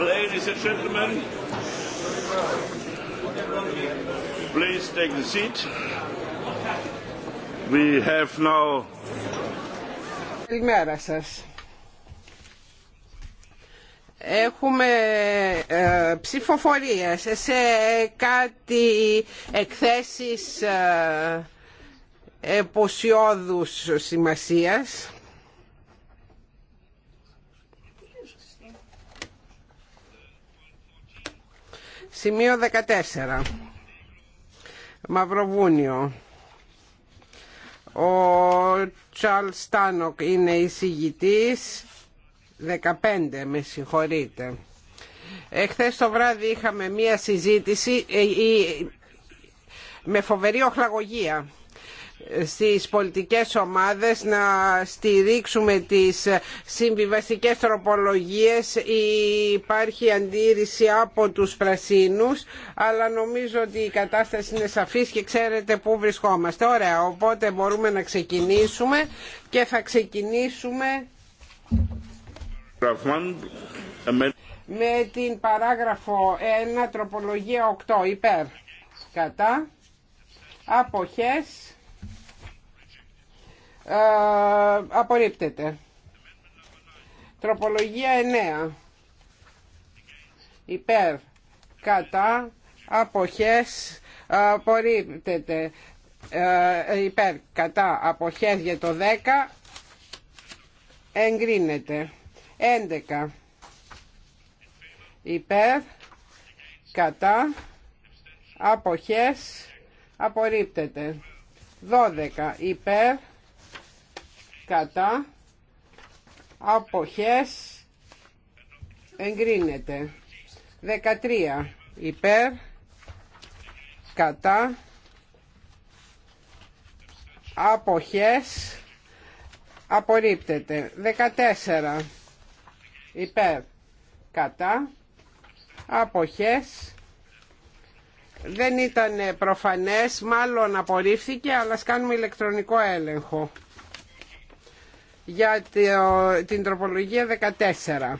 Ladies and gentlemen, please take a seat. We have now. Καλημέρα σας. Έχουμε ε, ψηφοφορίες σε κάτι εκθέσεις ε, εποσιόδους σημασίας. Σημείο 14. Μαυροβούνιο. Ο Τσάλ Στάνοκ είναι εισηγητής. 15, με συγχωρείτε. Εχθές το βράδυ είχαμε μία συζήτηση ε, ε, με φοβερή οχλαγωγία στις πολιτικές ομάδες να στηρίξουμε τις συμβιβαστικές τροπολογίες υπάρχει αντίρρηση από τους πρασίνους αλλά νομίζω ότι η κατάσταση είναι σαφής και ξέρετε πού βρισκόμαστε ωραία οπότε μπορούμε να ξεκινήσουμε και θα ξεκινήσουμε με την παράγραφο 1 τροπολογία 8 υπέρ κατά αποχές ε, απορρίπτεται. Τροπολογία 9. Υπέρ. Κατά. Αποχές. Απορρίπτεται. Ε, υπέρ. Κατά. Αποχές για το 10. Εγκρίνεται. 11. Υπέρ. Κατά. Αποχές. Απορρίπτεται. 12. Υπέρ κατά αποχές εγκρίνεται 13 υπέρ κατά αποχές απορρίπτεται 14 υπέρ κατά αποχές δεν ήταν προφανές, μάλλον απορρίφθηκε, αλλά κάνουμε ηλεκτρονικό έλεγχο για την τροπολογία 14.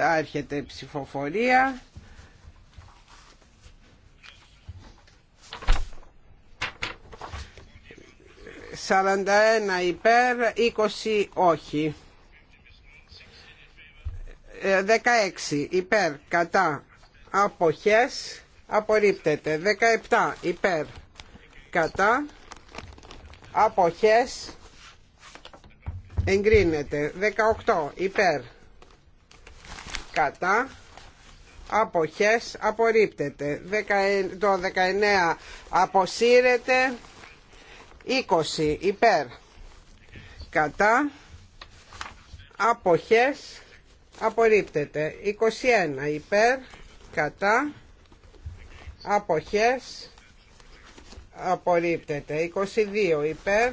Άρχεται η ψηφοφορία. «41 υπέρ, 20 όχι». 16 ε, υπέρ, κατά, αποχές, απορρίπτεται. 17 υπέρ, κατά, αποχές εγκρίνεται 18 υπέρ κατά αποχές απορρίπτεται το 19 αποσύρεται 20 υπέρ κατά αποχές απορρίπτεται 21 υπέρ κατά αποχές απορρίπτεται 22 υπέρ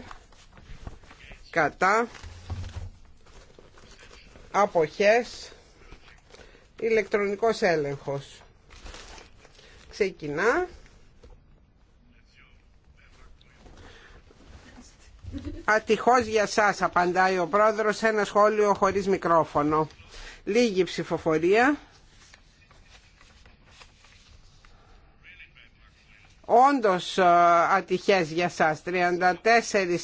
κατά αποχές ηλεκτρονικός έλεγχος ξεκινά Ατυχώς για σας απαντάει ο πρόεδρος σε ένα σχόλιο χωρίς μικρόφωνο. Λίγη ψηφοφορία. όντως ε, ατυχές για σας 34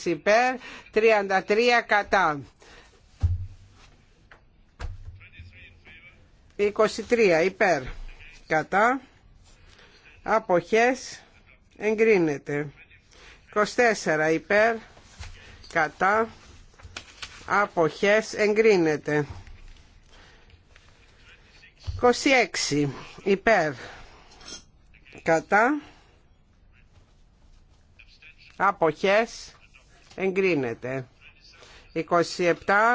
υπέρ 33 κατά 23 υπέρ κατά αποχές εγκρίνεται 24 υπέρ κατά αποχές εγκρίνεται 26 υπέρ κατά αποχές εγκρίνεται 27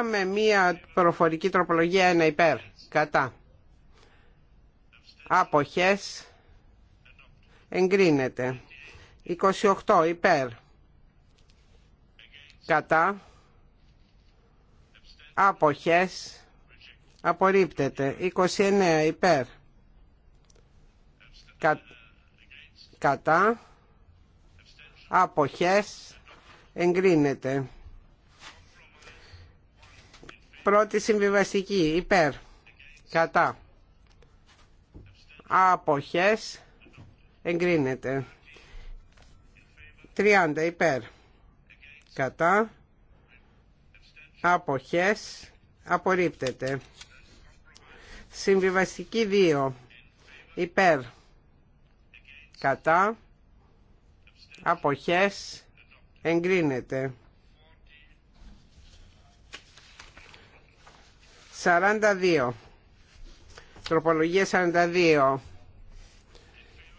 με μία προφορική τροπολογία 1 υπέρ κατά αποχές εγκρίνεται 28 υπέρ κατά αποχές απορρίπτεται 29 υπέρ κα, κατά αποχές εγκρίνεται πρώτη συμβιβαστική υπέρ κατά αποχές εγκρίνεται τριάντα υπέρ κατά αποχές απορρίπτεται συμβιβαστική 2 υπέρ κατά αποχές εγκρίνεται 42 τροπολογία 42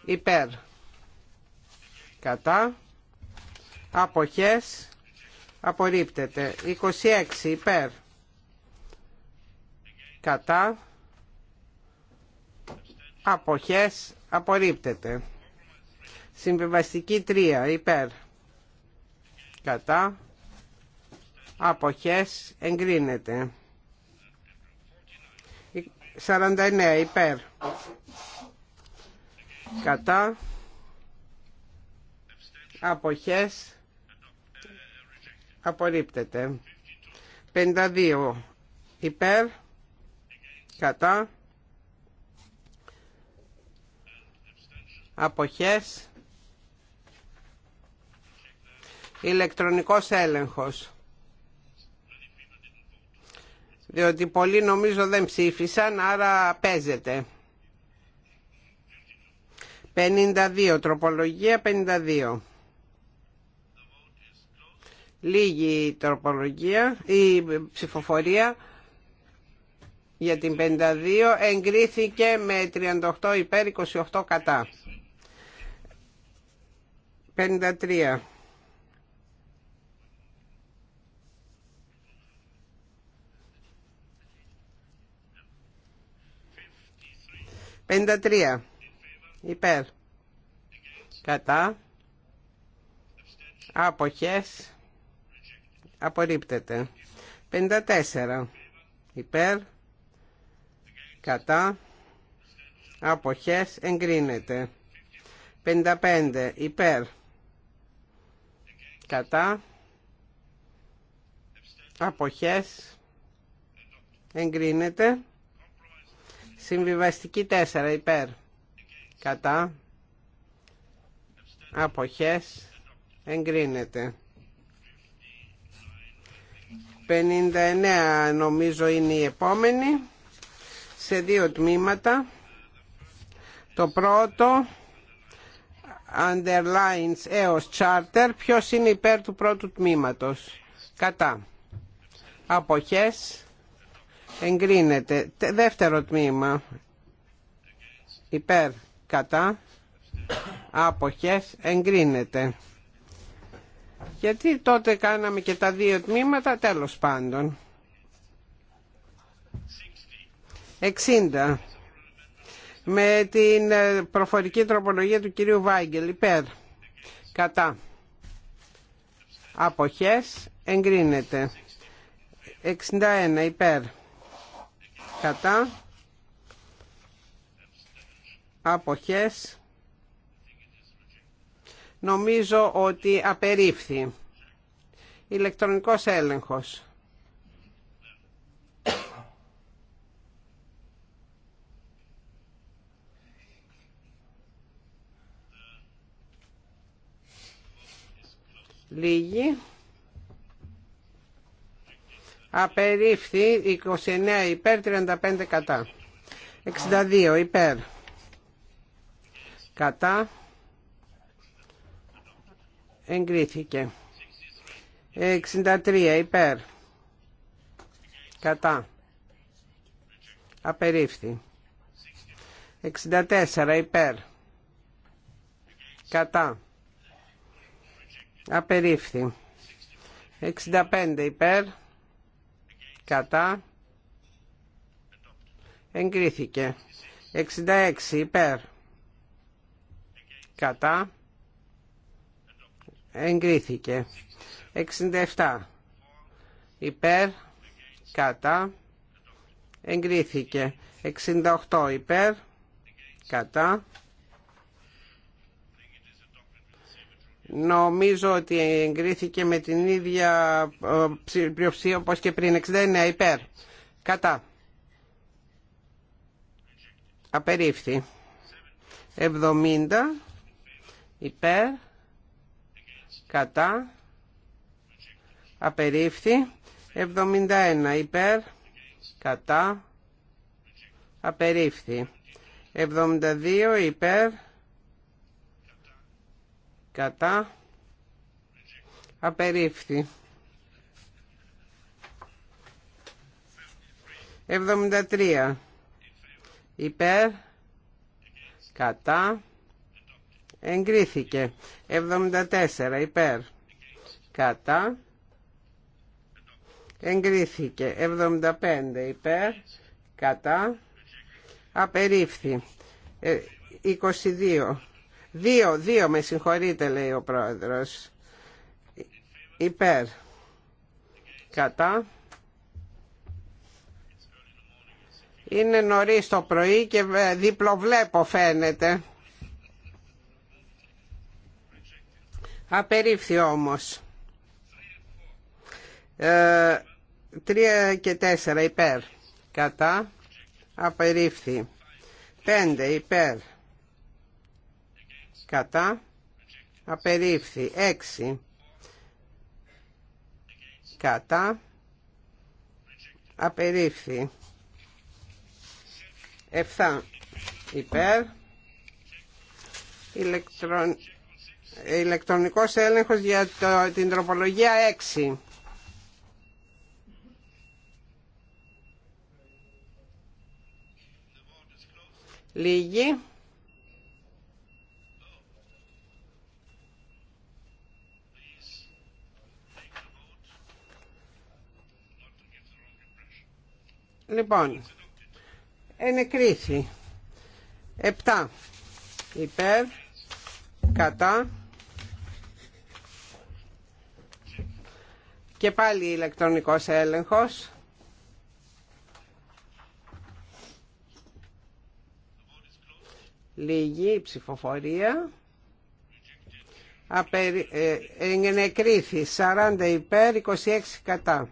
υπέρ κατά αποχές απορρίπτεται 26 υπέρ κατά αποχές απορρίπτεται Συμβιβαστική 3 υπέρ. Κατά. Αποχές εγκρίνεται. 49 υπέρ. Κατά. Αποχές απορρίπτεται. 52 υπέρ. Κατά. Αποχές ηλεκτρονικός έλεγχος. Διότι πολλοί νομίζω δεν ψήφισαν, άρα παίζεται. 52, τροπολογία 52. Λίγη τροπολογία, η ψηφοφορία για την 52 εγκρίθηκε με 38 υπέρ 28 κατά. 53. 53 υπέρ κατά άποχες απορρίπτεται 54 υπέρ κατά άποχες εγκρίνεται 55 υπέρ κατά αποχές εγκρίνεται Συμβιβαστική 4 υπέρ. Κατά. Αποχές. Εγκρίνεται. 59 νομίζω είναι η επόμενη. Σε δύο τμήματα. Το πρώτο underlines έως charter ποιος είναι υπέρ του πρώτου τμήματος κατά αποχές εγκρίνεται. Δεύτερο τμήμα υπέρ κατά αποχές εγκρίνεται. Γιατί τότε κάναμε και τα δύο τμήματα τέλος πάντων. 60. Με την ε, προφορική τροπολογία του κυρίου Βάγκελ υπέρ κατά αποχές εγκρίνεται. 61 υπέρ κατά αποχές νομίζω ότι απερίφθη ηλεκτρονικός έλεγχος λίγη Απερίφθη 29 υπέρ 35 κατά. 62 υπέρ. Κατά. Εγκρίθηκε. 63 υπέρ. Κατά. Απερίφθη. 64 υπέρ. Κατά. Απερίφθη. 65 υπέρ κατά εγκρίθηκε 66 υπέρ κατά εγκρίθηκε 67 υπέρ κατά εγκρίθηκε 68 υπέρ κατά Νομίζω ότι εγκρίθηκε με την ίδια ε, πλειοψηφία όπως και πριν. 69 υπέρ. Κατά. Απερίφθη. 70 υπέρ. Κατά. Απερίφθη. 71 υπέρ. Κατά. Απερίφθη. 72 υπέρ κατά απερίφθη 73 υπέρ κατά εγκρίθηκε 74 υπέρ κατά εγκρίθηκε 75 υπέρ κατά απερίφθη 22 ε, Δύο, δύο με συγχωρείτε λέει ο πρόεδρος. Υπέρ. Κατά. Είναι νωρίς το πρωί και ε, διπλοβλέπω φαίνεται. Απερίφθη όμως. Ε, τρία και τέσσερα υπέρ. Κατά. Απερίφθη. Πέντε υπέρ κατά απερίφθη 6 κατά απερίφθη 7 υπέρ ηλεκτρον... ηλεκτρονικός έλεγχος για το... την τροπολογία 6 λίγη Λοιπόν, ενεκρίθη. 7 υπέρ, κατά. Και πάλι ηλεκτρονικός έλεγχος. Λίγη ψηφοφορία. Απερι... Ε, 40 υπέρ, 26 κατά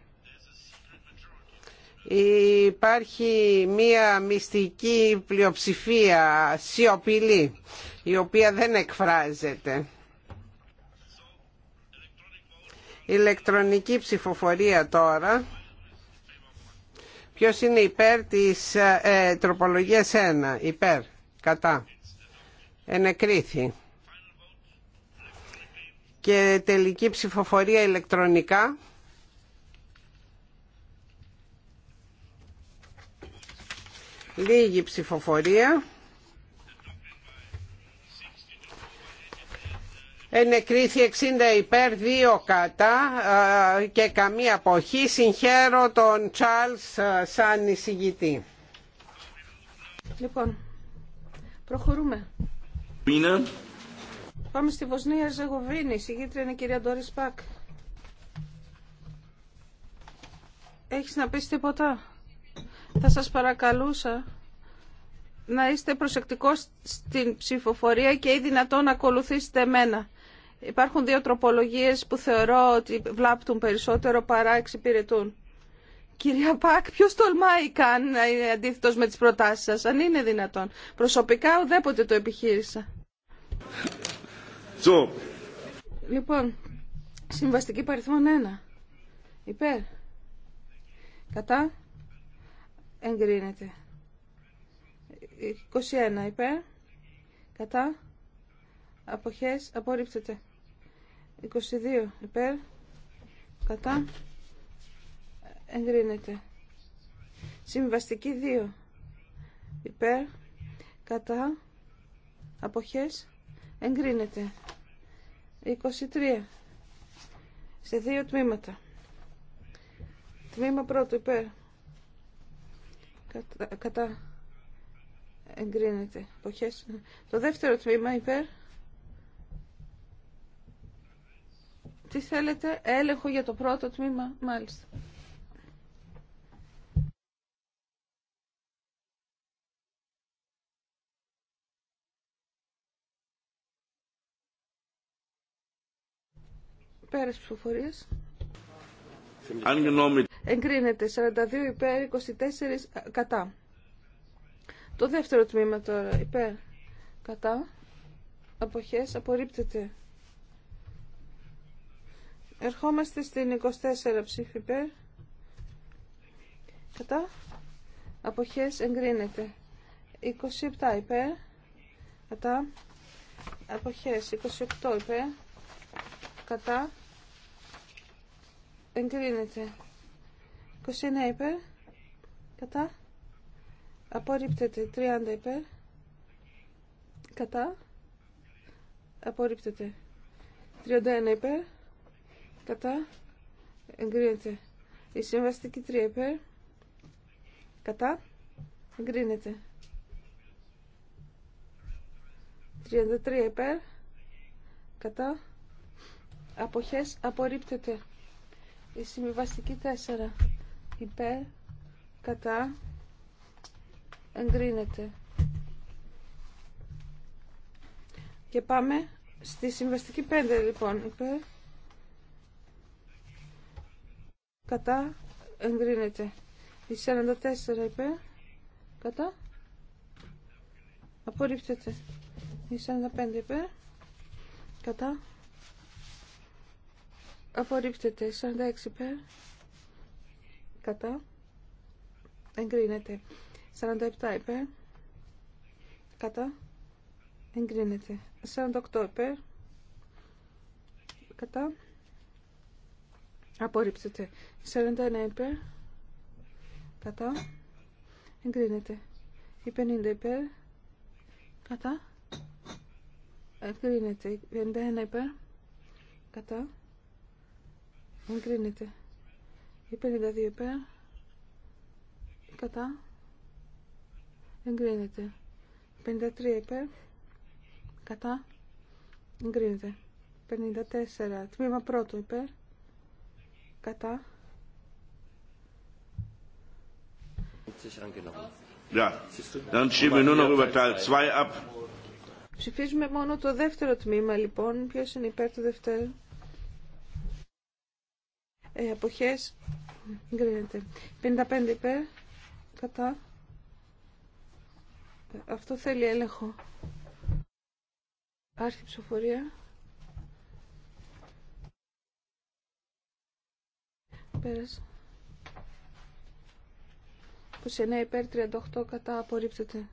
υπάρχει μία μυστική πλειοψηφία σιωπηλή η οποία δεν εκφράζεται. Ηλεκτρονική ψηφοφορία τώρα. Ποιος είναι υπέρ της ε, τροπολογίας 1. Υπέρ. Κατά. Ενεκρίθη. Και τελική ψηφοφορία ηλεκτρονικά. Λίγη ψηφοφορία. ενεκρίθη 60 υπέρ 2 κατά και καμία αποχή. Συγχαίρω τον Τσάρλς σαν εισηγητή. Λοιπόν, προχωρούμε. Πάμε στη Βοσνία Ζεγοβίνη. Η είναι η κυρία Ντόρις Πακ. Έχεις να πεις τίποτα. Θα σας παρακαλούσα να είστε προσεκτικός στην ψηφοφορία και ή δυνατόν να ακολουθήσετε εμένα. Υπάρχουν δύο τροπολογίες που θεωρώ ότι βλάπτουν περισσότερο παρά εξυπηρετούν. Κυρία Πακ, ποιος τολμάει καν να είναι αντίθετος με τις προτάσεις σας, αν είναι δυνατόν. Προσωπικά ουδέποτε το επιχείρησα. So. Λοιπόν, συμβαστική παριθμόν 1. Υπέρ. Κατά εγκρίνεται. 21 υπέρ, κατά, αποχές, απορρίπτεται. 22 υπέρ, κατά, εγκρίνεται. Συμβαστική 2 υπέρ, κατά, αποχές, εγκρίνεται. 23 σε δύο τμήματα. Τμήμα πρώτο υπέρ Κατά, κατά εγκρίνεται. Εποχές. Το δεύτερο τμήμα υπέρ. Τι θέλετε, έλεγχο για το πρώτο τμήμα, μάλιστα. Πέρας ψηφοφορίας. Εγκρίνεται 42 υπέρ, 24 κατά. Το δεύτερο τμήμα τώρα υπέρ, κατά. Αποχές απορρίπτεται. Ερχόμαστε στην 24 ψήφι υπέρ. Κατά. Αποχές εγκρίνεται. 27 υπέρ. Κατά. Αποχές 28 υπέρ. Κατά εγκρίνεται. 29 υπέρ, κατά, απορρίπτεται. 30 υπέρ, κατά, απορρίπτεται. 31 υπέρ, κατά, εγκρίνεται. Η συμβαστική 3 υπέρ, κατά, εγκρίνεται. 33 υπέρ, κατά, αποχές απορρίπτεται. Η συμβιβαστική 4 υπέρ κατά εγκρίνεται. Και πάμε στη συμβαστική 5 λοιπόν υπέρ κατά εγκρίνεται. Η 44 υπέρ κατά απορρίπτεται. Η 45 υπέρ κατά Απορρίπτεται. 46 υπέρ. Κατά. Εγκρίνεται. 47 υπέρ. Κατά. Εγκρίνεται. 48 υπέρ. Κατά. Απορρίπτεται. 49 υπέρ. Κατά. Εγκρίνεται. Η 50 υπέρ. Κατά. Εγκρίνεται. 51 υπέρ. Κατά. Εγκρίνεται. Η 52 υπέρ. Κατά. Εγκρίνεται. 53 υπέρ. Κατά. Εγκρίνεται. 54. Τμήμα πρώτο υπέρ. Κατά. Ψηφίζουμε μόνο το δεύτερο τμήμα λοιπόν. Ποιος είναι υπέρ του δεύτερου ε, εποχές εγκρίνεται 55 υπέρ κατά αυτό θέλει έλεγχο Άρχιψη, ψηφοφορία πέρασε 29 υπέρ 38 κατά απορρίπτεται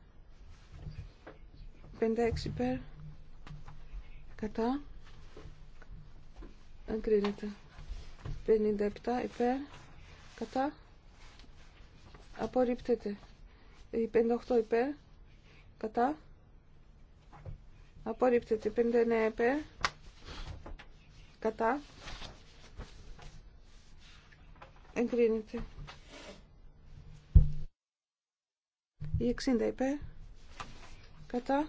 56 υπέρ κατά εγκρίνεται 57 υπέρ κατά απορρίπτεται 58 υπέρ κατά απορρίπτεται 59 υπέρ κατά εγκρίνεται η 60 υπέρ κατά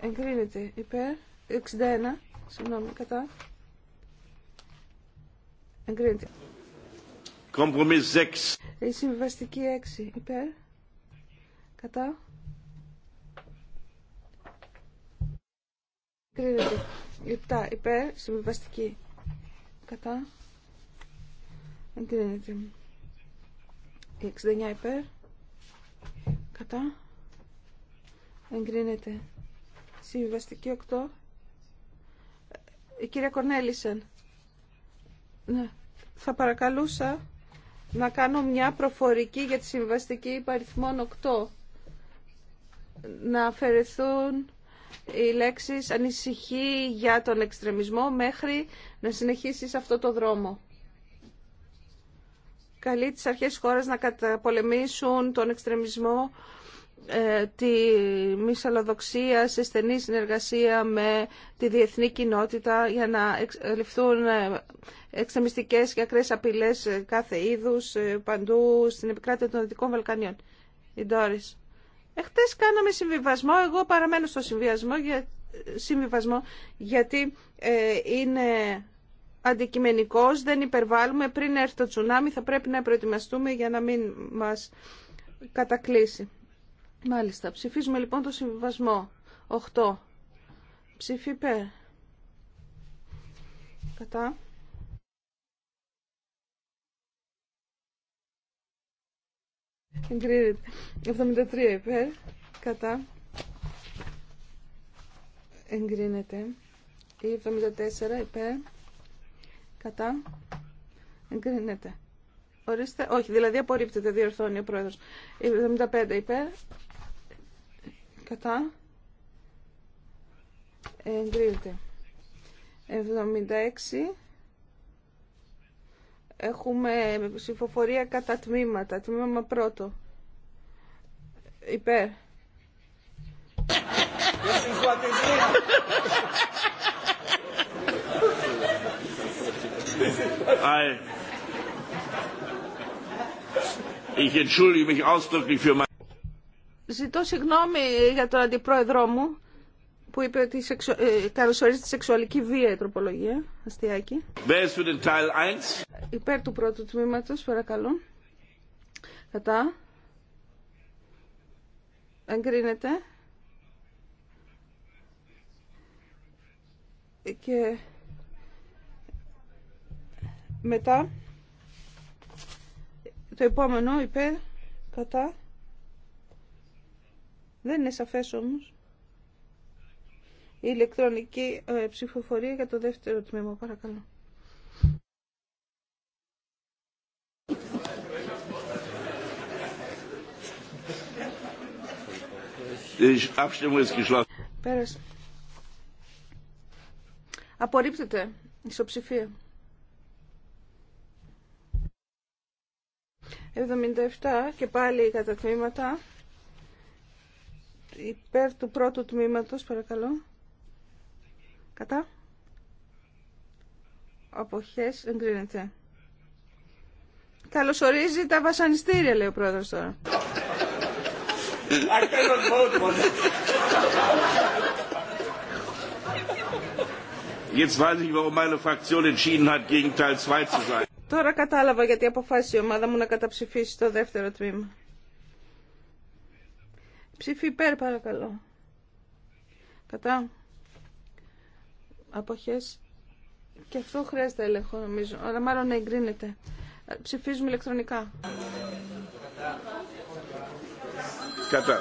εγκρίνεται υπέρ 61 συγγνώμη κατά Εγκρίνεται. 6. Η συμβιβαστική 6. Υπέρ. Κατά. Εγκρίνεται. 7. Υπέρ. Συμβιβαστική. Κατά. Εγκρίνεται. Η 69 υπέρ. Κατά. Εγκρίνεται. Συμβιβαστική 8. Ε, η κυρία Κορνέλησεν. Ναι. Θα παρακαλούσα να κάνω μια προφορική για τη συμβαστική υπαριθμών 8. Να αφαιρεθούν οι λέξεις ανησυχεί για τον εξτρεμισμό μέχρι να συνεχίσει σε αυτό το δρόμο. Καλεί τις αρχές χώρας να καταπολεμήσουν τον εξτρεμισμό ε, τη μυσαλλοδοξία σε στενή συνεργασία με τη διεθνή κοινότητα για να ε, ληφθούν ε, εξεμιστικές και ακραίες απειλές κάθε είδους παντού στην επικράτεια των Δυτικών Βαλκανίων. Η Ντόρις. Εχθές κάναμε συμβιβασμό, εγώ παραμένω στο συμβιβασμό, για, συμβιβασμό γιατί είναι αντικειμενικός, δεν υπερβάλλουμε. Πριν έρθει το τσουνάμι θα πρέπει να προετοιμαστούμε για να μην μας κατακλείσει. Μάλιστα. Ψηφίζουμε λοιπόν το συμβιβασμό. 8. Ψήφι υπέρ. Κατά. Εγκρίνεται. 73 υπέρ. Κατά. Εγκρίνεται. 74 υπέρ. Κατά. Εγκρίνεται. Ορίστε. Όχι, δηλαδή απορρίπτεται, διορθώνει ο πρόεδρος. 75 υπέρ κατά εγκρίνεται 76 έχουμε ψηφοφορία κατά τμήματα τμήμα πρώτο υπέρ Ich entschuldige mich ausdrücklich für Ζητώ συγγνώμη για τον αντιπρόεδρό μου που είπε ότι σεξου... ε, καλωσορίζει τη σεξουαλική βία η τροπολογία. Αστιάκη. Υπέρ του πρώτου τμήματο παρακαλώ. Κατά. Εγκρίνεται. Και μετά το επόμενο υπέρ κατά δεν είναι σαφές όμως. Η ηλεκτρονική ε, ψηφοφορία για το δεύτερο τμήμα, παρακαλώ. Πέρασε. Απορρίπτεται ισοψηφία. 77 και πάλι κατά τμήματα υπέρ του πρώτου τμήματος, παρακαλώ. Κατά. Αποχές εγκρίνεται. Καλωσορίζει τα βασανιστήρια, λέει ο πρόεδρος τώρα. Τώρα κατάλαβα γιατί αποφάσισε η ομάδα μου να καταψηφίσει το δεύτερο τμήμα. Ψήφι υπέρ παρακαλώ. Κατά. Αποχές. Και αυτό χρειάζεται έλεγχο νομίζω. Αλλά μάλλον να εγκρίνεται. Ε, ψηφίζουμε ηλεκτρονικά. Κατά.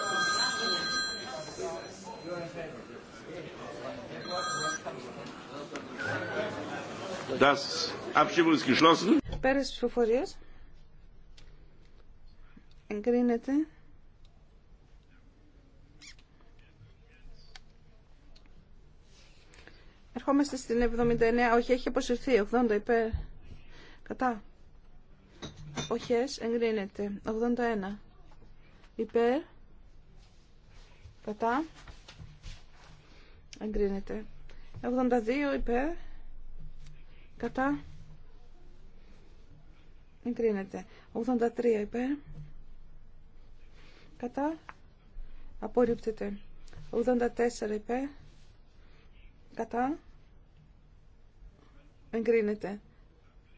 Das τη ist Εγκρίνεται. Ερχόμαστε στην 79. Όχι, έχει αποσυρθεί. 80 υπέρ. Κατά. Αποχές εγκρίνεται. 81. Υπέρ. Κατά. Εγκρίνεται. 82 υπέρ. Κατά. Εγκρίνεται. 83 υπέρ. Κατά. Απορρίπτεται. 84 υπέρ. Κατά. Εγκρίνεται.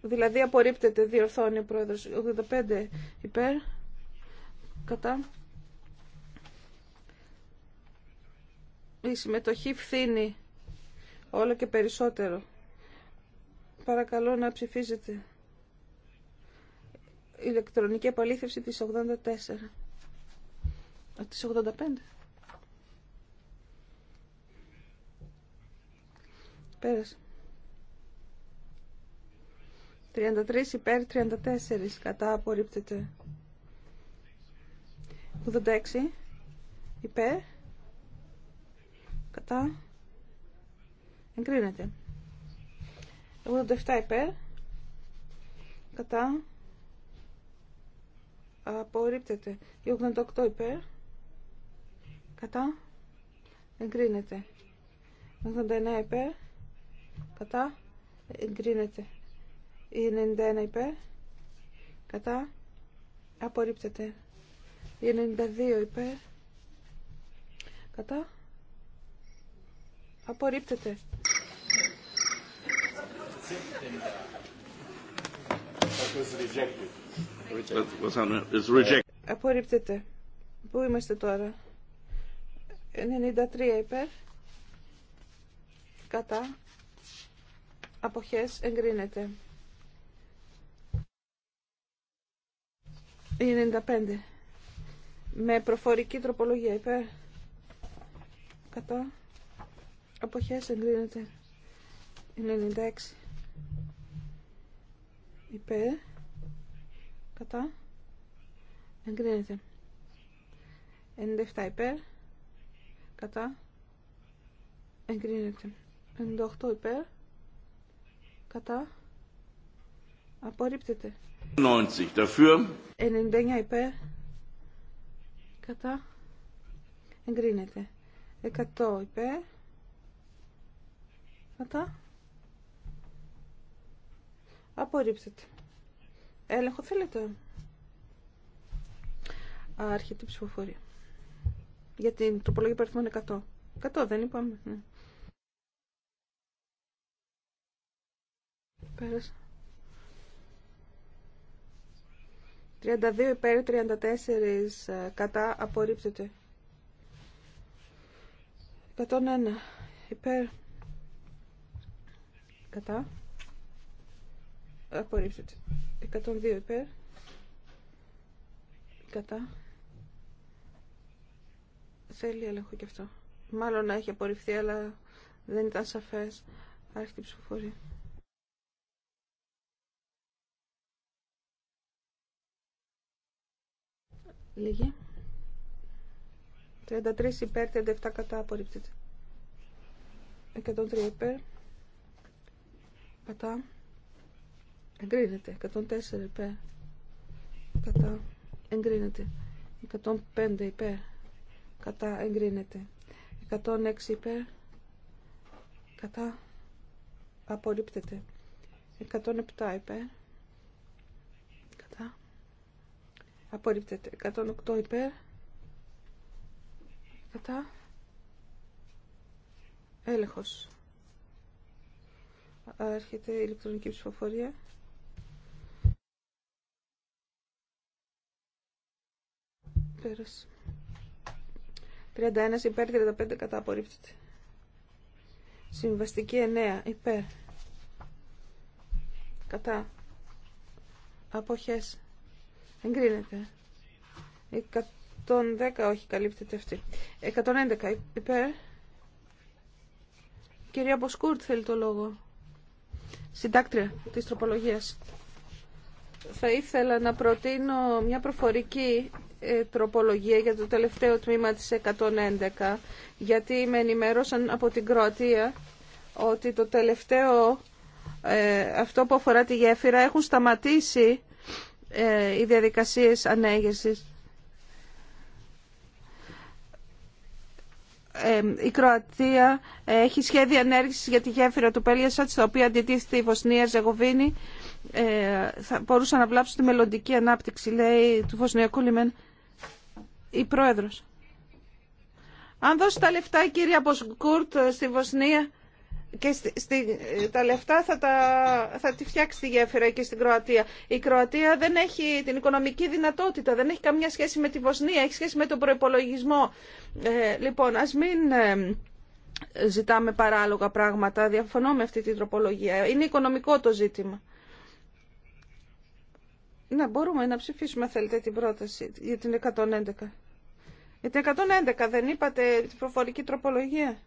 Δηλαδή απορρίπτεται, διορθώνει ο πρόεδρος. 85 υπέρ. Κατά. Η συμμετοχή φθήνει όλο και περισσότερο. Παρακαλώ να ψηφίζετε. Ηλεκτρονική επαλήθευση της 84. Της 85. 33 υπέρ, 34 κατά απορρίπτεται. 86 υπέρ, κατά, εγκρίνεται. 87 υπέρ, κατά, απορρίπτεται. 88 υπέρ, κατά, εγκρίνεται. 89 υπέρ, κατά εγκρίνεται η 91 υπέρ κατά απορρίπτεται η 92 υπέρ κατά απορρίπτεται Απορρίπτεται. Πού είμαστε τώρα. 93 υπέρ. Κατά αποχές εγκρίνεται. 95. Με προφορική τροπολογία υπέρ. Κατά. Αποχές εγκρίνεται. 96. Υπέρ. Κατά. Εγκρίνεται. 97 υπέρ. Κατά. Εγκρίνεται. 98 υπέρ κατά απορρίπτεται 90 dafür 99 υπέρ κατά εγκρίνεται 100 υπέρ κατά απορρίπτεται έλεγχο θέλετε άρχεται η ψηφοφορία για την αριθμό είναι 100 100 δεν είπαμε ναι. 32 υπέρ, 34 ε, κατά, απορρίπτεται. 101 υπέρ, κατά, απορρίπτεται. 102 υπέρ, κατά. Θέλει έλεγχο και αυτό. Μάλλον να έχει απορριφθεί, αλλά δεν ήταν σαφές. η ψηφοφορία. Λίγη. 33 υπέρ, 37 κατά απορρίπτεται. 103 υπέρ. Κατά. Εγκρίνεται. 104 υπέρ. Κατά. Εγκρίνεται. 105 υπέρ. Κατά. Εγκρίνεται. 106 υπέρ. Κατά. Απορρίπτεται. 107 υπέρ. Απορρίπτεται. 108 υπέρ. Κατά. Έλεγχος. Άρχεται η ηλεκτρονική ψηφοφορία. Πέρασε. 31 υπέρ, 35 κατά απορρίπτεται. Συμβαστική 9 υπέρ. Κατά. Αποχές. Εγκρίνεται. 110, όχι, καλύπτεται αυτή. 111, υπέρ. Κυρία Μποσκούρτ θέλει το λόγο. Συντάκτρια της τροπολογίας. Θα ήθελα να προτείνω μια προφορική ε, τροπολογία για το τελευταίο τμήμα της 111, γιατί με ενημέρωσαν από την Κροατία ότι το τελευταίο, ε, αυτό που αφορά τη γέφυρα, έχουν σταματήσει ε, οι διαδικασίες ανέγερσης. Ε, η Κροατία έχει σχέδια ανέργησης για τη γέφυρα του Πέλιασατ, στα οποία αντιτίθεται η Βοσνία Ζεγοβίνη. Ε, θα μπορούσαν να βλάψω τη μελλοντική ανάπτυξη, λέει του Βοσνιακού Λιμέν η Πρόεδρος. Αν δώσει τα λεφτά η κυρία Μποσκούρτ στη Βοσνία, και στη, τα λεφτά θα, τα, θα τη φτιάξει τη γέφυρα και στην Κροατία. Η Κροατία δεν έχει την οικονομική δυνατότητα, δεν έχει καμιά σχέση με τη Βοσνία, έχει σχέση με τον προπολογισμό. Ε, λοιπόν, ας μην ε, ζητάμε παράλογα πράγματα, διαφωνώ με αυτή την τροπολογία. Είναι οικονομικό το ζήτημα. Ναι, μπορούμε να ψηφίσουμε, θέλετε, την πρόταση για την 111. Για την 111 δεν είπατε την προφορική τροπολογία.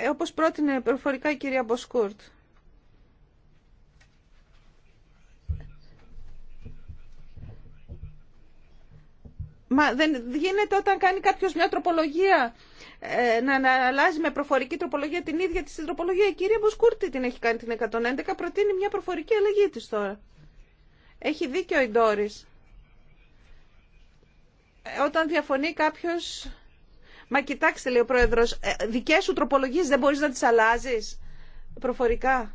Ε, όπως πρότεινε προφορικά η κυρία Μποσκούρτ. Μα δεν γίνεται όταν κάνει κάποιος μια τροπολογία ε, να, να αλλάζει με προφορική τροπολογία την ίδια της τροπολογία. Η κυρία Μποσκούρτη την έχει κάνει την 111, προτείνει μια προφορική αλλαγή της τώρα. Έχει δίκιο η Ντόρις. Ε, όταν διαφωνεί κάποιος Μα κοιτάξτε, λέει ο πρόεδρο, ε, δικέ σου τροπολογίε δεν μπορεί να τι αλλάζει. Προφορικά.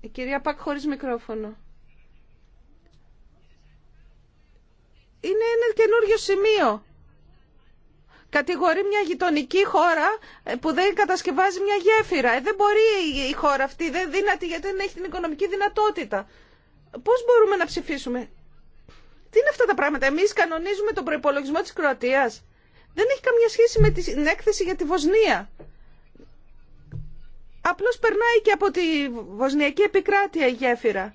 Η ε, κυρία Πακ χωρί μικρόφωνο. Είναι ένα καινούριο σημείο. Κατηγορεί μια γειτονική χώρα ε, που δεν κατασκευάζει μια γέφυρα. Ε, δεν μπορεί η χώρα αυτή, δεν δύνατη γιατί δεν έχει την οικονομική δυνατότητα. Πώς μπορούμε να ψηφίσουμε. Τι είναι αυτά τα πράγματα. Εμείς κανονίζουμε τον προϋπολογισμό της Κροατίας δεν έχει καμία σχέση με την έκθεση για τη Βοσνία. Απλώς περνάει και από τη Βοσνιακή επικράτεια η γέφυρα.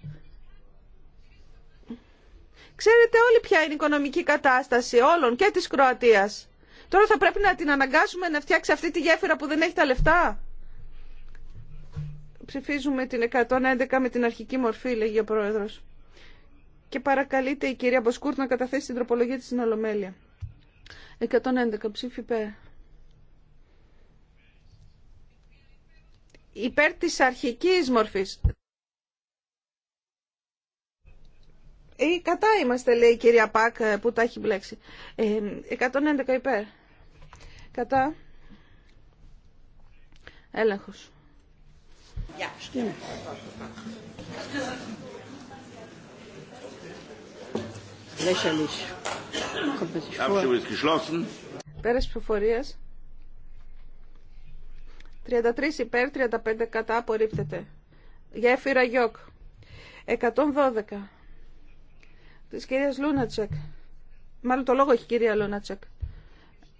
Ξέρετε όλοι ποια είναι η οικονομική κατάσταση όλων και της Κροατίας. Τώρα θα πρέπει να την αναγκάσουμε να φτιάξει αυτή τη γέφυρα που δεν έχει τα λεφτά. Ψηφίζουμε την 111 με την αρχική μορφή, λέγει ο Πρόεδρος. Και παρακαλείται η κυρία Μποσκούρτ να καταθέσει την τροπολογία της στην Ολομέλεια. 111 ψήφι υπέρ. Υπέρ της αρχικής μορφής. Ή ε, κατά είμαστε, λέει η κυρία Πακ ε, που τα έχει μπλέξει. Ε, 111 υπέρ. Κατά. Έλεγχος. Yeah. Lächerlich. Kommt 33 υπέρ, 35 κατά απορρίπτεται. Γέφυρα Γιόκ. 112. Της κυρίας Λούνατσεκ. Μάλλον το λόγο έχει η κυρία Λούνατσεκ.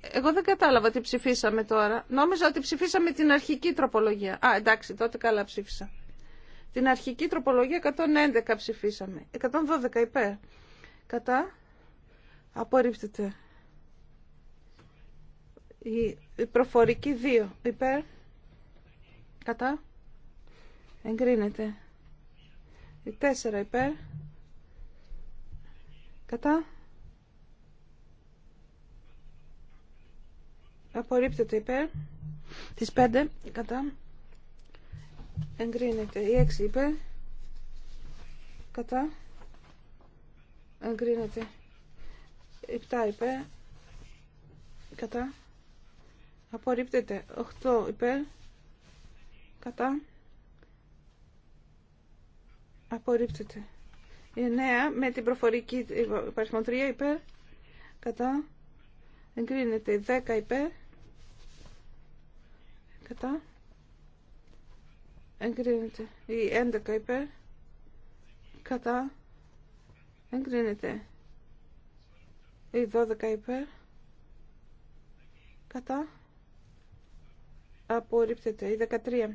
Εγώ δεν κατάλαβα τι ψηφίσαμε τώρα. Νόμιζα ότι ψηφίσαμε την αρχική τροπολογία. Α, εντάξει, τότε καλά ψήφισα. Την αρχική τροπολογία 111 ψηφίσαμε. 112 υπέρ κατά απορρίπτεται η προφορική 2 υπέρ κατά εγκρίνεται η 4 υπέρ κατά απορρίπτεται υπέρ τις 5 κατά εγκρίνεται η 6 υπέρ κατά εγκρίνεται. 7 υπέρ, κατά, απορρίπτεται. 8 υπέρ, κατά, απορρίπτεται. 9 με την προφορική υπαριθμό 3 υπέρ, κατά, εγκρίνεται. 10 υπέρ, κατά, εγκρίνεται. Η 11 υπέρ, κατά, Εγκρίνεται. Η 12 υπέρ. Κατά. Απορρίπτεται. Η 13.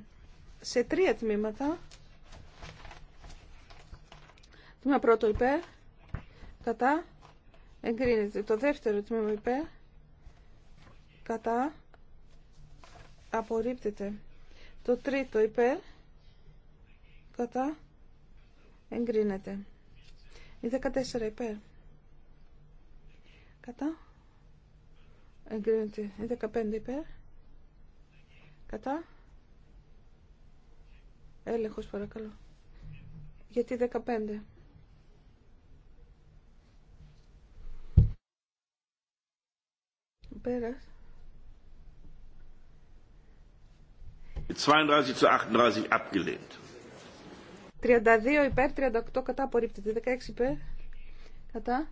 Σε τρία τμήματα. Τμήμα πρώτο υπέρ. Κατά. Εγκρίνεται. Το δεύτερο τμήμα υπέρ. Κατά. Απορρίπτεται. Το τρίτο υπέρ. Κατά. Εγκρίνεται. Η 14 υπέρ. Κατά. Εγκρίνεται. Η 15 υπέρ. Κατά. Έλεγχος παρακαλώ. Γιατί 15. Πέρας. 32 zu 38 abgelehnt. 32 υπέρ, 38 κατά απορρίπτεται. 16 υπέρ, κατά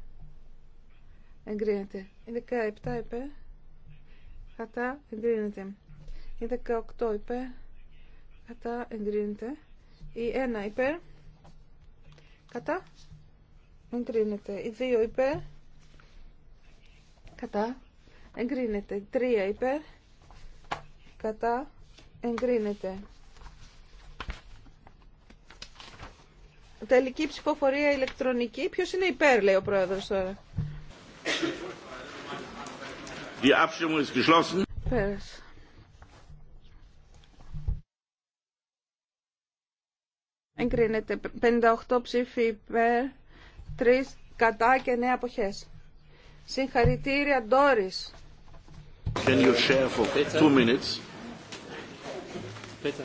εγκρίνεται. 17 υπέρ, κατά εγκρίνεται. 18 υπέρ, κατά εγκρίνεται. Η 1 υπέρ, κατά εγκρίνεται. Η 2 υπέρ, κατά εγκρίνεται. 3 υπέρ, κατά εγκρίνεται. Τελική ψηφοφορία ηλεκτρονική. Ποιο είναι υπέρ, λέει ο πρόεδρο τώρα. Die Abstimmung ist geschlossen. Πέρασε. Εγκρίνεται 58 ψήφοι υπέρ, 3 κατά και 9 αποχές. Συγχαρητήρια, Ντόρις. Can you share for two minutes? Peter.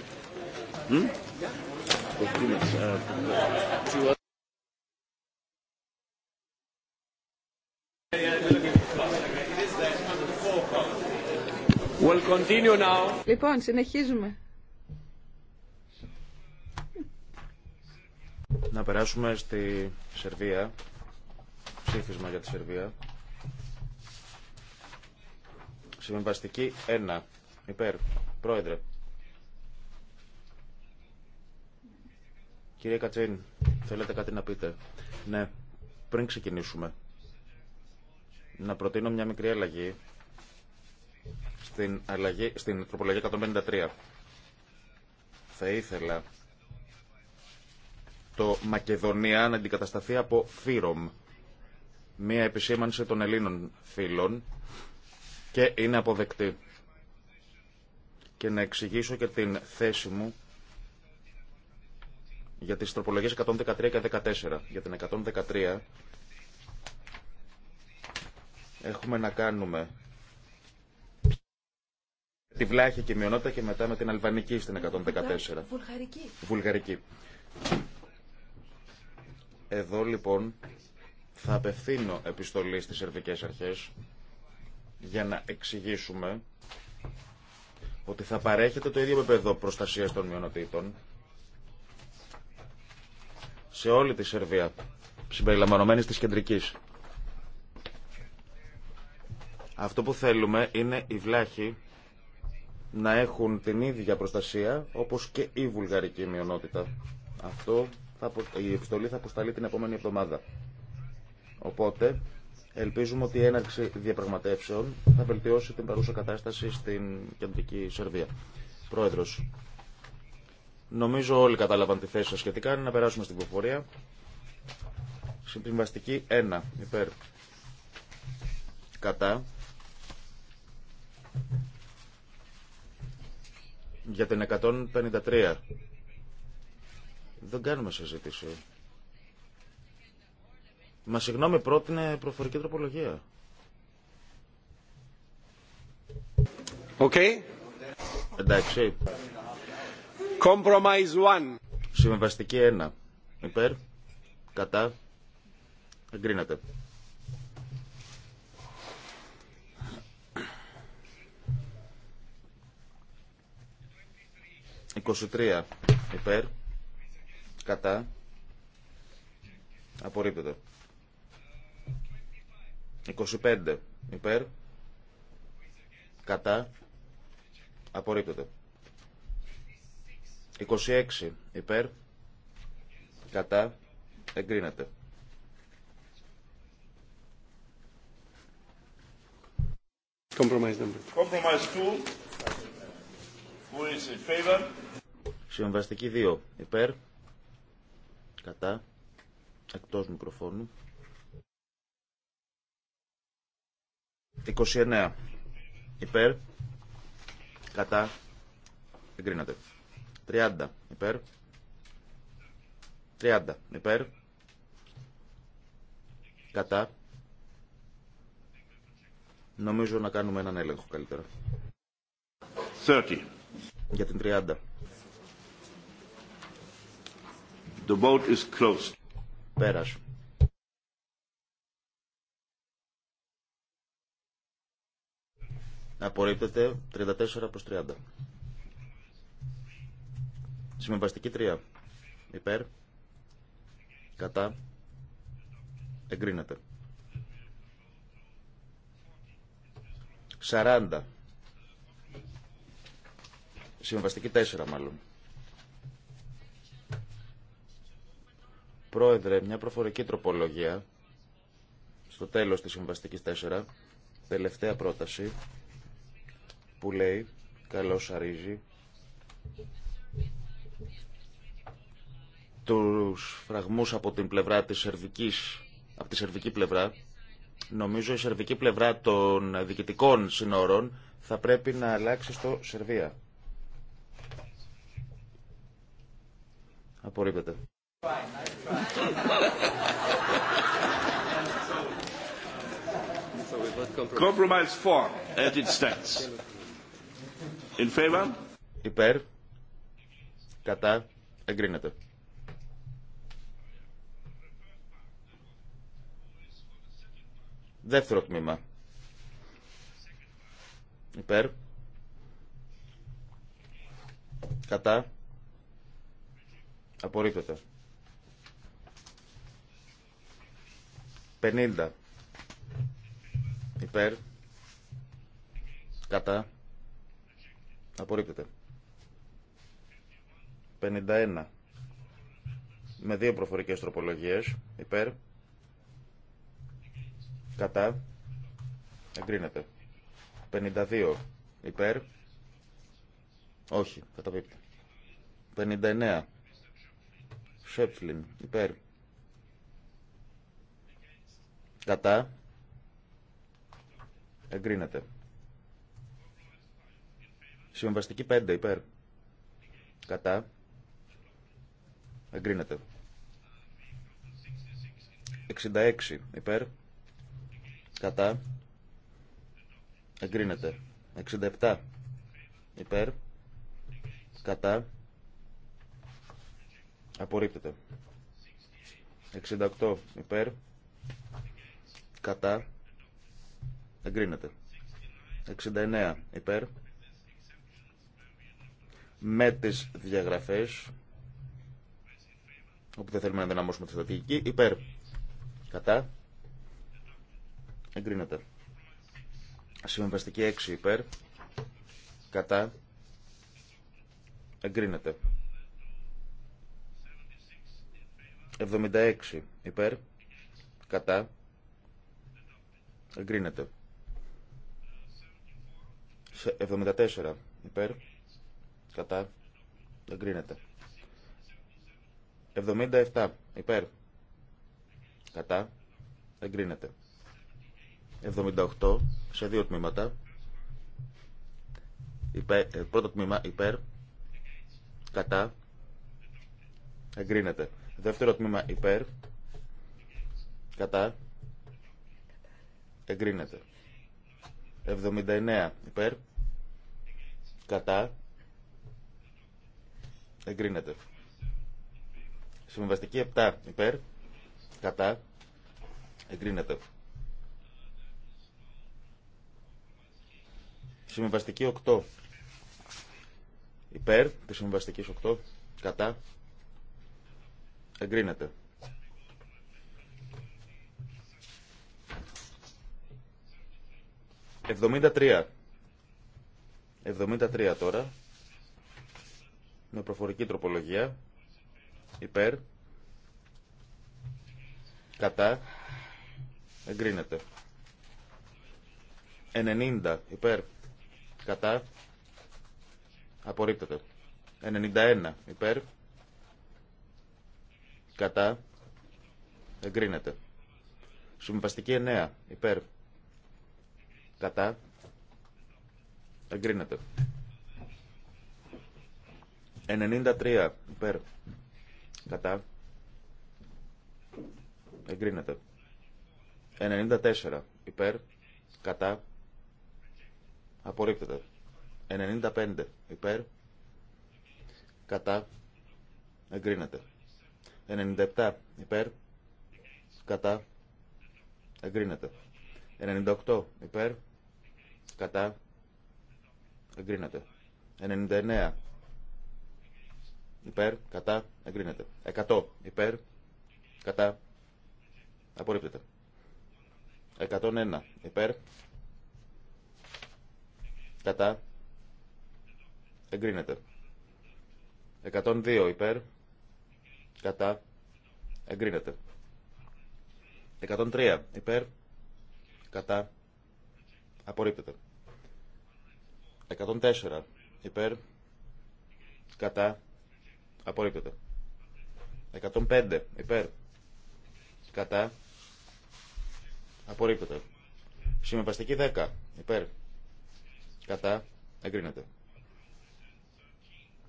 Ε, λοιπόν, συνεχίζουμε. Να περάσουμε στη Σερβία. Ψήφισμα για τη Σερβία. Συμβαστική 1. Υπέρ. Πρόεδρε. Κυρία Κατσίν, θέλετε κάτι να πείτε. Ναι, πριν ξεκινήσουμε. Να προτείνω μια μικρή αλλαγή στην, αλλαγή, στην τροπολογία 153. Θα ήθελα το Μακεδονία να αντικατασταθεί από Φύρομ. Μία επισήμανση των Ελλήνων φίλων και είναι αποδεκτή. Και να εξηγήσω και την θέση μου για τις τροπολογίες 113 και 14. Για την 113 έχουμε να κάνουμε τη βλάχη και μειονότητα και μετά με την αλβανική στην 114. Βουλγαρική. Βουλγαρική. Εδώ λοιπόν θα απευθύνω επιστολή στις σερβικές αρχές για να εξηγήσουμε ότι θα παρέχεται το ίδιο επίπεδο προστασίας των μειονοτήτων σε όλη τη Σερβία, συμπεριλαμβανομένης της κεντρικής. Αυτό που θέλουμε είναι οι βλάχοι να έχουν την ίδια προστασία όπως και η βουλγαρική μειονότητα. Αυτό θα, η επιστολή θα αποσταλεί την επόμενη εβδομάδα. Οπότε ελπίζουμε ότι η έναρξη διαπραγματεύσεων θα βελτιώσει την παρούσα κατάσταση στην κεντρική Σερβία. Πρόεδρος, Νομίζω όλοι κατάλαβαν τη θέση σα σχετικά. Είναι να περάσουμε στην προφορία. Συμβαστική 1. Υπέρ. Κατά. Για την 153. Δεν κάνουμε συζήτηση. Μα συγγνώμη, πρότεινε προφορική τροπολογία. Okay. Εντάξει. Compromise 1. Συμβαστική 1. Υπέρ. Κατά. Εγκρίνεται. 23 Υπέρ. Κατά. Απορρίπτεται. 25. Υπέρ. Κατά. Απορρίπτεται. 26 υπέρ. Κατά. Εγκρίνεται. Compromise number. Compromise 2. Who Συμβαστική 2. Υπέρ. Κατά. Εκτός μικροφώνου. 29. Υπέρ. Κατά. εγκρίνατε. 30 υπέρ. 30 υπέρ. Κατά. Νομίζω να κάνουμε έναν έλεγχο καλύτερα. 30. Για την 30. The boat is closed. Πέρας. Απορρίπτεται 34 προς 30. Συμβαστική 3. Υπέρ. Κατά. Εγκρίνεται. 40. Συμβαστική 4 μάλλον. Πρόεδρε, μια προφορική τροπολογία στο τέλος της συμβαστικής 4, τελευταία πρόταση που λέει καλώς αρίζει τους φραγμούς από την πλευρά της σερβικής, από τη σερβική πλευρά, νομίζω η σερβική πλευρά των διοικητικών συνόρων θα πρέπει να αλλάξει στο Σερβία. Απορρίπτεται. Compromise stands. In Υπέρ. Κατά. Εγκρίνεται. Δεύτερο τμήμα. Υπέρ. Κατά. Απορρίπτεται. 50. Υπέρ. Κατά. Απορρίπτεται. 51. Με δύο προφορικές τροπολογίες. Υπέρ. Κατά. Εγκρίνεται. 52. Υπέρ. Όχι. Καταπίπτει. 59. Σέπφλιν. Υπέρ. Κατά. Εγκρίνεται. Συμβαστική 5. Υπέρ. Κατά. Εγκρίνεται. 66. Υπέρ. Κατά. Εγκρίνεται. 67. Υπέρ. Κατά. Απορρίπτεται. 68. Υπέρ. Κατά. Εγκρίνεται. 69. Υπέρ. Με τις διαγραφές όπου δεν θέλουμε να δυναμώσουμε τη στρατηγική, υπέρ. Κατά εγκρίνεται. Συμβαστική 6 υπέρ, κατά, εγκρίνεται. 76 υπέρ, κατά, εγκρίνεται. 74 υπέρ, κατά, εγκρίνεται. 77 υπέρ, κατά, εγκρίνεται. 78 σε δύο τμήματα. Ε, πρώτο τμήμα υπέρ, κατά, εγκρίνεται. Δεύτερο τμήμα υπέρ, κατά, εγκρίνεται. 79 υπέρ, κατά, εγκρίνεται. Συμβαστική 7 υπέρ, κατά, εγκρίνεται. Συμβαστική 8. Υπέρ Τη συμβαστική 8. Κατά. Εγκρίνεται. Εβδομήντα 73 τώρα. Με προφορική τροπολογία. Υπέρ. Κατά. Εγκρίνεται. 90 υπέρ. Κατά. Απορρίπτεται. 91 υπέρ. Κατά. Εγκρίνεται. Συμβαστική 9 υπέρ. Κατά. Εγκρίνεται. 93 υπέρ. Κατά. Εγκρίνεται. 94 υπέρ. Κατά. Απορρίπτεται. 95 υπέρ. Κατά. Εγκρίνεται. 97 υπέρ. Κατά. Εγκρίνεται. 98 υπέρ. Κατά. Εγκρίνεται. 99 υπέρ. Κατά. Εγκρίνεται. 100 υπέρ. Κατά. Απορρίπτεται. 101 υπέρ. Κατά. Εγκρίνεται. 102 υπέρ. Κατά. Εγκρίνεται. 103 υπέρ. Κατά. Απορρίπτεται. 104 υπέρ. Κατά. Απορρίπτεται. 105 υπέρ. Κατά. Απορρίπτεται. Συμμεπαστική 10 υπέρ. Κατά. Εγκρίνεται.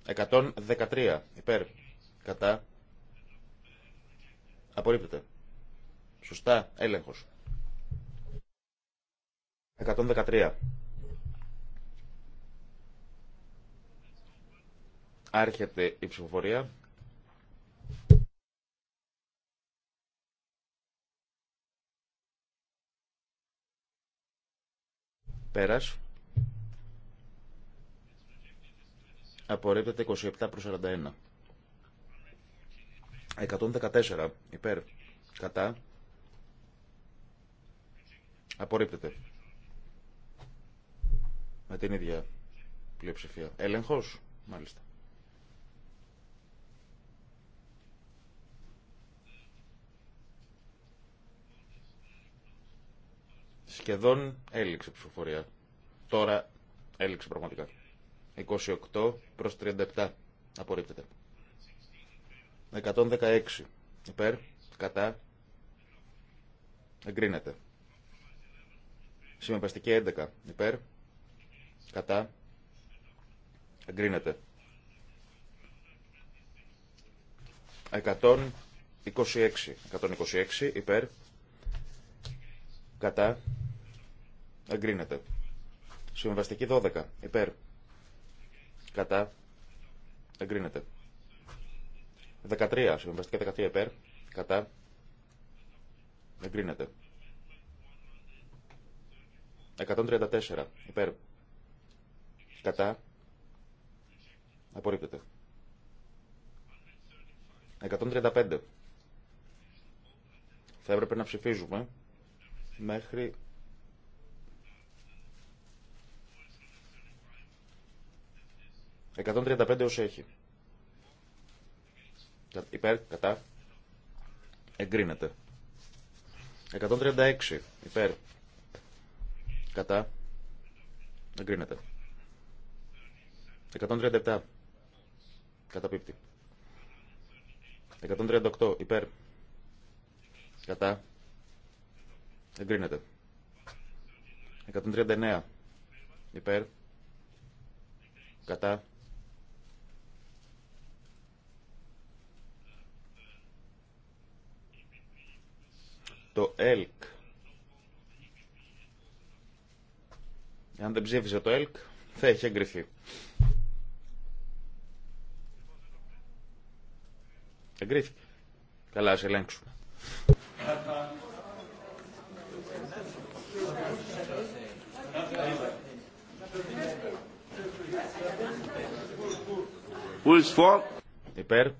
113. Υπέρ. Κατά. Απορρίπτεται. Σωστά. Έλεγχος. 113. Άρχεται η ψηφοφορία. Πέρασε. Απορρίπτεται 27 προς 41. 114 υπέρ κατά απορρίπτεται με την ίδια πλειοψηφία. Έλεγχος, μάλιστα. Σχεδόν έληξε ψηφοφορία. Τώρα έληξε πραγματικά. 28 προς 37 απορρίπτεται. 116 υπέρ, κατά, εγκρίνεται. Συμμεπαστική 11 υπέρ, κατά, εγκρίνεται. 126, 126 υπέρ, κατά, εγκρίνεται. Συμβαστική 12 υπέρ, Κατά. Εγκρίνεται. 13. συμβαστικά 13 ΕΠΕΡ Κατά. Εγκρίνεται. 134 υπέρ. Κατά. Απορρίπτεται. 135. Θα έπρεπε να ψηφίζουμε μέχρι 135 όσο έχει. Υπέρ, κατά. Εγκρίνεται. 136 υπέρ. Κατά. Εγκρίνεται. 137. Καταπίπτει. 138 υπέρ. Κατά. Εγκρίνεται. 139 υπέρ. Κατά. το ΕΛΚ. Αν δεν ψήφισε το ΕΛΚ, θα έχει εγκριθεί. Εγκρίθηκε. Καλά, ας ελέγξουμε. Υπέρ.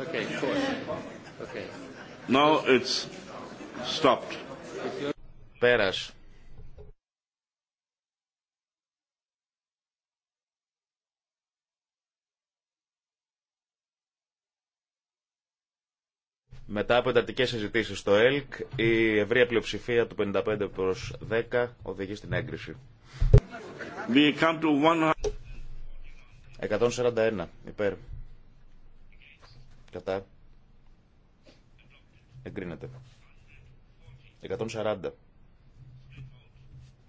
Okay, course. Okay. Now it's stopped. Πέρας. Μετά από εντατικέ συζητήσει στο ΕΛΚ, η ευρεία πλειοψηφία του 55 προ 10 οδηγεί στην έγκριση. 141 υπέρ. Κατά. Εγκρίνεται. 140.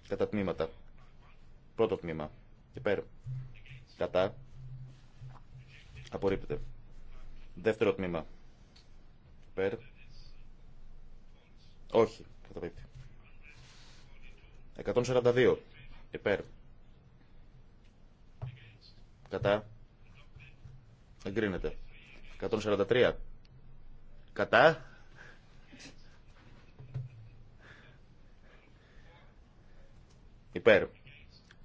Κατά τμήματα. Πρώτο τμήμα. Υπέρ. Κατά. Απορρίπτεται. Δεύτερο τμήμα. Υπέρ. Όχι. Καταπίπτει. 142. Υπέρ. Κατά. Εγκρίνεται. 143. Κατά. Υπέρ.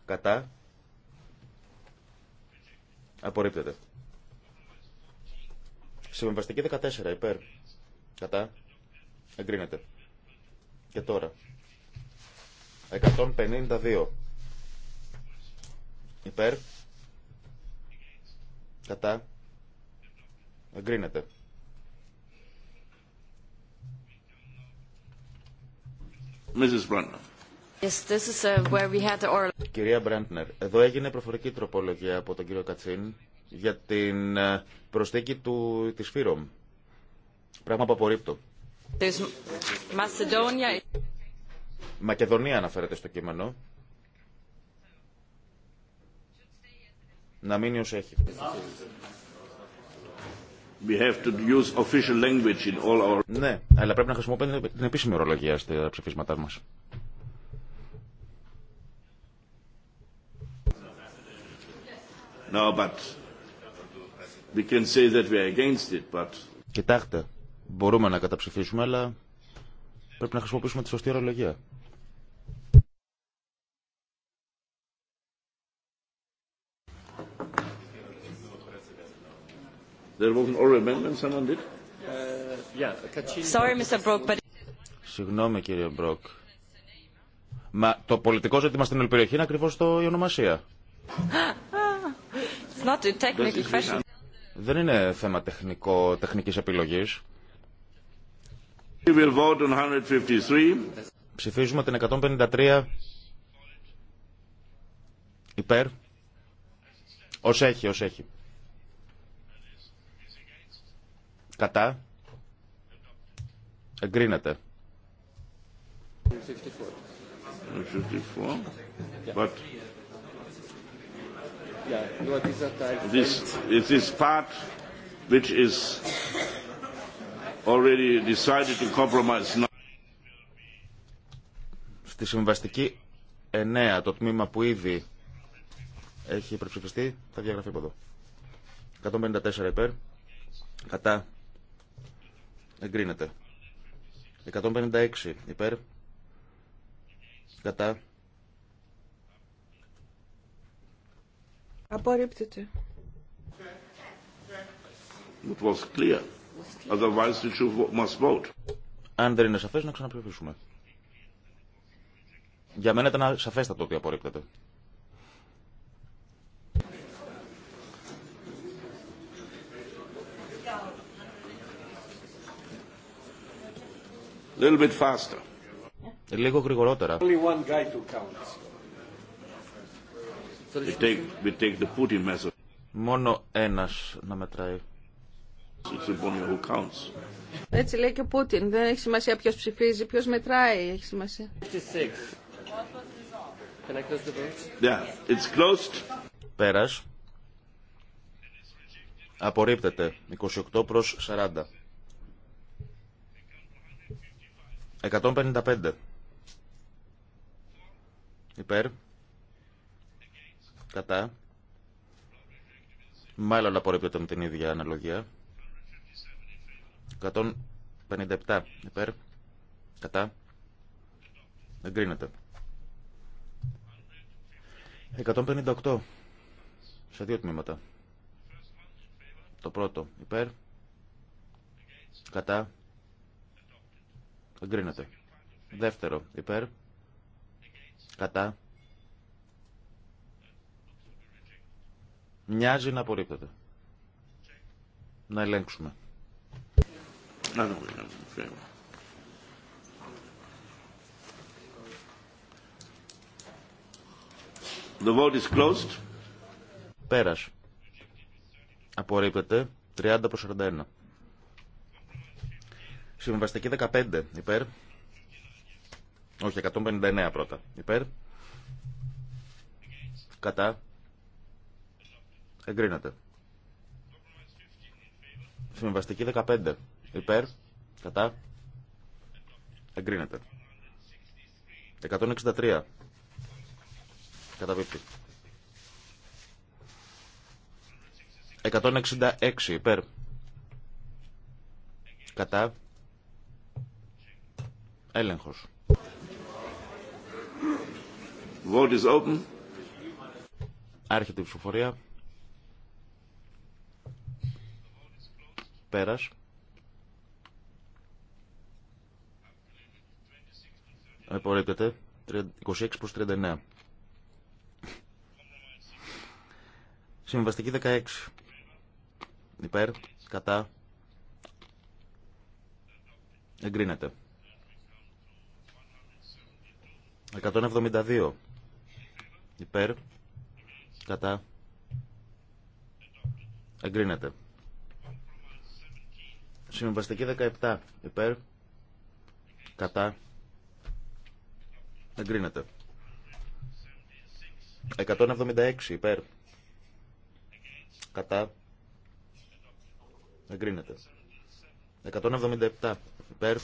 Κατά. Απορρίπτεται. Συμβαστική 14. Υπέρ. Κατά. Εγκρίνεται. Και τώρα. 152. Υπέρ. Κατά. Εγκρίνεται. Uh, Κυρία Μπρέντνερ, εδώ έγινε προφορική τροπολογία από τον κύριο Κατσίν για την ε, προσθήκη του, της Φύρομ. Πράγμα που απορρίπτω. Μακεδονία αναφέρεται στο κείμενο. Να μείνει ως έχει. Ναι, αλλά πρέπει να χρησιμοποιούμε την επίσημη ορολογία στα ψηφίσματά μας. No, but we can say that we are Κοιτάξτε, μπορούμε να καταψηφίσουμε, αλλά πρέπει να χρησιμοποιήσουμε τη σωστή ορολογία. Συγγνώμη κύριε Μπροκ. Μα το πολιτικό ζήτημα στην περιοχή είναι ακριβώς το, η ονομασία. Δεν είναι θέμα τεχνικό, τεχνικής επιλογής. 153. Ψηφίζουμε την 153 υπέρ. Ως έχει, ως έχει. Κατά. Εγκρίνεται. 54. But this it is part which is already decided to compromise now. Στη συμβαστική 9, το τμήμα που ήδη έχει υπερψηφιστεί, θα διαγραφεί από εδώ. 154 υπέρ, κατά Εγκρίνεται. 156 υπέρ. Κατά. Απορρίπτεται. It was clear. Otherwise we should must vote. Αν δεν είναι σαφές να ξαναψηφίσουμε. Για μένα ήταν σαφέστατο ότι απορρίπτεται. little bit faster. Λίγο γρηγορότερα. We take, we take the Μόνο ένας να μετράει. Έτσι λέει και ο Πούτιν. Δεν έχει σημασία ποιος ψηφίζει, ποιος μετράει. Έχει σημασία. Can I close the Yeah, it's closed. Πέρας. Απορρίπτεται. 28 προς 40. 155. Υπέρ. Κατά. Μάλλον απορρίπτεται με την ίδια αναλογία. 157. Υπέρ. Κατά. Εγκρίνεται. 158. Σε δύο τμήματα. Το πρώτο. Υπέρ. Κατά. Εγκρίνεται. Δεύτερο. Υπέρ. Κατά. Μοιάζει να απορρίπτεται. Να ελέγξουμε. The vote is closed. Πέρας. Απορρίπτεται. 30 προς 41. Συμβαστική 15 υπέρ. Όχι, 159 πρώτα. Υπέρ. Κατά. Εγκρίνεται. Συμβαστική 15 υπέρ. Κατά. Εγκρίνεται. 163. Καταπίπτει. 166 υπέρ. Κατά. Έλεγχος. Vote is open. Άρχεται η ψηφοφορία. Πέρας. 26 προς 39. Συμβαστική 16. Υπέρ, κατά. Εγκρίνεται. 172. Υπέρ. Κατά. Εγκρίνεται. Συμβαστική 17. Υπέρ. Κατά. Εγκρίνεται. 176. Υπέρ. Κατά. Εγκρίνεται. 177. Υπέρ.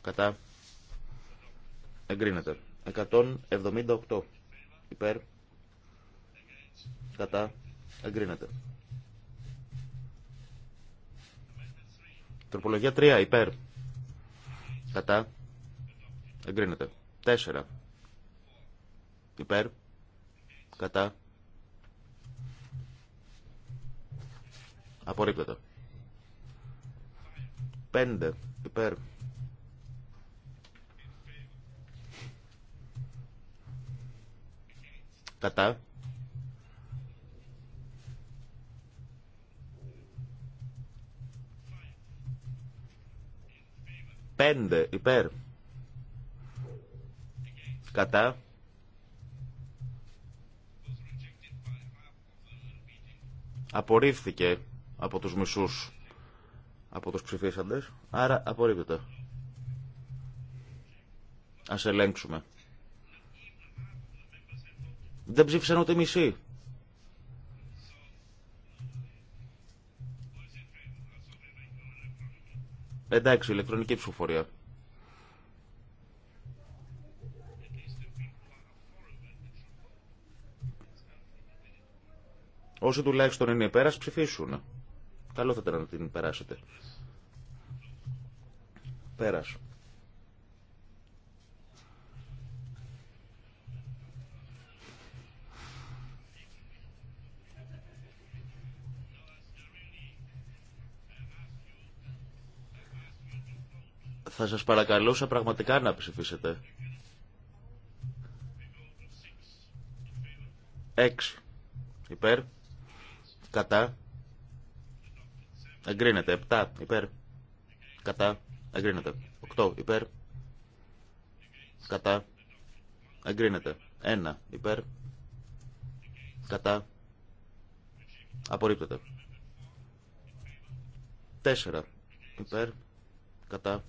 Κατά εγκρίνεται. 178 υπέρ, κατά, εγκρίνεται. Τροπολογία 3 υπέρ, κατά, εγκρίνεται. 4 υπέρ, κατά, απορρίπτεται. 5 υπέρ, Κατά. Πέντε υπέρ. Κατά. Απορρίφθηκε από τους μισούς από τους ψηφίσαντες, άρα απορρίπτεται. Ας ελέγξουμε. Δεν ψήφισαν ούτε μισή. Εντάξει, ηλεκτρονική ψηφοφορία. Όσοι τουλάχιστον είναι υπέρας, ψηφίσουν. Καλό θα ήταν να την περάσετε. Πέρας. Θα σας παρακαλούσα πραγματικά να ψηφίσετε. 6. Υπέρ. Κατά. Εγκρίνεται. 7. Υπέρ. Κατά. Εγκρίνεται. 8. Υπέρ. Κατά. Εγκρίνεται. 1. Υπέρ. Κατά. Απορρίπτεται. 4. Υπέρ. Κατά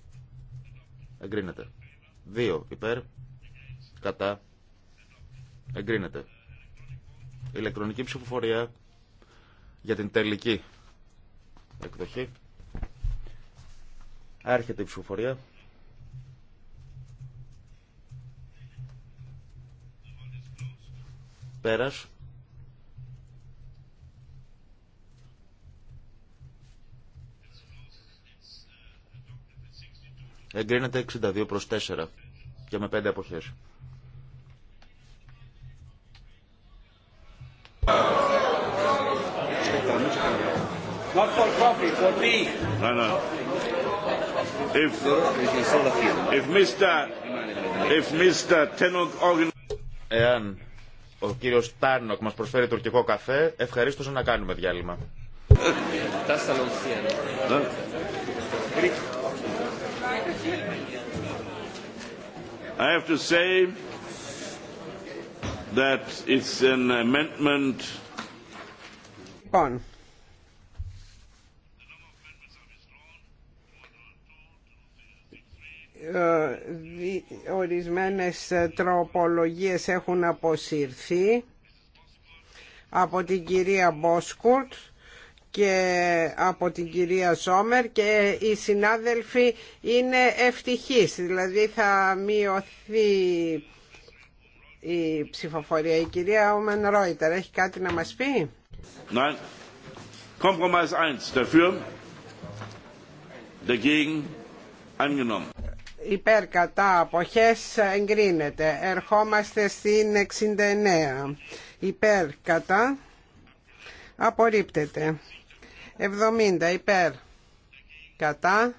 εγκρίνεται. 2 υπέρ, κατά, εγκρίνεται. Ηλεκτρονική ψηφοφορία για την τελική εκδοχή. Άρχεται η ψηφοφορία. Πέρας. Εγκρίνεται 62 προς 4 και με 5 αποχές. Εάν ο κύριος Τάρνοκ μας προσφέρει τουρκικό καφέ, ευχαρίστως να κάνουμε διάλειμμα. I have Λοιπόν, ε, ορισμένες ε, τροπολογίες έχουν αποσύρθει από την κυρία Μπόσκουρτ και από την κυρία Σόμερ και οι συνάδελφοι είναι ευτυχείς, δηλαδή θα μειωθεί η ψηφοφορία. Η κυρία Όμεν Ρόιτερ έχει κάτι να μας πει. Ναι, Kompromiss 1 dafür. Dagegen Υπέρ κατά αποχές εγκρίνεται. Ερχόμαστε στην 69. Υπέρ κατά απορρίπτεται. 70 υπέρ κατά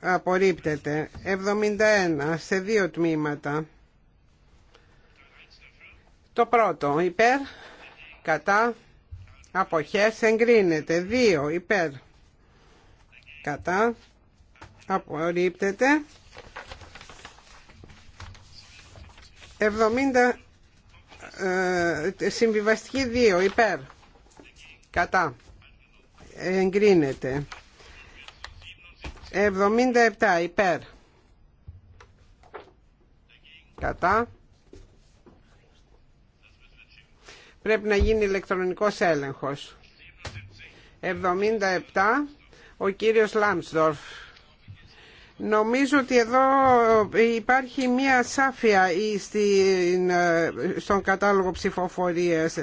απορρίπτεται 71 σε δύο τμήματα το πρώτο υπέρ κατά αποχές εγκρίνεται 2 υπέρ κατά απορρίπτεται 70 ε, συμβιβαστική 2 υπέρ κατά εγκρίνεται 77 υπέρ κατά πρέπει να γίνει ηλεκτρονικός έλεγχος 77 ο κύριος Λάμπσδορφ Νομίζω ότι εδώ υπάρχει μία σάφια ε, στον κατάλογο ψηφοφορίας.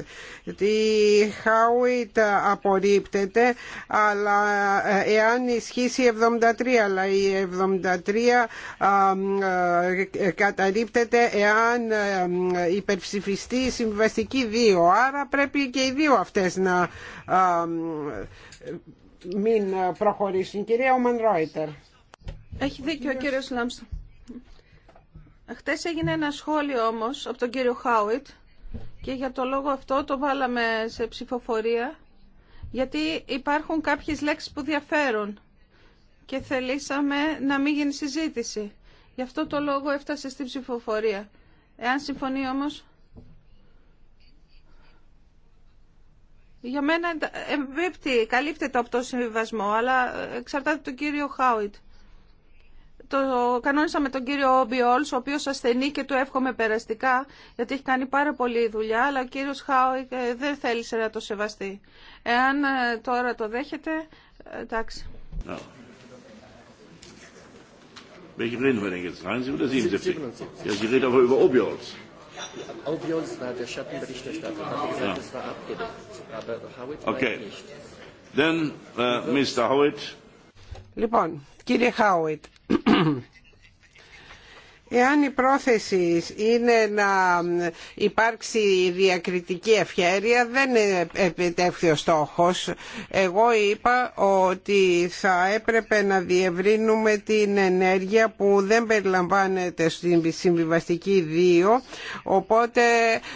Η Χάουιτ απορρίπτεται, αλλά ε, εάν ισχύσει η 73, αλλά η 73 ε, καταρρίπτεται εάν υπερψηφιστεί η συμβαστική 2. Άρα πρέπει και οι δύο αυτές να μην προχωρήσουν. Κυρία Ομαν Ρόιτερ. Έχει δίκιο ο κύριος Λάμστον. Χθε έγινε ένα σχόλιο όμως από τον κύριο Χάουιτ και για το λόγο αυτό το βάλαμε σε ψηφοφορία γιατί υπάρχουν κάποιες λέξεις που διαφέρουν και θελήσαμε να μην γίνει συζήτηση. Γι' αυτό το λόγο έφτασε στην ψηφοφορία. Εάν συμφωνεί όμως... Για μένα εμπίπτει, καλύπτεται από το συμβιβασμό, αλλά εξαρτάται του τον κύριο Χάουιτ το κανόνισα με τον κύριο Μπιόλς, ο οποίος ασθενεί και του εύχομαι περαστικά, γιατί έχει κάνει πάρα πολύ δουλειά, αλλά ο κύριος Χάου ε, δεν θέλησε να το σεβαστεί. Εάν ε, τώρα το δέχεται, ε, εντάξει. Welche reden wir denn jetzt? 73 oder 77? Ja, Sie reden aber über Obiols. Ja, Obiols war der Schattenberichterstatter. Hat gesagt, es war abgedeckt. Aber Howitt okay. nicht. Then, uh, äh, Mr. Howitt. Λοιπόν, κύριε Χάουιτ, Εάν η πρόθεση είναι να υπάρξει διακριτική ευχέρεια δεν επιτεύχθη ο στόχος. Εγώ είπα ότι θα έπρεπε να διευρύνουμε την ενέργεια που δεν περιλαμβάνεται στην συμβιβαστική 2 οπότε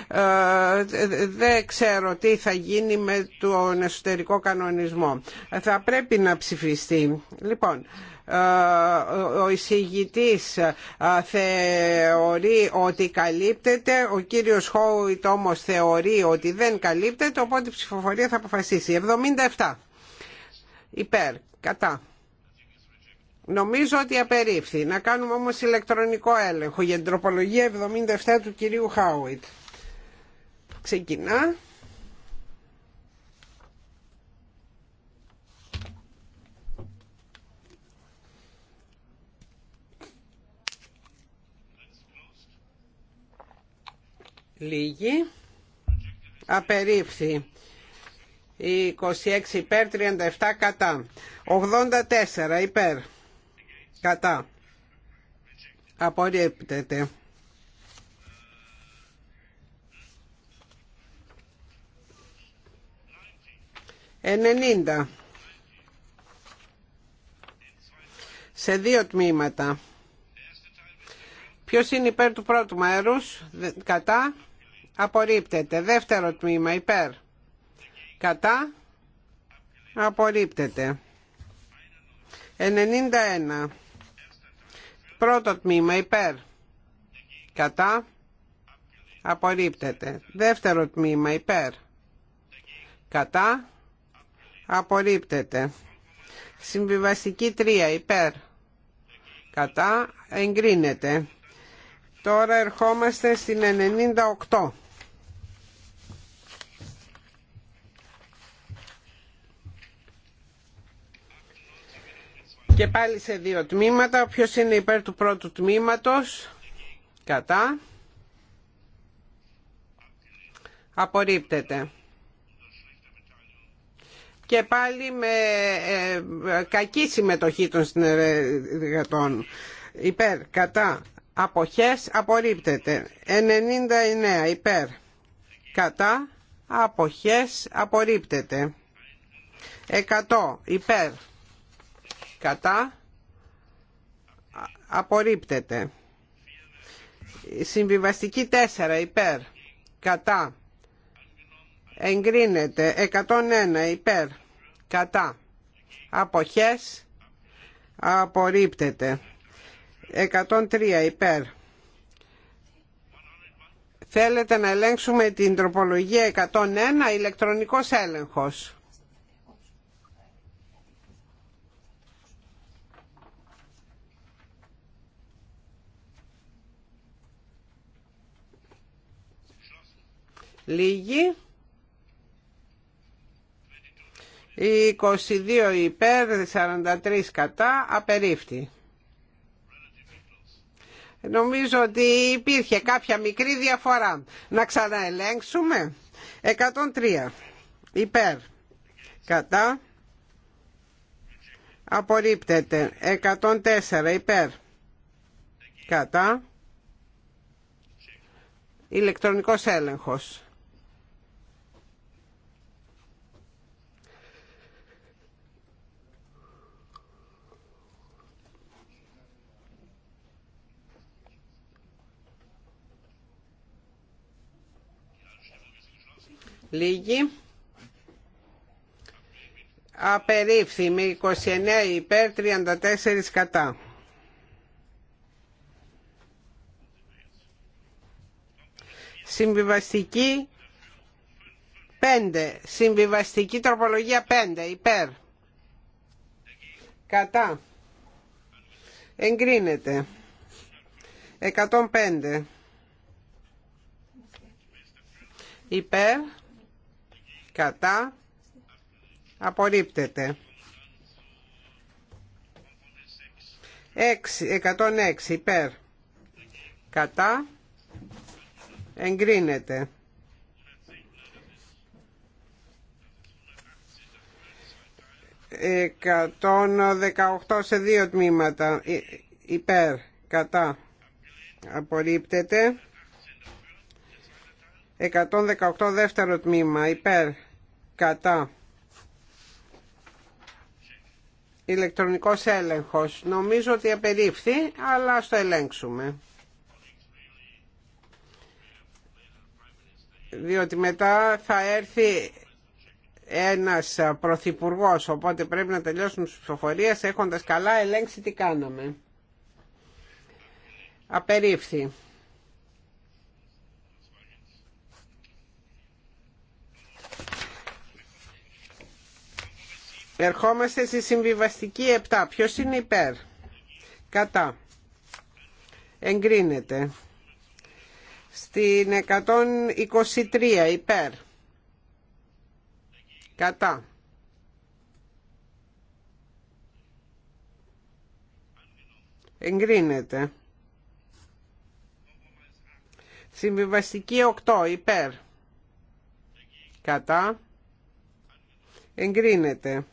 ε, δεν ξέρω τι θα γίνει με τον εσωτερικό κανονισμό. Θα πρέπει να ψηφιστεί. Λοιπόν, ο εισηγητής θεωρεί ότι καλύπτεται, ο κύριος Χόουιτ όμως θεωρεί ότι δεν καλύπτεται, οπότε η ψηφοφορία θα αποφασίσει. 77. Υπέρ. Κατά. Νομίζω ότι απερίφθη. Να κάνουμε όμως ηλεκτρονικό έλεγχο για την τροπολογία 77 του κυρίου Χάουιτ. Ξεκινά. Λίγη. Απερίφθη. 26 υπέρ, 37 κατά. 84 υπέρ. Κατά. Απορρίπτεται. Ενενήντα. Σε δύο τμήματα. Ποιος είναι υπέρ του πρώτου μέρους, κατά, Απορρίπτεται. Δεύτερο τμήμα υπέρ. Κατά. Απορρίπτεται. 91. Πρώτο τμήμα υπέρ. Κατά. Απορρίπτεται. Δεύτερο τμήμα υπέρ. Κατά. Απορρίπτεται. Συμβιβαστική 3 υπέρ. Κατά. Εγκρίνεται. Τώρα ερχόμαστε στην 98. και πάλι σε δύο τμήματα. Ποιο είναι υπέρ του πρώτου τμήματος. Κατά. Απορρίπτεται. Και πάλι με ε, ε, κακή συμμετοχή των συνεργατών. Υπέρ. Κατά. Αποχές. Απορρίπτεται. 99. Υπέρ. Κατά. Αποχές. Απορρίπτεται. 100. Υπέρ κατά απορρίπτεται συμβιβαστική 4 υπέρ κατά εγκρίνεται 101 υπέρ κατά αποχές απορρίπτεται 103 υπέρ Θέλετε να ελέγξουμε την τροπολογία 101 ηλεκτρονικός έλεγχος. Λίγοι. 22 υπέρ, 43 κατά, απερίφθη. Νομίζω ότι υπήρχε κάποια μικρή διαφορά. Να ξαναελέγξουμε. 103 υπέρ, κατά, απορρίπτεται. 104 υπέρ, κατά, ηλεκτρονικός έλεγχος. Λίγοι, Απερίφθη 29 υπέρ 34 κατά. Συμβιβαστική 5. Συμβιβαστική τροπολογία 5 υπέρ. Κατά. Εγκρίνεται. 105. Υπέρ κατά απορρίπτεται 6, 106 υπέρ κατά εγκρίνεται δεκαοχτώ σε δύο τμήματα ε, υπέρ κατά απορρίπτεται 118 δεύτερο τμήμα υπέρ κατά ηλεκτρονικός έλεγχος νομίζω ότι απερίφθη αλλά ας το ελέγξουμε διότι μετά θα έρθει ένας πρωθυπουργός οπότε πρέπει να τελειώσουν τις ψηφοφορίες έχοντας καλά ελέγξει τι κάναμε απερίφθη Ερχόμαστε στη συμβιβαστική 7. Ποιο είναι υπέρ. Κατά. Εγκρίνεται. Στην 123 υπέρ. Κατά. Εγκρίνεται. Συμβιβαστική 8 υπέρ. Κατά. Εγκρίνεται.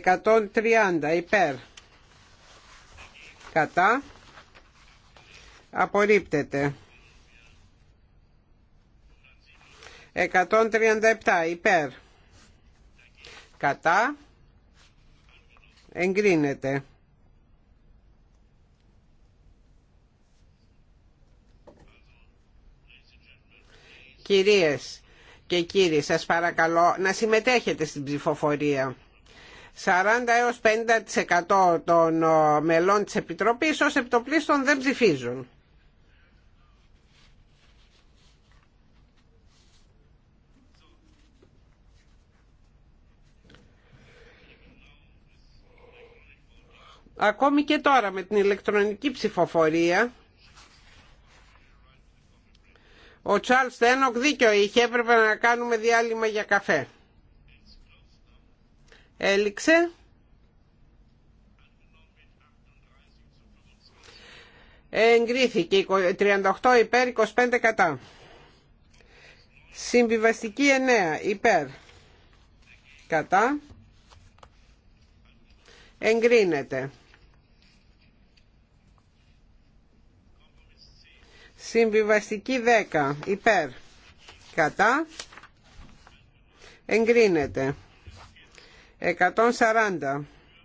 130 υπέρ κατά απορρίπτεται 137 υπέρ κατά εγκρίνεται 'Κυρίες και κύριοι, σας παρακαλώ να συμμετέχετε στην ψηφοφορία. 40 έως 50% των μελών της Επιτροπής ως επιτοπλίστων δεν ψηφίζουν. Ακόμη και τώρα με την ηλεκτρονική ψηφοφορία ο Τσάλς Τένοκ δίκιο είχε έπρεπε να κάνουμε διάλειμμα για καφέ. Έληξε. Εγκρίθηκε 38 υπέρ 25 κατά. Συμβιβαστική 9 υπέρ κατά. Εγκρίνεται. Συμβιβαστική 10 υπέρ κατά. Εγκρίνεται. 140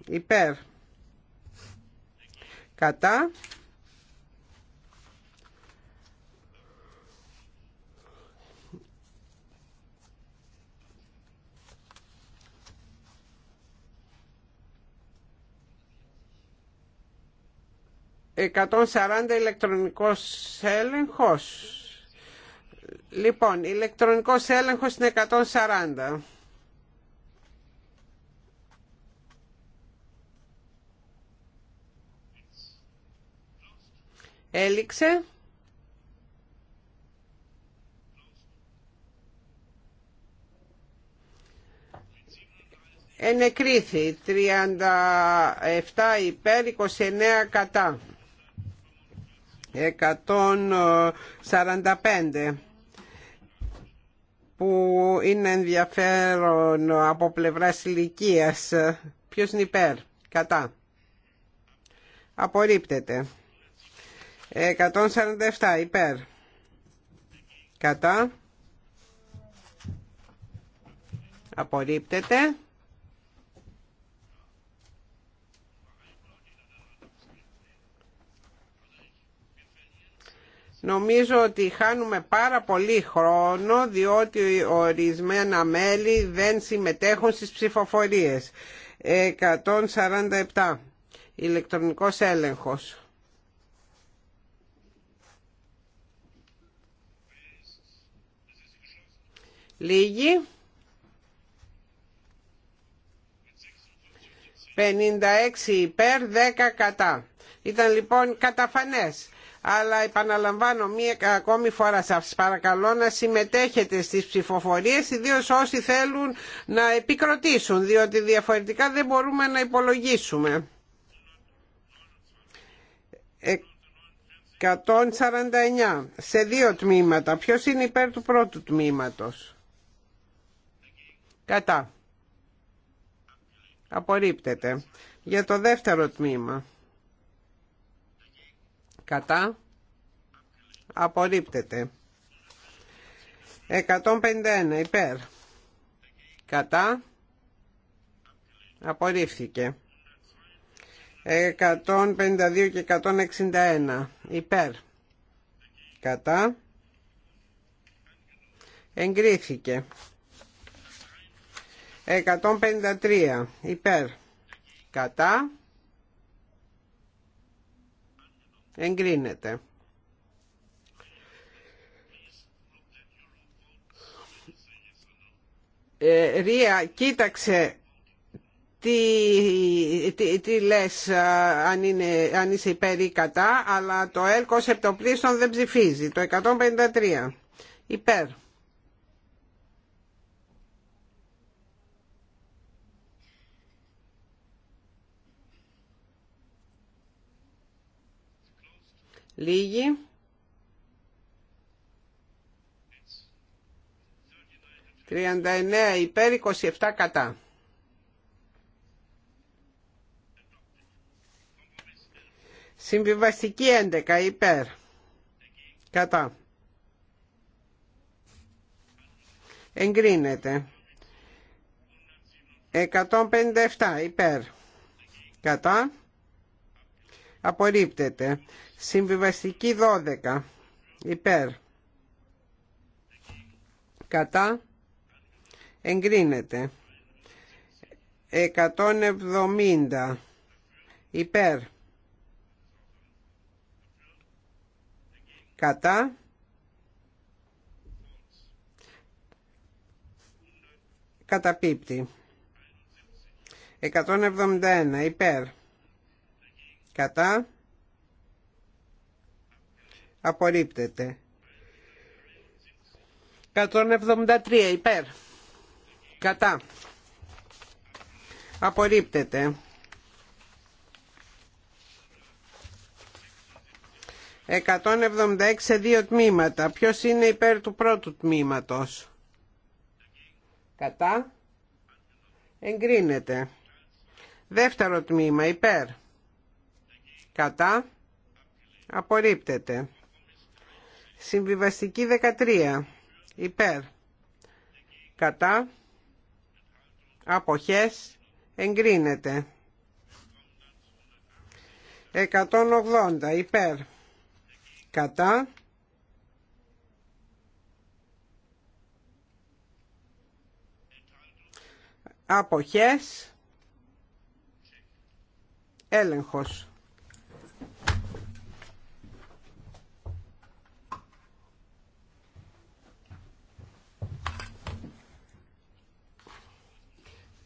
υπέρ κατά Εκατόν σαράντα ηλεκτρονικός έλεγχος. Λοιπόν, ηλεκτρονικός έλεγχος είναι εκατόν σαράντα. Έληξε. Ενεκρίθη 37 υπέρ 29 κατά 145 που είναι ενδιαφέρον από πλευράς ηλικία. Ποιος είναι υπέρ, κατά. Απορρίπτεται. 147 υπέρ κατά απορρίπτεται Νομίζω ότι χάνουμε πάρα πολύ χρόνο διότι ορισμένα μέλη δεν συμμετέχουν στις ψηφοφορίες. 147. Ηλεκτρονικός έλεγχος. Λίγοι. 56 υπέρ, 10 κατά. Ήταν λοιπόν καταφανές. Αλλά επαναλαμβάνω μία ακόμη φορά σας παρακαλώ να συμμετέχετε στις ψηφοφορίες ιδίως όσοι θέλουν να επικροτήσουν διότι διαφορετικά δεν μπορούμε να υπολογίσουμε. 149 σε δύο τμήματα. Ποιος είναι υπέρ του πρώτου τμήματος. Κατά. Απορρίπτεται. Για το δεύτερο τμήμα. Κατά. Απορρίπτεται. 151 υπέρ. Κατά. Απορρίφθηκε. 152 και 161 υπέρ. Κατά. Εγκρίθηκε. 153 υπέρ κατά εγκρίνεται. Ε, Ρία, κοίταξε τι, τι, λες αν, είναι, αν είσαι υπέρ ή κατά, αλλά το έλκος επτοπλίστων δεν ψηφίζει. Το 153 υπέρ. Λίγοι. 39 υπέρ 27 κατά. Συμβιβαστική 11 υπέρ. Κατά. Εγκρίνεται. 157 υπέρ. Κατά. Απορρίπτεται. Συμβιβαστική 12. Υπέρ. Κατά. Εγκρίνεται. 170. Υπέρ. Κατά. Καταπίπτει. 171. Υπέρ. Κατά. Απορρίπτεται. 173 υπέρ. Κατά. Απορρίπτεται. 176 σε δύο τμήματα. Ποιος είναι υπέρ του πρώτου τμήματος. Κατά. Εγκρίνεται. Δεύτερο τμήμα υπέρ. Κατά. Απορρίπτεται. Συμβιβαστική 13. Υπέρ. Κατά. Αποχές. Εγκρίνεται. 180. Υπέρ. Κατά. Αποχές. Έλεγχος.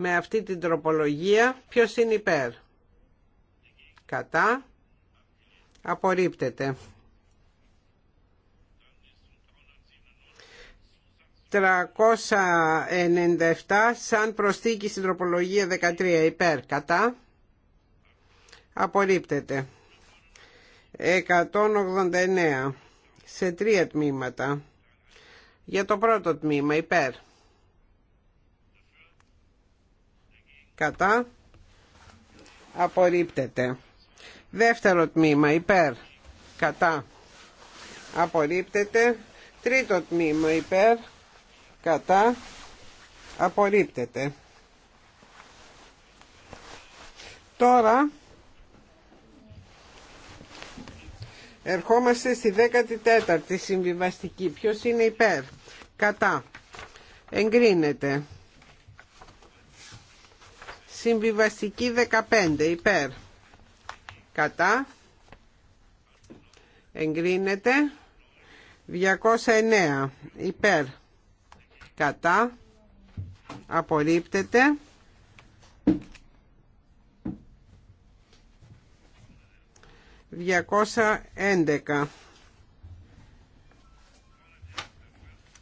με αυτή την τροπολογία. Ποιος είναι υπέρ. Κατά. Απορρίπτεται. 397 σαν προσθήκη στην τροπολογία 13 υπέρ κατά απορρίπτεται 189 σε τρία τμήματα για το πρώτο τμήμα υπέρ κατά απορρίπτεται δεύτερο τμήμα υπέρ κατά απορρίπτεται τρίτο τμήμα υπέρ κατά απορρίπτεται τώρα ερχόμαστε στη 14η συμβιβαστική ποιος είναι υπέρ κατά εγκρίνεται Συμβιβαστική 15 υπέρ. Κατά. Εγκρίνεται. 209 υπέρ. Κατά. Απορρίπτεται. 211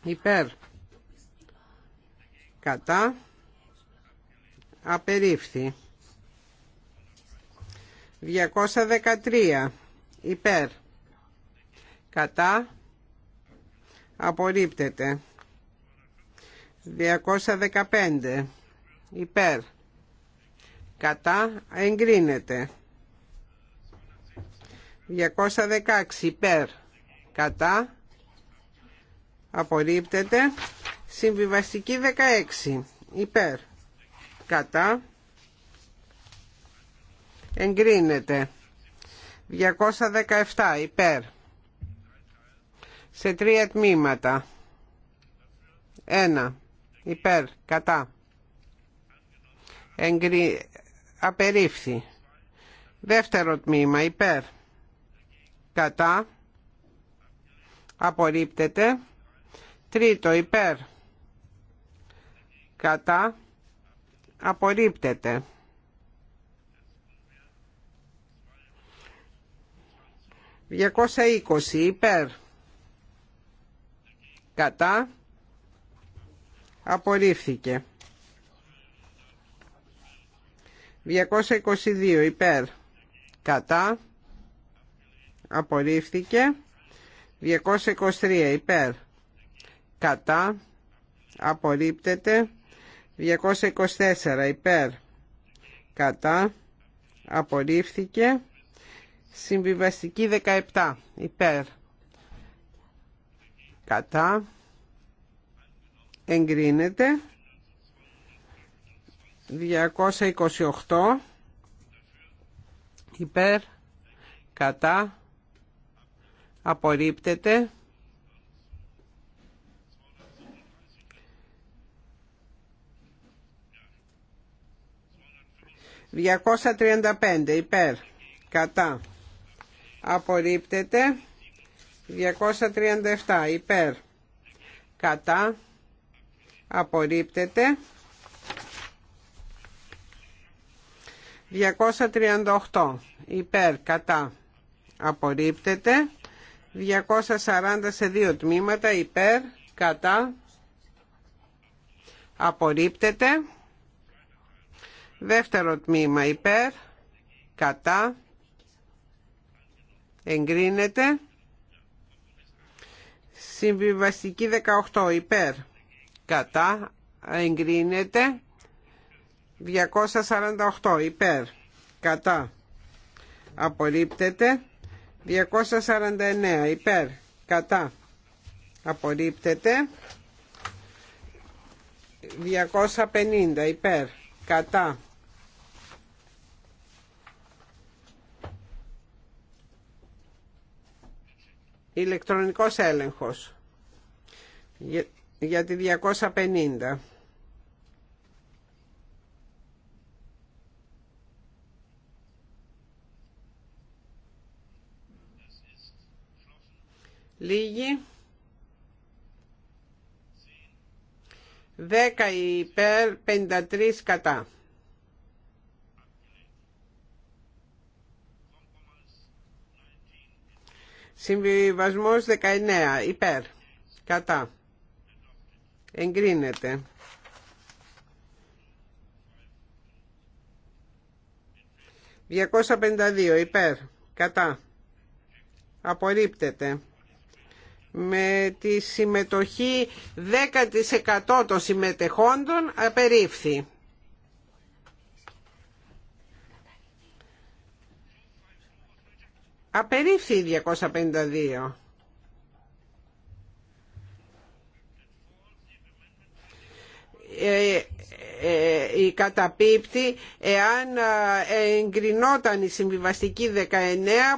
υπέρ κατά απερίφθη 213 υπέρ κατά απορρίπτεται 215 υπέρ κατά εγκρίνεται 216 υπέρ κατά απορρίπτεται συμβιβαστική 16 υπέρ κατά εγκρίνεται 217 υπέρ σε τρία τμήματα ένα υπέρ κατά εγκρι... απερίφθη δεύτερο τμήμα υπέρ κατά απορρίπτεται τρίτο υπέρ κατά Απορρίπτεται. 220 υπέρ. Κατά. Απορρίφθηκε. 222 υπέρ. Κατά. Απορρίφθηκε. 223 υπέρ. Κατά. Απορρίπτεται. 224 υπέρ κατά απορρίφθηκε συμβιβαστική 17 υπέρ κατά εγκρίνεται 228 υπέρ κατά απορρίπτεται 235 υπέρ κατά απορρίπτεται 237 υπέρ κατά απορρίπτεται 238 υπέρ κατά απορρίπτεται 240 σε δύο τμήματα υπέρ κατά απορρίπτεται Δεύτερο τμήμα υπέρ, κατά, εγκρίνεται. Συμβιβαστική 18 υπέρ, κατά, εγκρίνεται. 248 υπέρ, κατά, απορρίπτεται. 249 υπέρ, κατά, απορρίπτεται. 250 υπέρ, κατά, Ηλεκτρονικός έλεγχος για τη 250. Λίγοι. 10 υπέρ, 53 κατά. Συμβιβασμός 19. Υπέρ. Κατά. Εγκρίνεται. ...252 υπέρ, κατά, απορρίπτεται με τη συμμετοχή 10% των συμμετεχόντων απερίφθη. Απερίφθη 252. Ε, ε, ε, η καταπίπτη εάν ε, εγκρινόταν η συμβιβαστική 19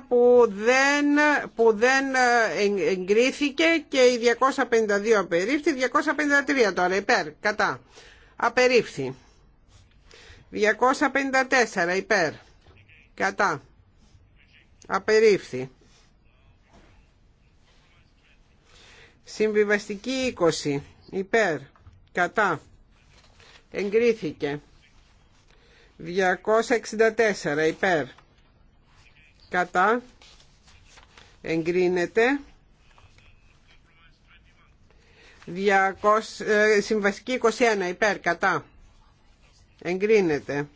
που δεν, που δεν ε, εγκρίθηκε και η 252 απερίφθη, 253 τώρα υπέρ, κατά, απερίφθη. 254 υπέρ, κατά, Απερίφθη. Συμβιβαστική 20. Υπέρ. Κατά. Εγκρίθηκε. 264. Υπέρ. Κατά. Εγκρίνεται. 200, ε, συμβαστική 21. Υπέρ. Κατά. Εγκρίνεται.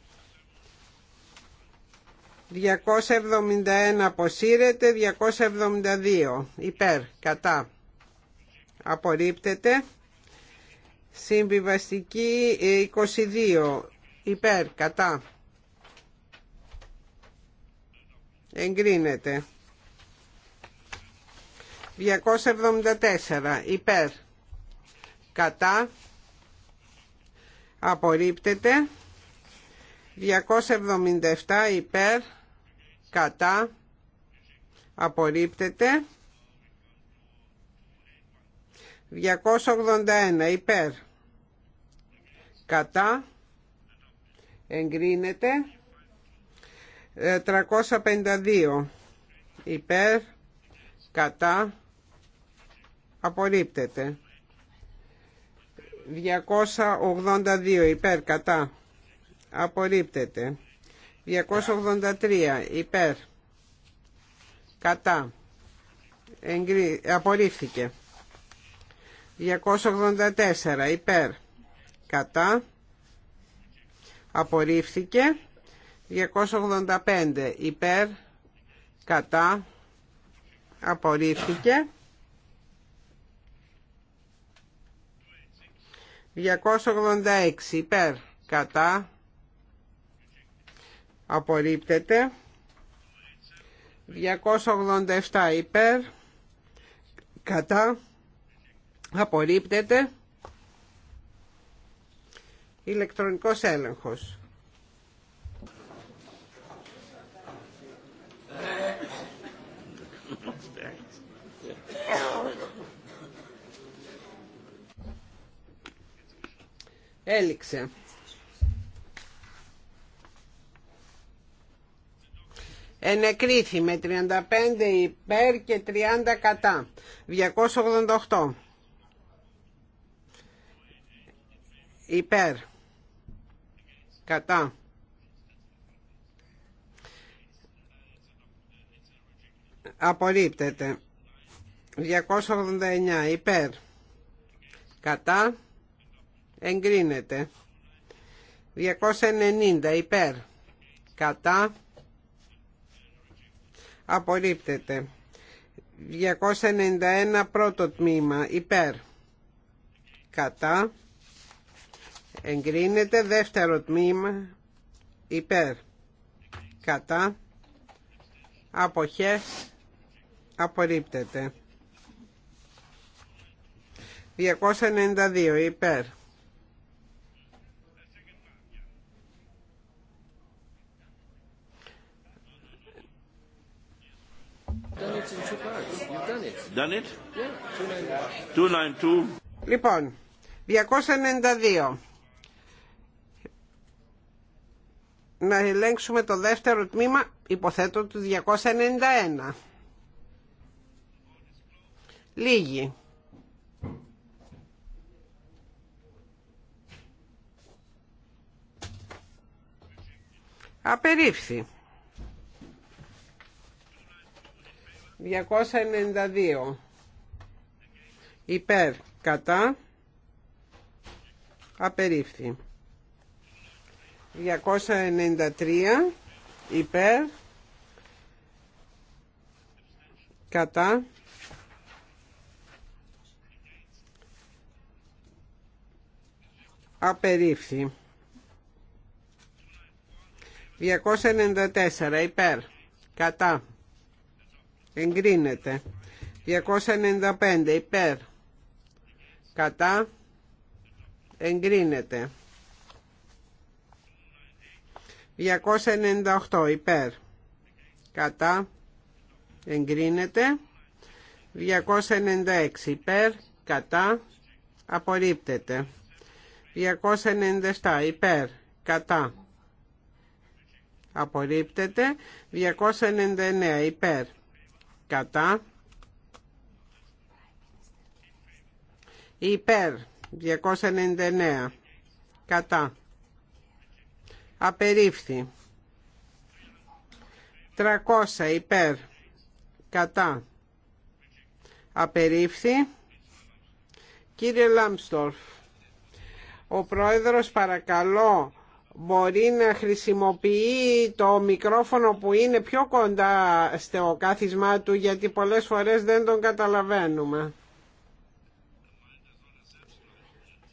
271 αποσύρεται, 272 υπέρ, κατά, απορρίπτεται. Συμβιβαστική 22 ε, υπέρ, κατά, εγκρίνεται. 274 υπέρ, κατά, απορρίπτεται. 277 υπέρ, κατά απορρίπτεται 281 υπέρ κατά εγκρίνεται 352 ε, υπέρ κατά απορρίπτεται 282 υπέρ κατά απορρίπτεται 283 υπέρ κατά Εγκρι... απορρίφθηκε 284 υπέρ κατά απορρίφθηκε 285 υπέρ κατά απορρίφθηκε 286 υπέρ κατά απορρίπτεται 287 υπέρ κατά απορρίπτεται ηλεκτρονικός έλεγχος έληξε ενεκρίθη με 35 υπέρ και 30 κατά. 288 υπέρ κατά. Απορρίπτεται. 289 υπέρ κατά. Εγκρίνεται. 290 υπέρ κατά απορρίπτεται 291 πρώτο τμήμα υπέρ κατά εγκρίνεται δεύτερο τμήμα υπέρ κατά αποχές απορρίπτεται 292 υπέρ Λοιπόν, 292. Να ελέγξουμε το δεύτερο τμήμα, υποθέτω, του 291. Λίγοι. Απερίφθη. 292 υπέρ κατά απερίφθη 293 υπέρ κατά απερίφθη 294 υπέρ κατά εγκρίνεται 295 υπέρ κατά εγκρίνεται 298 υπέρ κατά εγκρίνεται 296 υπέρ κατά απορρίπτεται 297 υπέρ κατά απορρίπτεται 299 υπέρ κατά υπέρ 299 κατά απερίφθη 300 υπέρ κατά απερίφθη κύριε Λάμπστορφ ο πρόεδρος παρακαλώ μπορεί να χρησιμοποιεί το μικρόφωνο που είναι πιο κοντά στο κάθισμά του γιατί πολλές φορές δεν τον καταλαβαίνουμε.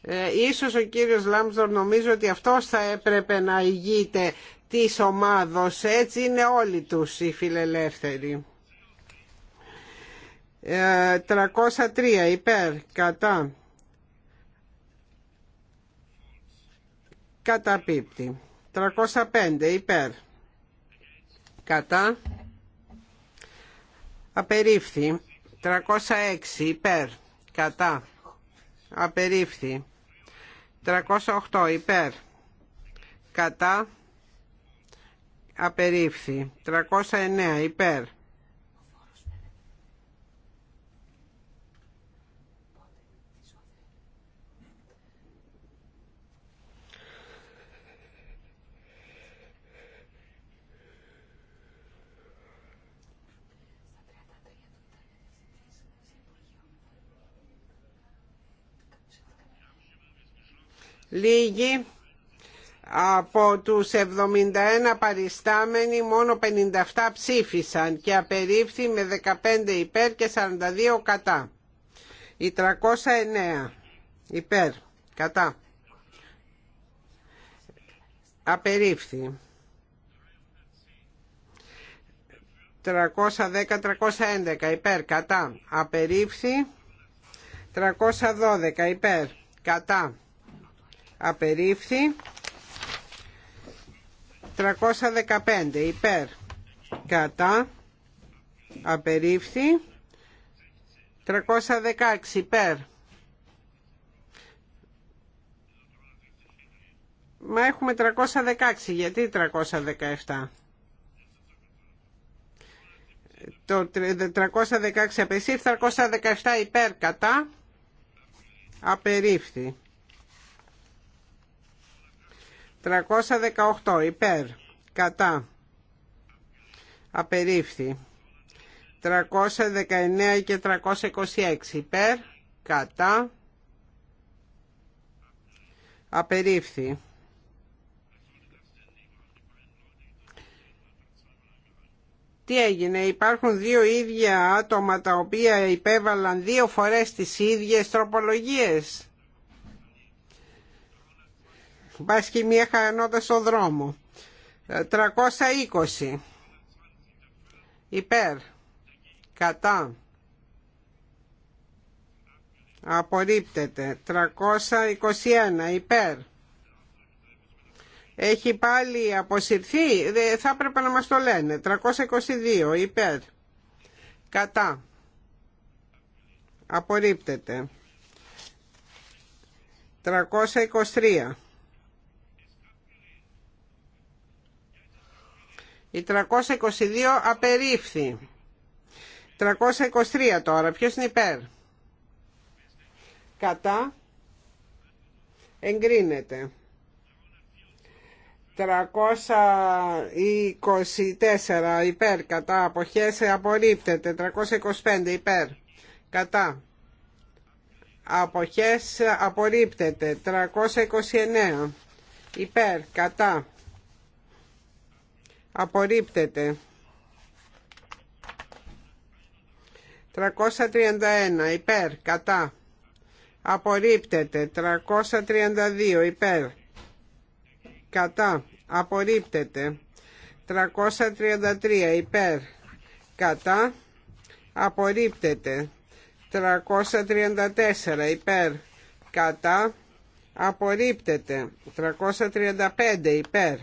Ε, ίσως ο κύριος Λάμπστορ νομίζω ότι αυτός θα έπρεπε να ηγείται της ομάδος. Έτσι είναι όλοι τους οι φιλελεύθεροι. 303 ε, υπέρ, κατά, καταπίπτει. 305 υπέρ κατά απερίφθη. 306 υπέρ κατά απερίφθη. 308 υπέρ κατά απερίφθη. 309 υπέρ Λίγοι από τους 71 παριστάμενοι μόνο 57 ψήφισαν και απερίφθη με 15 υπέρ και 42 κατά. Η 309 υπέρ κατά. Απερίφθη. 310-311 υπέρ κατά. Απερίφθη. 312 υπέρ κατά απερίφθη 315 υπέρ κατά απερίφθη 316 υπέρ Μα έχουμε 316, γιατί 317 το 316 απεσύρθη, 317 υπέρ κατά απερίφθη. 318 υπέρ κατά απερίφθη 319 και 326 υπέρ κατά απερίφθη Τι έγινε, υπάρχουν δύο ίδια άτομα τα οποία υπέβαλαν δύο φορές τις ίδιες τροπολογίες. Μπας και μία χαρανότα στο δρόμο. 320. Ε, Υπέρ. Κατά. Απορρίπτεται. 321. Υπέρ. Έχει πάλι αποσυρθεί. Θα έπρεπε να μας το λένε. 322. Υπέρ. Κατά. Απορρίπτεται. 323. Η 322 απερίφθη. 323 τώρα. Ποιος είναι υπέρ. Κατά. Εγκρίνεται. 324 υπέρ. Κατά. Αποχέσε. απορρίπτεται. 325 υπέρ. Κατά. Αποχές ε, απορρίπτεται. 329 υπέρ. Κατά. Ε, Απορρίπτεται. 331 υπέρ, κατά. Απορρίπτεται. 332 υπέρ. Κατά. Απορρίπτεται. 333 υπέρ. Κατά. Απορρίπτεται. 334 υπέρ. Κατά. Απορρίπτεται. 335 υπέρ.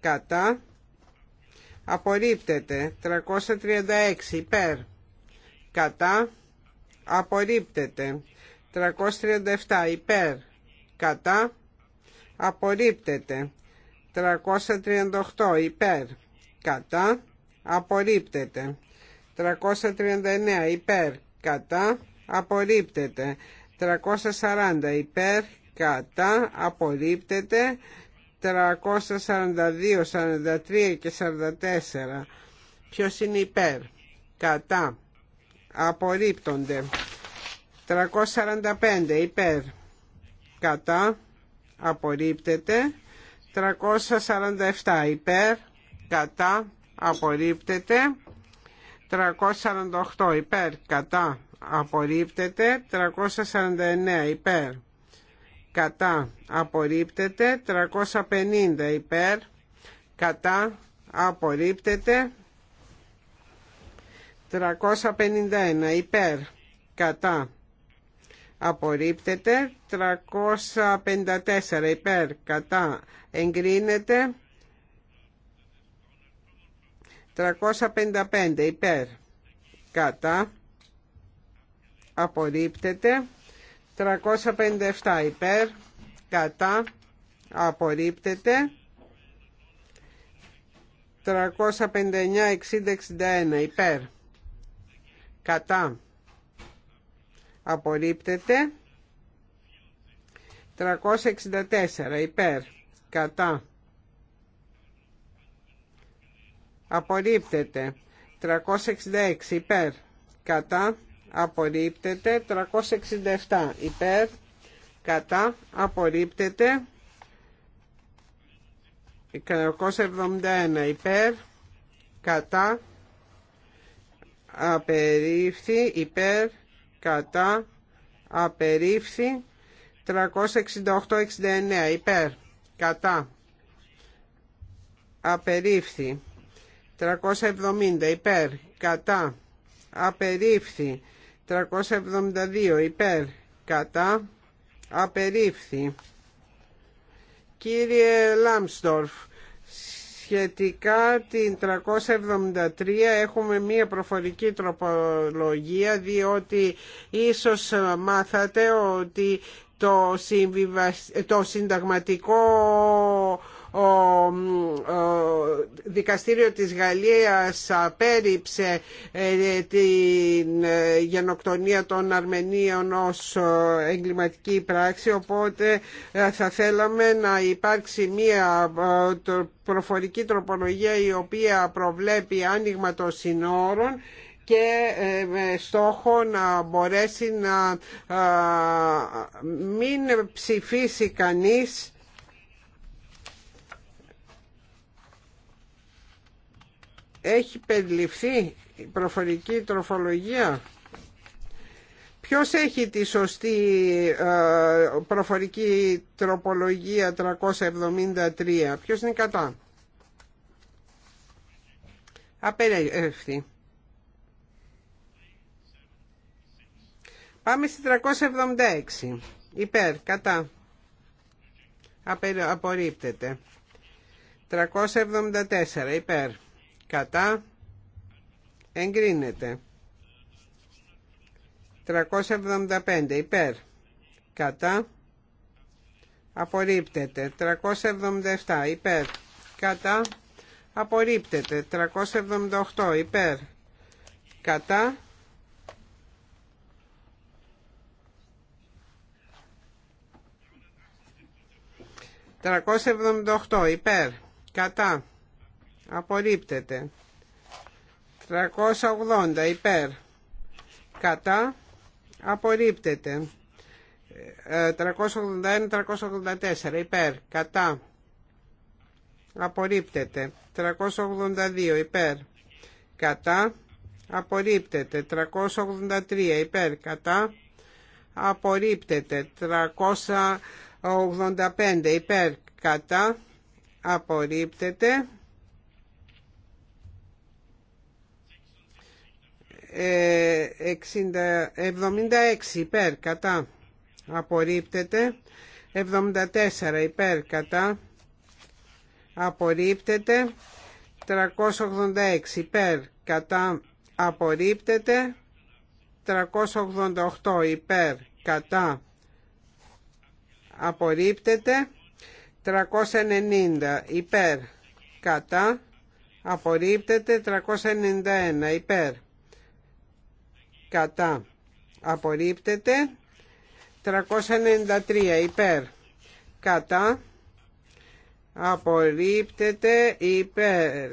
Κατά απορρίπτεται 336 υπέρ κατά απορρίπτεται 337 υπέρ κατά απορρίπτεται 338 υπέρ κατά απορρίπτεται 339 υπέρ κατά απορρίπτεται 340 υπέρ κατά απορρίπτεται 342, 43 και 44. Ποιος είναι υπέρ. Κατά. Απορρίπτονται. 345 υπέρ. Κατά. Απορρίπτεται. 347 υπέρ. Κατά. Απορρίπτεται. 348 υπέρ. Κατά. Απορρίπτεται. 349 υπέρ κατά απορρίπτεται 350 υπέρ κατά απορρίπτεται 351 υπέρ κατά απορρίπτεται 354 υπέρ κατά εγκρίνεται 355 υπέρ κατά απορρίπτεται 357 υπέρ, κατά, απορρίπτεται. 359, 60, 61 υπέρ, κατά, απορρίπτεται. 364 υπέρ, κατά, απορρίπτεται. 366 υπέρ, κατά, απορρίπτεται 367 υπέρ κατά απορρίπτεται 371 υπέρ κατά απερίφθη υπέρ κατά απερίφθη 368-69 υπέρ κατά απερίφθη 370 υπέρ κατά απερίφθη 372 υπέρ κατά απερίφθη κύριε Λάμστορφ σχετικά την 373 έχουμε μία προφορική τροπολογία διότι ίσως μάθατε ότι το, το συνταγματικό ο δικαστήριο της Γαλλίας απέριψε ε, την ε, γενοκτονία των Αρμενίων ως ε, εγκληματική πράξη οπότε θα θέλαμε να υπάρξει μία προφορική τροπολογία η οποία προβλέπει άνοιγμα των συνόρων και με στόχο να μπορέσει να μην ψηφίσει κανείς Έχει περιληφθεί η προφορική τροφολογία. Ποιος έχει τη σωστή ε, προφορική τροπολογία 373, ποιος είναι κατά. Απέρευτη. Πάμε στη 376. Υπέρ, κατά. Απορρίπτεται. 374, υπέρ κατά εγκρίνεται 375 υπέρ κατά απορρίπτεται 377 υπέρ κατά απορρίπτεται 378 υπέρ κατά 378 υπέρ, κατά απορρίπτεται 380 υπέρ κατά απορρίπτεται 381-384 ε, υπέρ κατά απορρίπτεται 382 υπέρ κατά απορρίπτεται 383 υπέρ κατά απορρίπτεται 385 υπέρ κατά απορρίπτεται 76 ε, υπέρ κατά απορρίπτεται 74 υπέρ κατά απορρίπτεται 386 υπέρ κατά απορρίπτεται 388 υπέρ κατά απορρίπτεται 390 υπέρ κατά απορρίπτεται 391 υπέρ κατά απορρίπτεται 393 υπέρ κατά απορρίπτεται υπέρ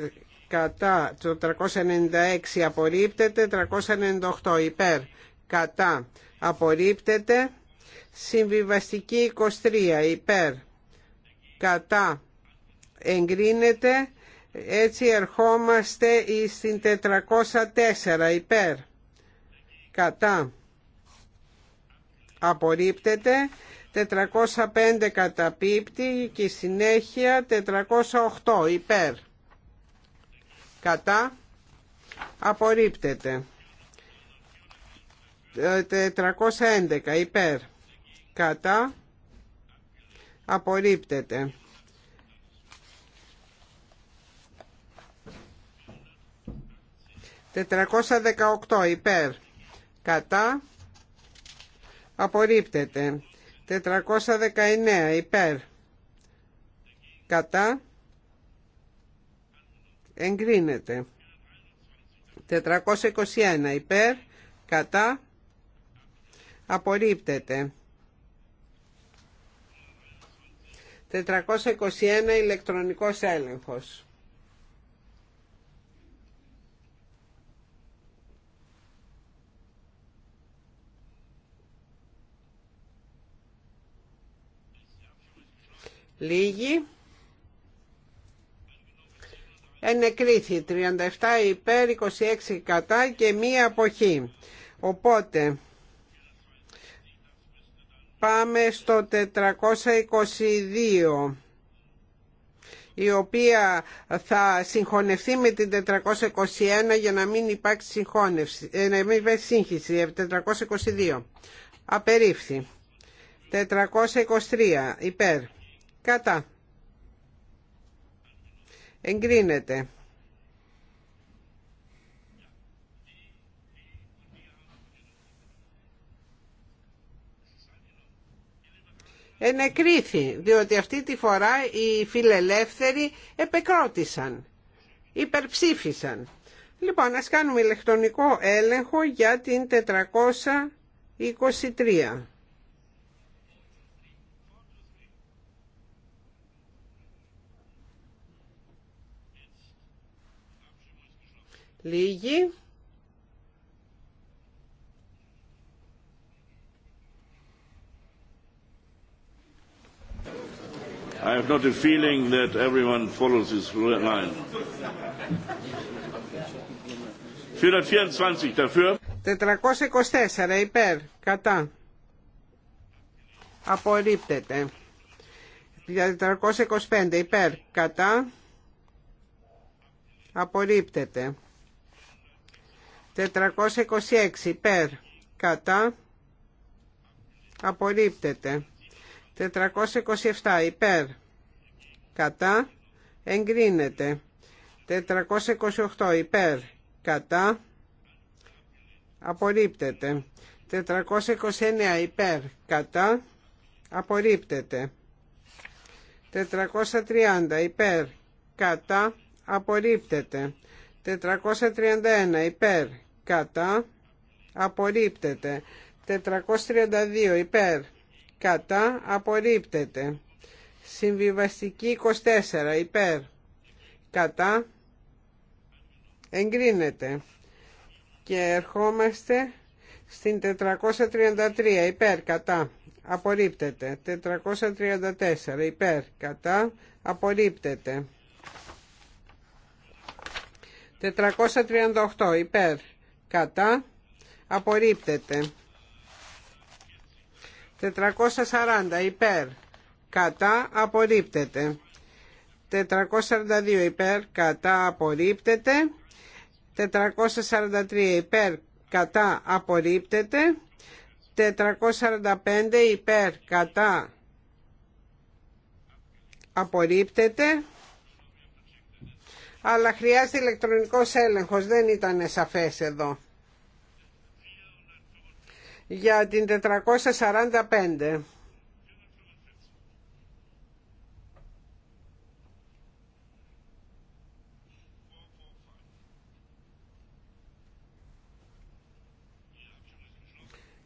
κατά το 396 απορρίπτεται 398 υπέρ κατά απορρίπτεται συμβιβαστική 23 υπέρ κατά εγκρίνεται έτσι ερχόμαστε στην 404 υπέρ κατά απορρίπτεται 405 καταπίπτει και συνέχεια 408 υπέρ κατά απορρίπτεται 411 ε, υπέρ κατά απορρίπτεται 418 υπέρ κατά απορρίπτεται 419 υπέρ κατά εγκρίνεται 421 υπέρ κατά απορρίπτεται 421 ηλεκτρονικός έλεγχος Λίγοι. Ενεκρίθη 37 υπέρ 26 κατά και μία αποχή. Οπότε πάμε στο 422 η οποία θα συγχωνευτεί με την 421 για να μην υπάρξει συγχώνευση, ε, να μην υπάρξει σύγχυση, 422. Απερίφθη. 423 υπέρ. Κατά. Εγκρίνεται. Ενεκρίθη, διότι αυτή τη φορά οι φιλελεύθεροι επεκρότησαν, υπερψήφισαν. Λοιπόν, ας κάνουμε ηλεκτρονικό έλεγχο για την 423. λίγη I have not a feeling that everyone follows this line. 424 dafür. 424 υπέρ, κατά. Απορρίπτεται. 425 υπέρ, κατά. Απορρίπτεται. 426 υπέρ κατά απορρίπτεται 427 υπέρ κατά εγκρίνεται 428 υπέρ κατά απορρίπτεται 429 υπέρ κατά απορρίπτεται 430 υπέρ κατά απορρίπτεται 431 υπέρ κατά απορρίπτεται 432 υπέρ κατά απορρίπτεται συμβιβαστική 24 υπέρ κατά εγκρίνεται και ερχόμαστε στην 433 υπέρ κατά απορρίπτεται 434 υπέρ κατά απορρίπτεται 438 υπέρ κατά απορρίπτεται 440 υπέρ κατά απορρίπτεται 442 υπέρ κατά απορρίπτεται 443 υπέρ κατά απορρίπτεται 445 υπέρ κατά απορρίπτεται αλλά χρειάζεται ηλεκτρονικός έλεγχος. Δεν ήταν σαφές εδώ. Για την 445.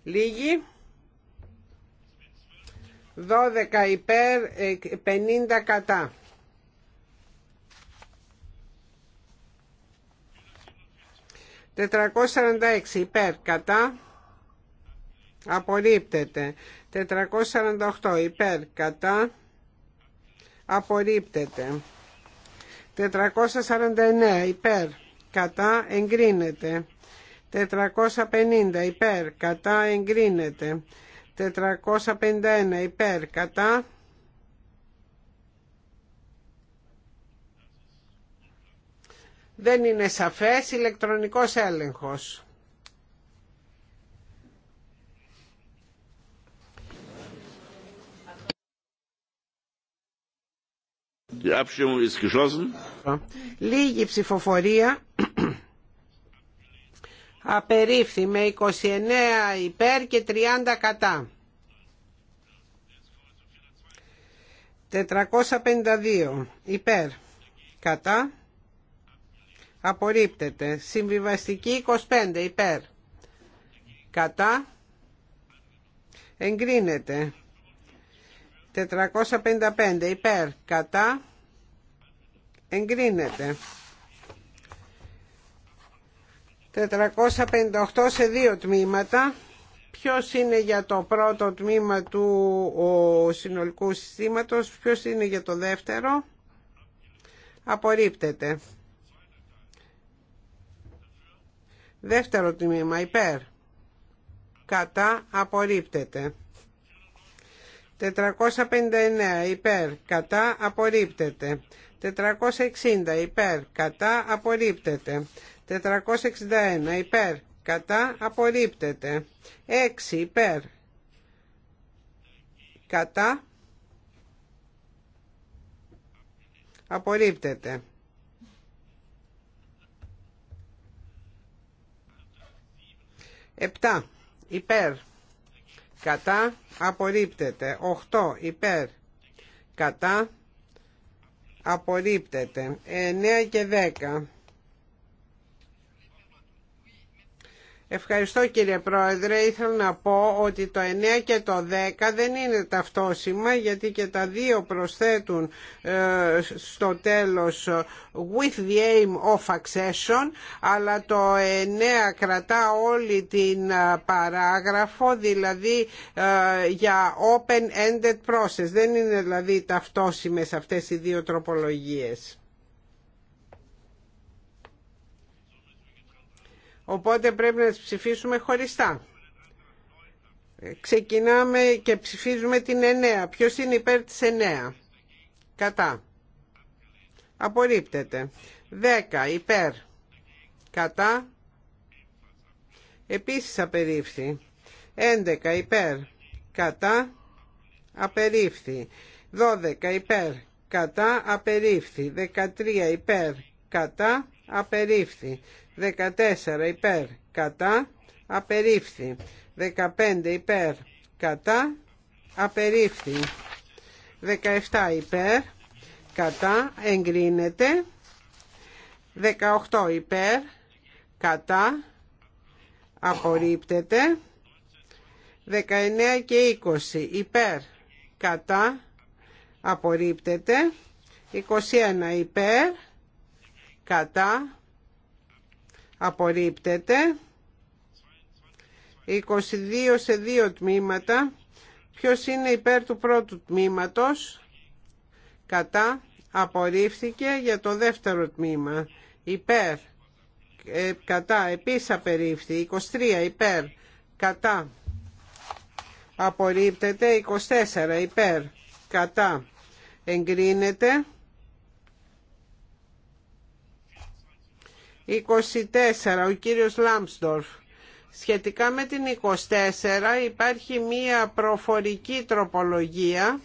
Λίγοι. 12 υπέρ 50 ε, κατά. 446 υπέρ κατά απορρίπτεται 448 υπέρ κατά απορρίπτεται 449 υπέρ κατά εγκρίνεται 450 υπέρ κατά εγκρίνεται 451 υπέρ κατά δεν είναι σαφές ηλεκτρονικός έλεγχος. Λίγη ψηφοφορία. Απερίφθη με 29 υπέρ και 30 κατά. 452 υπέρ κατά απορρίπτεται. Συμβιβαστική 25 υπέρ. Κατά. Εγκρίνεται. 455 υπέρ. Κατά. Εγκρίνεται. 458 σε δύο τμήματα. Ποιος είναι για το πρώτο τμήμα του συνολικού συστήματος, ποιος είναι για το δεύτερο. Απορρίπτεται. Δεύτερο τμήμα υπέρ. Κατά απορρίπτεται. 459 υπέρ. Κατά απορρίπτεται. 460 υπέρ. Κατά απορρίπτεται. 461 υπέρ. Κατά απορρίπτεται. 6 υπέρ. Κατά απορρίπτεται. 7 υπέρ κατά απορρίπτεται 8 υπέρ κατά απορρίπτεται 9 και 10 Ευχαριστώ κύριε Πρόεδρε. Ήθελα να πω ότι το 9 και το 10 δεν είναι ταυτόσημα γιατί και τα δύο προσθέτουν ε, στο τέλος with the aim of accession αλλά το 9 κρατά όλη την ε, παράγραφο δηλαδή ε, για open-ended process. Δεν είναι δηλαδή ταυτόσημες αυτές οι δύο τροπολογίες. Οπότε πρέπει να τις ψηφίσουμε χωριστά. Ξεκινάμε και ψηφίζουμε την εννέα. Ποιος είναι υπέρ της εννέα. Κατά. Απορρίπτεται. 10. Υπέρ. Κατά. Επίσης απερίφθη. 11. Υπέρ. Κατά. Απερίφθη. 12. Υπέρ. Κατά. Απερίφθη. Δεκατρία Υπέρ. Κατά. Απερίφθη. 14 υπέρ κατά απερίφθη 15 υπέρ κατά απερίφθη 17 υπέρ κατά εγκρίνεται 18 υπέρ κατά απορρίπτεται 19 και 20 υπέρ κατά απορρίπτεται 21 υπέρ κατά απορρίπτεται 22 σε 2 τμήματα ποιος είναι υπέρ του πρώτου τμήματος κατά απορρίφθηκε για το δεύτερο τμήμα υπέρ ε, κατά επίσης απερίφθη 23 υπέρ κατά απορρίπτεται 24 υπέρ κατά εγκρίνεται 24, ο κύριος Λάμπστορφ. Σχετικά με την 24 υπάρχει μία προφορική τροπολογία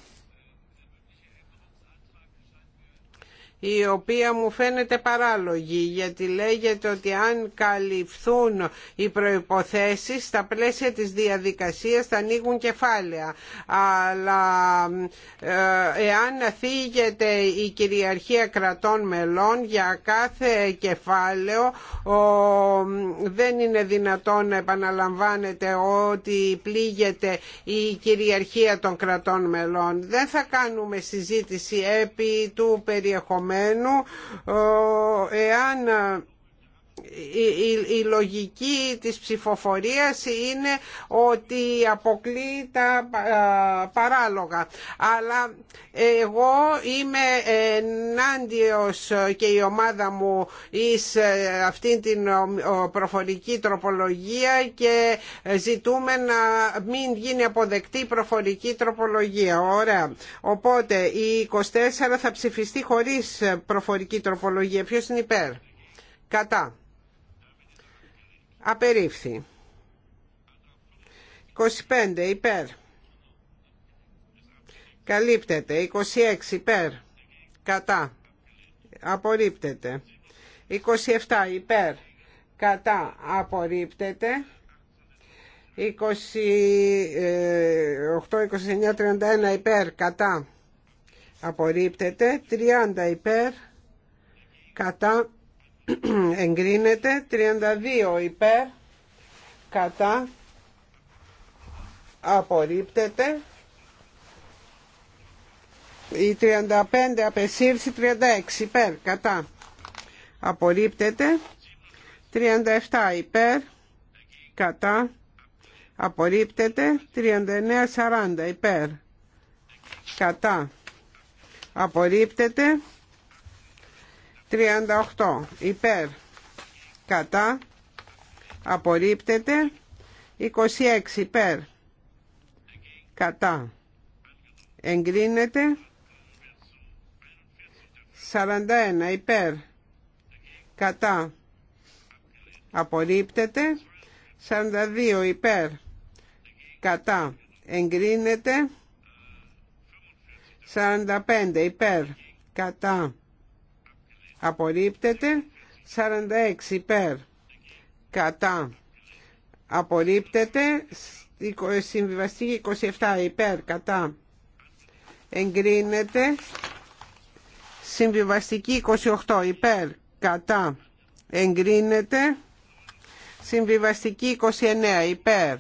η οποία μου φαίνεται παράλογη γιατί λέγεται ότι αν καλυφθούν οι προϋποθέσεις στα πλαίσια της διαδικασίας θα ανοίγουν κεφάλαια αλλά ε, εάν θίγεται η κυριαρχία κρατών μελών για κάθε κεφάλαιο δεν είναι δυνατόν να επαναλαμβάνεται ότι πλήγεται η κυριαρχία των κρατών μελών. Δεν θα κάνουμε συζήτηση επί του περιεχομένου περιεχομένου ε, εάν η, λογική της ψηφοφορίας είναι ότι αποκλεί τα παράλογα. Αλλά εγώ είμαι ενάντιος και η ομάδα μου εις ε, αυτήν την προφορική τροπολογία και ζητούμε να μην γίνει αποδεκτή προφορική τροπολογία. Ωραία. Οπότε η 24 θα ψηφιστεί χωρίς προφορική τροπολογία. Ποιος είναι υπέρ. Κατά. Απερίφθη. 25 υπέρ. Καλύπτεται. 26 υπέρ. Κατά. Απορρίπτεται. 27 υπέρ. Κατά. Απορρίπτεται. 28, 29, 31 υπέρ. Κατά. Απορρίπτεται. 30 υπέρ. Κατά εγκρίνεται 32 υπέρ κατά απορρίπτεται η 35 απεσύρση, 36 υπέρ κατά απορρίπτεται 37 υπέρ κατά απορρίπτεται 39-40 υπέρ κατά απορρίπτεται 38 υπέρ κατά απορρίπτεται 26 υπέρ κατά εγκρίνεται 41 υπέρ κατά απορρίπτεται 42 υπέρ κατά εγκρίνεται 45 υπέρ κατά απορρίπτεται 46 υπέρ κατά απορρίπτεται ε, συμβιβαστική 27 υπέρ κατά εγκρίνεται συμβιβαστική 28 υπέρ κατά εγκρίνεται συμβιβαστική 29 υπέρ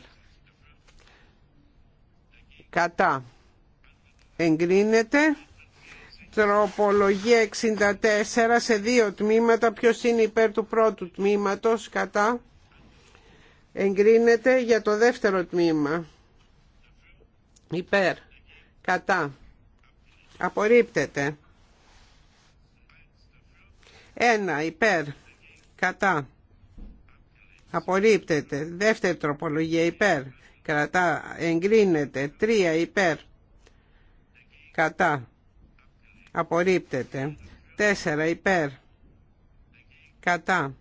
κατά εγκρίνεται τροπολογία 64 σε δύο τμήματα. Ποιος είναι υπέρ του πρώτου τμήματος, κατά. Εγκρίνεται για το δεύτερο τμήμα. Υπέρ, κατά. Απορρίπτεται. Ένα, υπέρ, κατά. Απορρίπτεται. Δεύτερη τροπολογία, υπέρ. κατά εγκρίνεται. Τρία, υπέρ. Κατά απορρίπτεται. 4 υπέρ κατά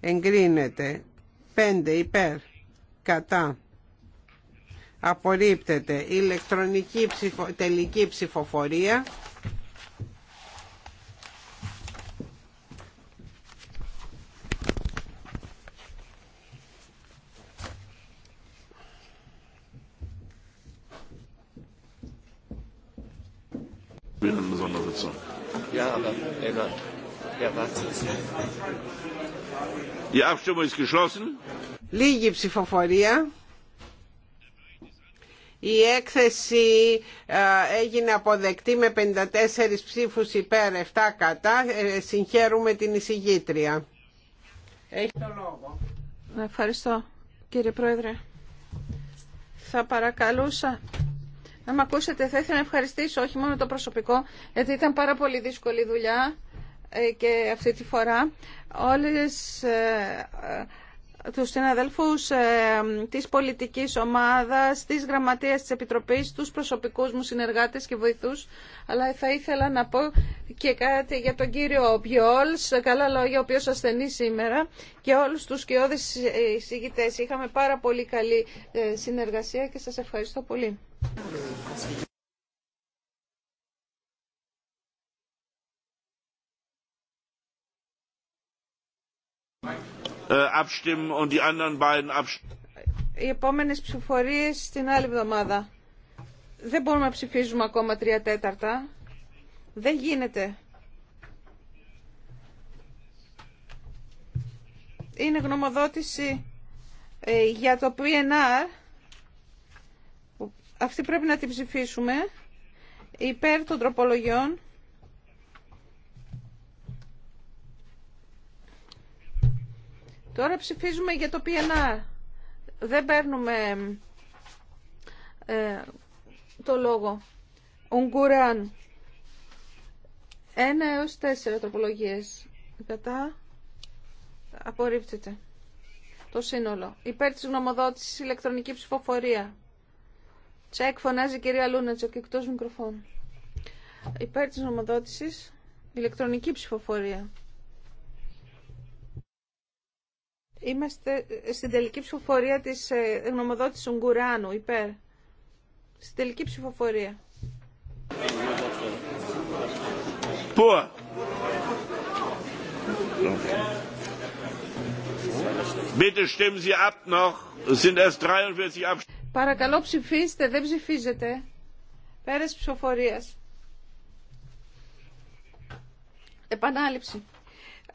εγκρίνεται. 5 υπέρ κατά απορρίπτεται. Ηλεκτρονική ψηφο, τελική ψηφοφορία. Ja, Die Abstimmung ist geschlossen. Λίγη ψηφοφορία. Η έκθεση έγινε αποδεκτή με 54 ψήφους υπέρ 7 κατά. Ε, συγχαίρουμε την εισηγήτρια. Έχει το λόγο. Ευχαριστώ κύριε Πρόεδρε. Θα παρακαλούσα να με ακούσετε, θα ήθελα να ευχαριστήσω όχι μόνο το προσωπικό, γιατί ήταν πάρα πολύ δύσκολη δουλειά ε, και αυτή τη φορά όλες ε, τους συναδέλφους ε, της πολιτικής ομάδας, της γραμματείας της Επιτροπής, τους προσωπικούς μου συνεργάτες και βοηθούς. Αλλά θα ήθελα να πω και κάτι για τον κύριο Μπιόλς, καλά λόγια, ο οποίος ασθενεί σήμερα, και όλους τους κοιόδες συγητές. Είχαμε πάρα πολύ καλή ε, συνεργασία και σας ευχαριστώ πολύ. Äh, Οι επόμενες ψηφορίες την άλλη εβδομάδα. Δεν μπορούμε να ψηφίζουμε ακόμα τρία τέταρτα. Δεν γίνεται. Είναι γνωμοδότηση ε, για το PNR. Αυτή πρέπει να την ψηφίσουμε υπέρ των τροπολογιών. Τώρα ψηφίζουμε για το PNR. Δεν παίρνουμε ε, το λόγο. Ουγγουράν. Ένα έως τέσσερα τροπολογίες. Κατά. Απορρίπτεται. Το σύνολο. Υπέρ της γνωμοδότησης ηλεκτρονική ψηφοφορία. Τσεκ φωνάζει η κυρία και εκτός μικροφώνου. Υπέρ της γνωμοδότησης ηλεκτρονική ψηφοφορία. Είμαστε στην τελική ψηφοφορία της ε, γνωμοδότησης Ουγγουράνου, υπέρ. Στην τελική ψηφοφορία. Πού? Bitte stimmen Sie ab noch. Es sind erst 43 ab. Παρακαλώ ψηφίστε, δεν ψηφίζετε. Πέρας ψηφοφορίας. Επανάληψη.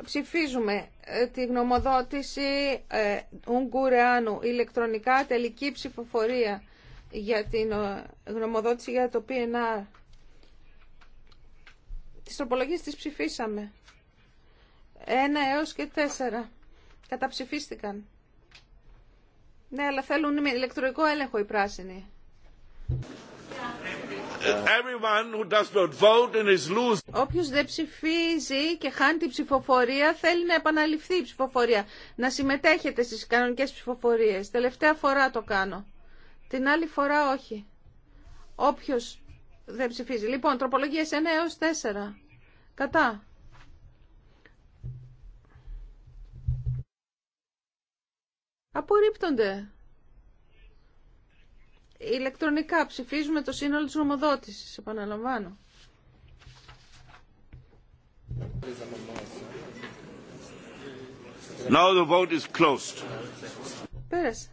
Ψηφίζουμε ε, τη γνωμοδότηση ε, Ουγγουρεάνου, ηλεκτρονικά τελική ψηφοφορία για την ε, γνωμοδότηση για το PNR. Τις τροπολογίες τις ψηφίσαμε. Ένα έως και τέσσερα. Καταψηφίστηκαν. Ναι, αλλά θέλουν ηλεκτρονικό έλεγχο οι πράσινοι. Όποιος δεν ψηφίζει και χάνει την ψηφοφορία θέλει να επαναληφθεί η ψηφοφορία. Να συμμετέχετε στις κανονικές ψηφοφορίες. Τελευταία φορά το κάνω. Την άλλη φορά όχι. Όποιος δεν ψηφίζει. Λοιπόν, τροπολογίες 1 έως 4. Κατά. Απορρίπτονται. Ηλεκτρονικά ψηφίζουμε το σύνολο της νομοδότησης, επαναλαμβάνω. Now the vote is closed. Πέρασε.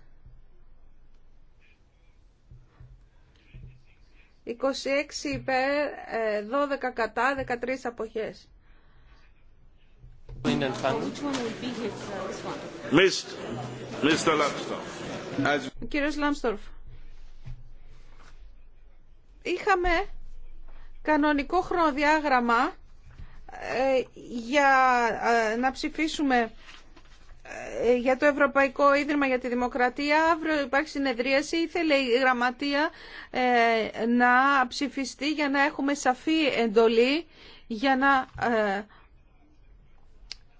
26 υπέρ, 12 ε, κατά, 13 αποχές. Ο κύριος Λάμστορφ είχαμε κανονικό χρονοδιάγραμμα ε, για ε, να ψηφίσουμε ε, για το Ευρωπαϊκό Ίδρυμα για τη Δημοκρατία. Αύριο υπάρχει συνεδρίαση. Ήθελε η Γραμματεία να ψηφιστεί για να έχουμε σαφή εντολή για να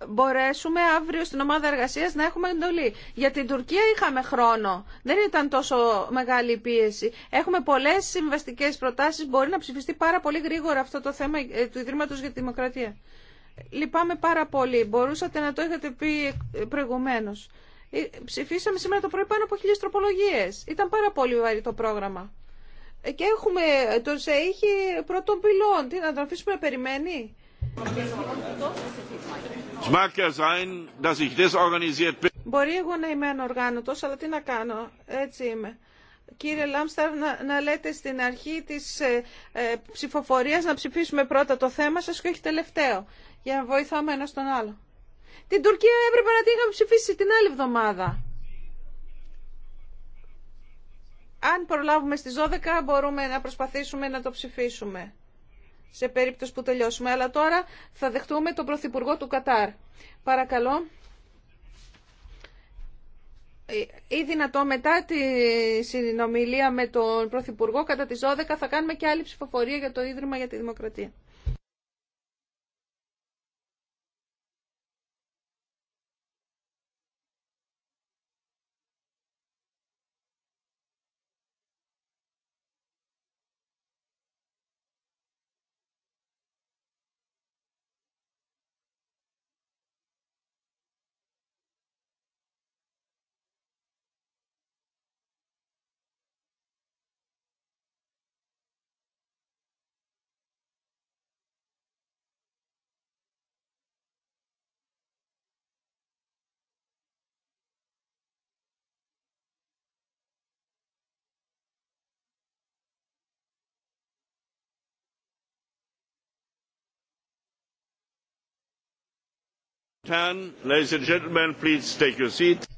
μπορέσουμε αύριο στην ομάδα εργασίας να έχουμε εντολή. Για την Τουρκία είχαμε χρόνο. Δεν ήταν τόσο μεγάλη η πίεση. Έχουμε πολλές συμβαστικέ προτάσεις. Μπορεί να ψηφιστεί πάρα πολύ γρήγορα αυτό το θέμα ε, του Ιδρύματος για τη Δημοκρατία. Λυπάμαι πάρα πολύ. Μπορούσατε να το είχατε πει ε, προηγουμένω. Ε, ψηφίσαμε σήμερα το πρωί πάνω από χίλιε τροπολογίε. Ήταν πάρα πολύ βαρύ το πρόγραμμα. Και έχουμε τον Σέιχη πρώτων πυλών. Τι να τον αφήσουμε να περιμένει. Μπορεί εγώ να είμαι ανοργάνωτος, αλλά τι να κάνω, έτσι είμαι. Κύριε Λάμσταρ, να, λέτε στην αρχή της ε, ε, ψηφοφορίας να ψηφίσουμε πρώτα το θέμα σας και όχι τελευταίο, για να βοηθάμε ένα τον άλλο. Την Τουρκία έπρεπε να την είχαμε ψηφίσει την άλλη εβδομάδα. Αν προλάβουμε στις 12, μπορούμε να προσπαθήσουμε να το ψηφίσουμε σε περίπτωση που τελειώσουμε. Αλλά τώρα θα δεχτούμε τον Πρωθυπουργό του Κατάρ. Παρακαλώ. Ή δυνατό μετά τη συνομιλία με τον Πρωθυπουργό κατά τις 12 θα κάνουμε και άλλη ψηφοφορία για το Ίδρυμα για τη Δημοκρατία.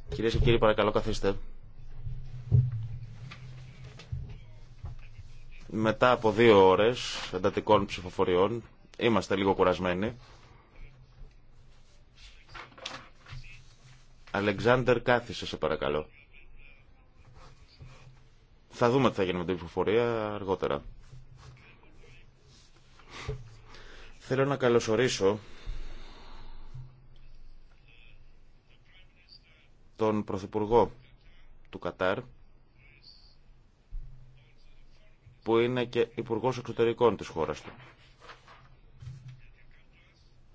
Κυρίε και κύριοι, παρακαλώ καθίστε. Μετά από δύο ώρες εντατικών ψηφοφοριών, είμαστε λίγο κουρασμένοι. Αλεξάνδρ, κάθισε σε παρακαλώ. Θα δούμε τι θα γίνει με την ψηφοφορία αργότερα. Θέλω να καλωσορίσω τον Πρωθυπουργό του Κατάρ, που είναι και Υπουργό Εξωτερικών της χώρας του.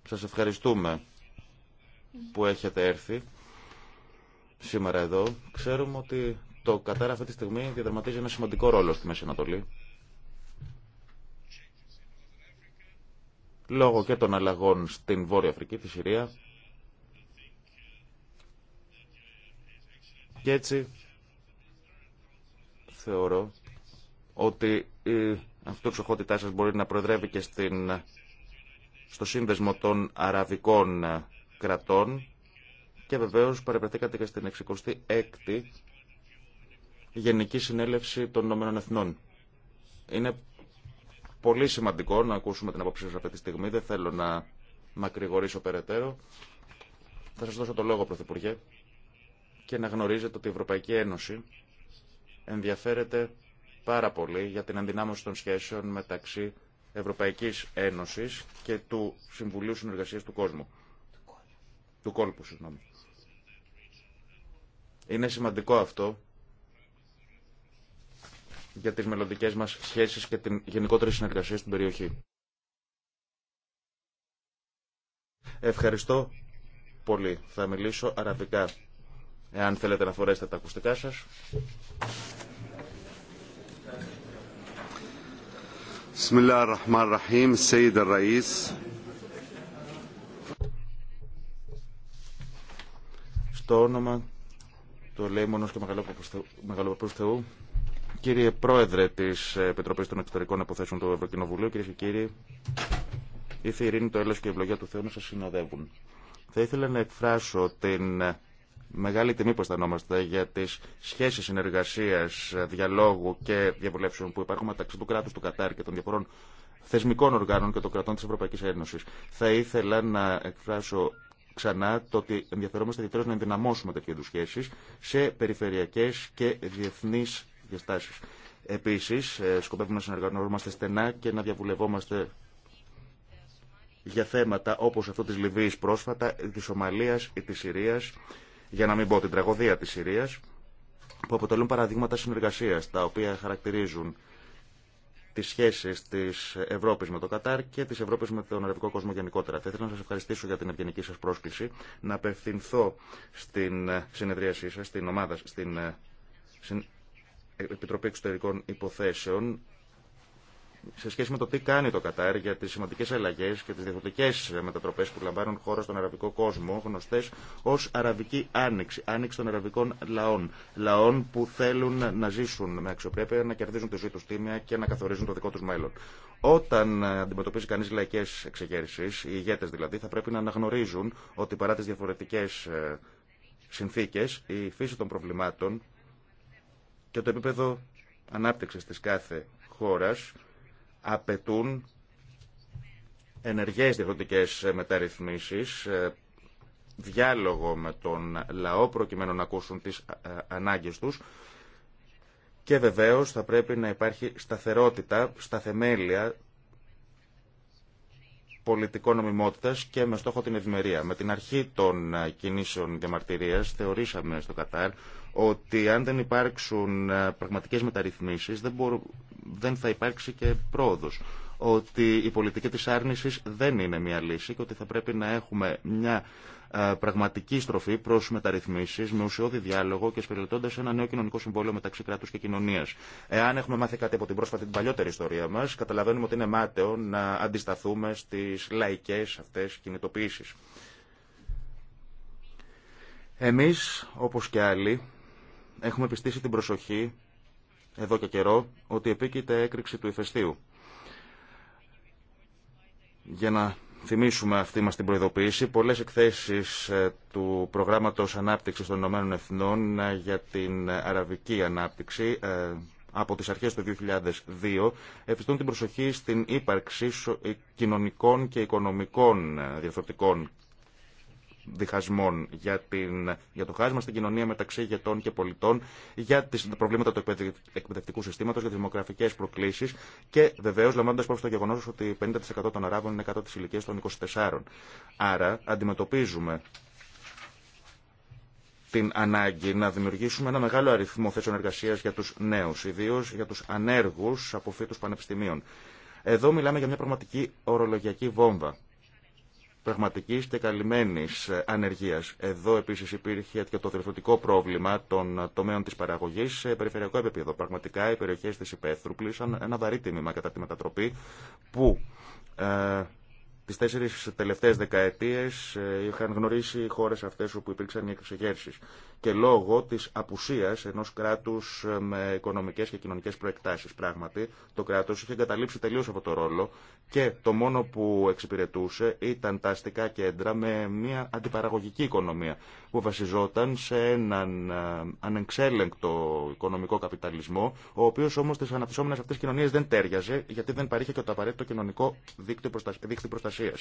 Σας ευχαριστούμε που έχετε έρθει σήμερα εδώ. Ξέρουμε ότι το Κατάρ αυτή τη στιγμή διαδραματίζει ένα σημαντικό ρόλο στη Μέση Ανατολή. Λόγω και των αλλαγών στην Βόρεια Αφρική, τη Συρία, Και έτσι θεωρώ ότι η αυτοξοχότητά σας μπορεί να προεδρεύει και στην, στο σύνδεσμο των αραβικών κρατών και βεβαίως παρεμπρεθήκατε και στην 66η Γενική Συνέλευση των Ηνωμένων Εθνών. Είναι πολύ σημαντικό να ακούσουμε την απόψη σας αυτή τη στιγμή. Δεν θέλω να μακρηγορήσω περαιτέρω. Θα σας δώσω το λόγο, Πρωθυπουργέ, και να γνωρίζετε ότι η Ευρωπαϊκή Ένωση ενδιαφέρεται πάρα πολύ για την αντινάμωση των σχέσεων μεταξύ Ευρωπαϊκής Ένωσης και του Συμβουλίου Συνεργασίας του Κόσμου. Του κόλπου, συγγνώμη. Είναι σημαντικό αυτό για τις μελλοντικέ μας σχέσεις και την γενικότερη συνεργασία στην περιοχή. Ευχαριστώ πολύ. Θα μιλήσω αραβικά. Εάν θέλετε να φορέσετε τα ακουστικά σας. Στο όνομα του Ελέημονος και Μεγαλοπαπούς Θεού, κύριε Πρόεδρε της Επιτροπής των Εξωτερικών Αποθέσεων του Ευρωκοινοβουλίου, κυρίε και κύριοι, η ειρήνη, το έλεος και η ευλογία του Θεού να σας συνοδεύουν. Θα ήθελα να εκφράσω την Μεγάλη τιμή που αισθανόμαστε για τι σχέσει συνεργασία, διαλόγου και διαβουλεύσεων που υπάρχουν μεταξύ του κράτου του Κατάρ και των διαφορών θεσμικών οργάνων και των κρατών τη Ευρωπαϊκή Ένωση. Θα ήθελα να εκφράσω ξανά το ότι ενδιαφερόμαστε ιδιαίτερα να ενδυναμώσουμε τέτοιου είδου σχέσει σε περιφερειακέ και διεθνεί διαστάσει. Επίση, ε, σκοπεύουμε να συνεργαζόμαστε στενά και να διαβουλευόμαστε για θέματα όπως αυτό της Λιβύης πρόσφατα, της Σομαλίας ή της Συρίας για να μην πω την τραγωδία της Συρίας, που αποτελούν παραδείγματα συνεργασίας, τα οποία χαρακτηρίζουν τις σχέσεις της Ευρώπης με το Κατάρ και της Ευρώπης με τον αραβικό κόσμο γενικότερα. Θα ήθελα να σας ευχαριστήσω για την ευγενική σας πρόσκληση, να απευθυνθώ στην συνεδρίασή σας, στην ομάδα, στην Επιτροπή Εξωτερικών Υποθέσεων, σε σχέση με το τι κάνει το Κατάρ για τι σημαντικέ αλλαγέ και τι διαφορετικέ μετατροπέ που λαμβάνουν χώρα στον αραβικό κόσμο, γνωστέ ω αραβική άνοιξη, άνοιξη των αραβικών λαών. Λαών που θέλουν να ζήσουν με αξιοπρέπεια, να κερδίζουν τη ζωή του τίμια και να καθορίζουν το δικό του μέλλον. Όταν αντιμετωπίζει κανεί λαϊκέ εξεγέρσει, οι ηγέτε δηλαδή, θα πρέπει να αναγνωρίζουν ότι παρά τι διαφορετικέ ε, συνθήκε, η φύση των προβλημάτων και το επίπεδο ανάπτυξη τη κάθε χώρα απαιτούν ενεργές διευθυντικές μεταρρυθμίσεις, ε, διάλογο με τον λαό προκειμένου να ακούσουν τις ε, ανάγκες τους και βεβαίως θα πρέπει να υπάρχει σταθερότητα στα θεμέλια πολιτικών νομιμότητας και με στόχο την ευημερία. Με την αρχή των ε, κινήσεων διαμαρτυρίας θεωρήσαμε στο Κατάρ ότι αν δεν υπάρξουν πραγματικές μεταρρυθμίσεις δεν μπορούν δεν θα υπάρξει και πρόοδος ότι η πολιτική της άρνησης δεν είναι μια λύση και ότι θα πρέπει να έχουμε μια ε, πραγματική στροφή προ μεταρρυθμίσει με ουσιώδη διάλογο και σπηρελτώντα ένα νέο κοινωνικό συμβόλαιο μεταξύ κράτου και κοινωνία. Εάν έχουμε μάθει κάτι από την πρόσφατη την παλιότερη ιστορία μα, καταλαβαίνουμε ότι είναι μάταιο να αντισταθούμε στι λαϊκέ αυτέ κινητοποιήσει. εμεις οπως και άλλοι, έχουμε πιστήσει την προσοχή εδώ και καιρό ότι επίκειται έκρηξη του ηφαιστείου. Για να θυμίσουμε αυτή μας την προειδοποίηση, πολλές εκθέσεις ε, του προγράμματος ανάπτυξης των Ηνωμένων Εθνών ε, για την αραβική ανάπτυξη ε, από τις αρχές του 2002 εφιστούν την προσοχή στην ύπαρξη κοινωνικών και οικονομικών διαφορετικών διχασμών, για, την, για το χάσμα στην κοινωνία μεταξύ ηγετών και πολιτών, για τις, τα προβλήματα του εκπαιδευτικού συστήματο, για τι δημογραφικέ προκλήσει και βεβαίω λαμβάνοντα υπόψη το γεγονό ότι 50% των Αράβων είναι κάτω τη ηλικία των 24. Άρα αντιμετωπίζουμε την ανάγκη να δημιουργήσουμε ένα μεγάλο αριθμό θέσεων εργασία για του νέου, ιδίω για του ανέργου από πανεπιστημίων. Εδώ μιλάμε για μια πραγματική ορολογιακή βόμβα Πραγματική και καλυμμένη ε, ανεργία. Εδώ επίση υπήρχε και το διευθυντικό πρόβλημα των ε, τομέων τη παραγωγή σε περιφερειακό επίπεδο. Πραγματικά οι περιοχέ τη υπέθρου πλήσαν ένα βαρύ τίμημα κατά τη μετατροπή που ε, τέσσερι τελευταίε τελευταίες δεκαετίες ε, είχαν γνωρίσει οι χώρες αυτές όπου υπήρξαν οι εξεγέρσει και λόγω της απουσίας ενός κράτους ε, με οικονομικές και κοινωνικές προεκτάσεις. Πράγματι, το κράτος είχε εγκαταλείψει τελείως από το ρόλο και το μόνο που εξυπηρετούσε ήταν τα αστικά κέντρα με μια αντιπαραγωγική οικονομία που βασιζόταν σε έναν ε, ανεξέλεγκτο οικονομικό καπιταλισμό, ο οποίος όμως στις αναπτυσσόμενες αυτές κοινωνίες δεν τέριαζε γιατί δεν παρήχε και το απαραίτητο κοινωνικό δίκτυο προστασία.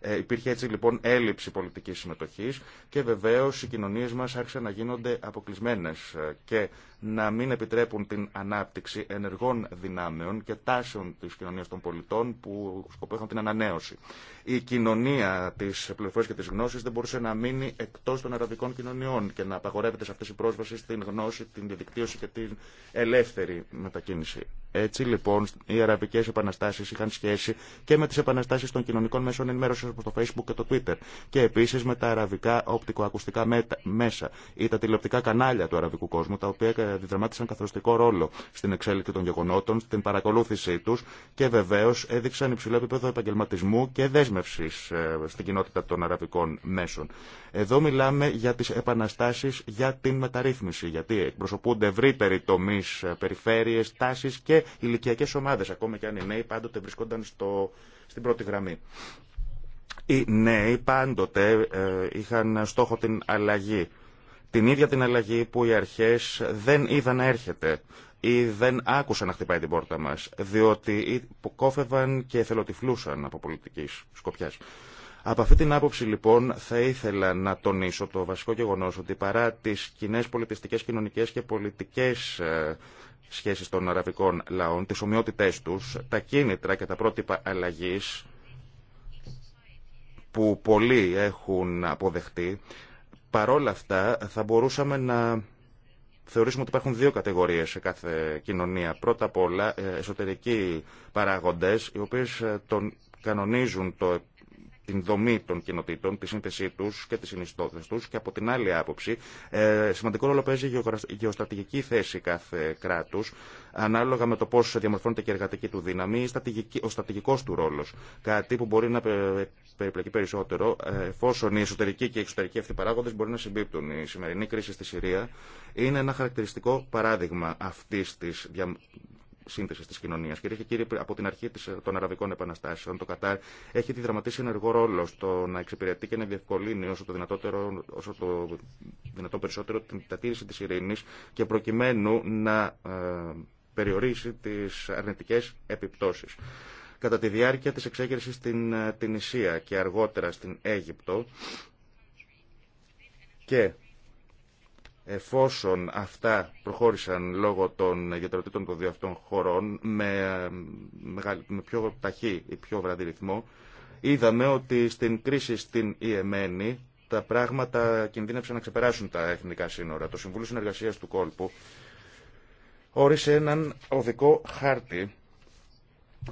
Ε, υπήρχε έτσι λοιπόν έλλειψη πολιτική συμμετοχή και βεβαίω οι κοινωνίε μα άρχισαν να γίνονται αποκλεισμένε ε, και να μην επιτρέπουν την ανάπτυξη ενεργών δυνάμεων και τάσεων της κοινωνίας των πολιτών που σκοπεύουν την ανανέωση. Η κοινωνία της πληροφορίας και της γνώσης δεν μπορούσε να μείνει εκτός των αραβικών κοινωνιών και να απαγορεύεται σε αυτές οι πρόσβαση στην γνώση, την διαδικτύωση και την ελεύθερη μετακίνηση. Έτσι λοιπόν οι αραβικές επαναστάσεις είχαν σχέση και με τις επαναστάσεις των κοινωνικών μέσων ενημέρωσης όπως το Facebook και το Twitter και επίσης με τα αραβικά οπτικοακουστικά μέσα ή τα τηλεοπτικά κανάλια του αραβικού κόσμου τα οποία διδραμάτισαν καθοριστικό ρόλο στην εξέλιξη των γεγονότων, στην παρακολούθησή του και βεβαίω έδειξαν υψηλό επίπεδο επαγγελματισμού και δέσμευση ε, στην κοινότητα των αραβικών μέσων. Εδώ μιλάμε για τι επαναστάσει για την μεταρρύθμιση, γιατί εκπροσωπούνται ευρύτεροι τομεί, ε, περιφέρειε, τάσει και ηλικιακέ ομάδε, ακόμα και αν οι νέοι πάντοτε βρισκόνταν στο, στην πρώτη γραμμή. Οι νέοι πάντοτε ε, είχαν στόχο την αλλαγή την ίδια την αλλαγή που οι αρχές δεν είδαν να έρχεται ή δεν άκουσαν να χτυπάει την πόρτα μας, διότι κόφευαν και εθελοτυφλούσαν από πολιτικής σκοπιάς. Από αυτή την άποψη λοιπόν θα ήθελα να τονίσω το βασικό γεγονός ότι παρά τις κοινέ πολιτιστικές, κοινωνικές και πολιτικές ε, σχέσεις των αραβικών λαών, τις ομοιότητές τους, τα κίνητρα και τα πρότυπα αλλαγής που πολλοί έχουν αποδεχτεί, Παρόλα αυτά θα μπορούσαμε να θεωρήσουμε ότι υπάρχουν δύο κατηγορίες σε κάθε κοινωνία. Πρώτα απ' όλα ε, εσωτερικοί παράγοντες οι οποίες ε, τον κανονίζουν το την δομή των κοινοτήτων, τη σύνθεσή του και τι συνιστότητε του. Και από την άλλη άποψη, ε, σημαντικό ρόλο παίζει η γεωστρατηγική θέση κάθε κράτου, ανάλογα με το πώ διαμορφώνεται και η εργατική του δύναμη, ο στρατηγικό του ρόλο. Κάτι που μπορεί να περιπλεκεί περισσότερο, ε, εφόσον οι εσωτερικοί και οι εξωτερικοί αυτοί παράγοντε μπορεί να συμπίπτουν. Η σημερινή κρίση στη Συρία είναι ένα χαρακτηριστικό παράδειγμα αυτή τη δια σύνθεση τη κοινωνία. Κυρίε και κύριοι, από την αρχή των Αραβικών Επαναστάσεων, το Κατάρ έχει διδραματίσει ενεργό ρόλο στο να εξυπηρετεί και να διευκολύνει όσο το, δυνατότερο, όσο το δυνατόν περισσότερο την κατήρηση τη ειρήνη και προκειμένου να ε, περιορίσει τι αρνητικέ επιπτώσει. Κατά τη διάρκεια της εξέγερσης στην ε, Ισία και αργότερα στην Αίγυπτο και εφόσον αυτά προχώρησαν λόγω των γετεροτήτων των δύο αυτών χωρών με, με πιο ταχύ ή πιο βραδύ ρυθμό, είδαμε ότι στην κρίση στην Ιεμένη τα πράγματα κινδύνευσαν να ξεπεράσουν τα εθνικά σύνορα. Το Συμβούλιο Συνεργασίας του Κόλπου όρισε έναν οδικό χάρτη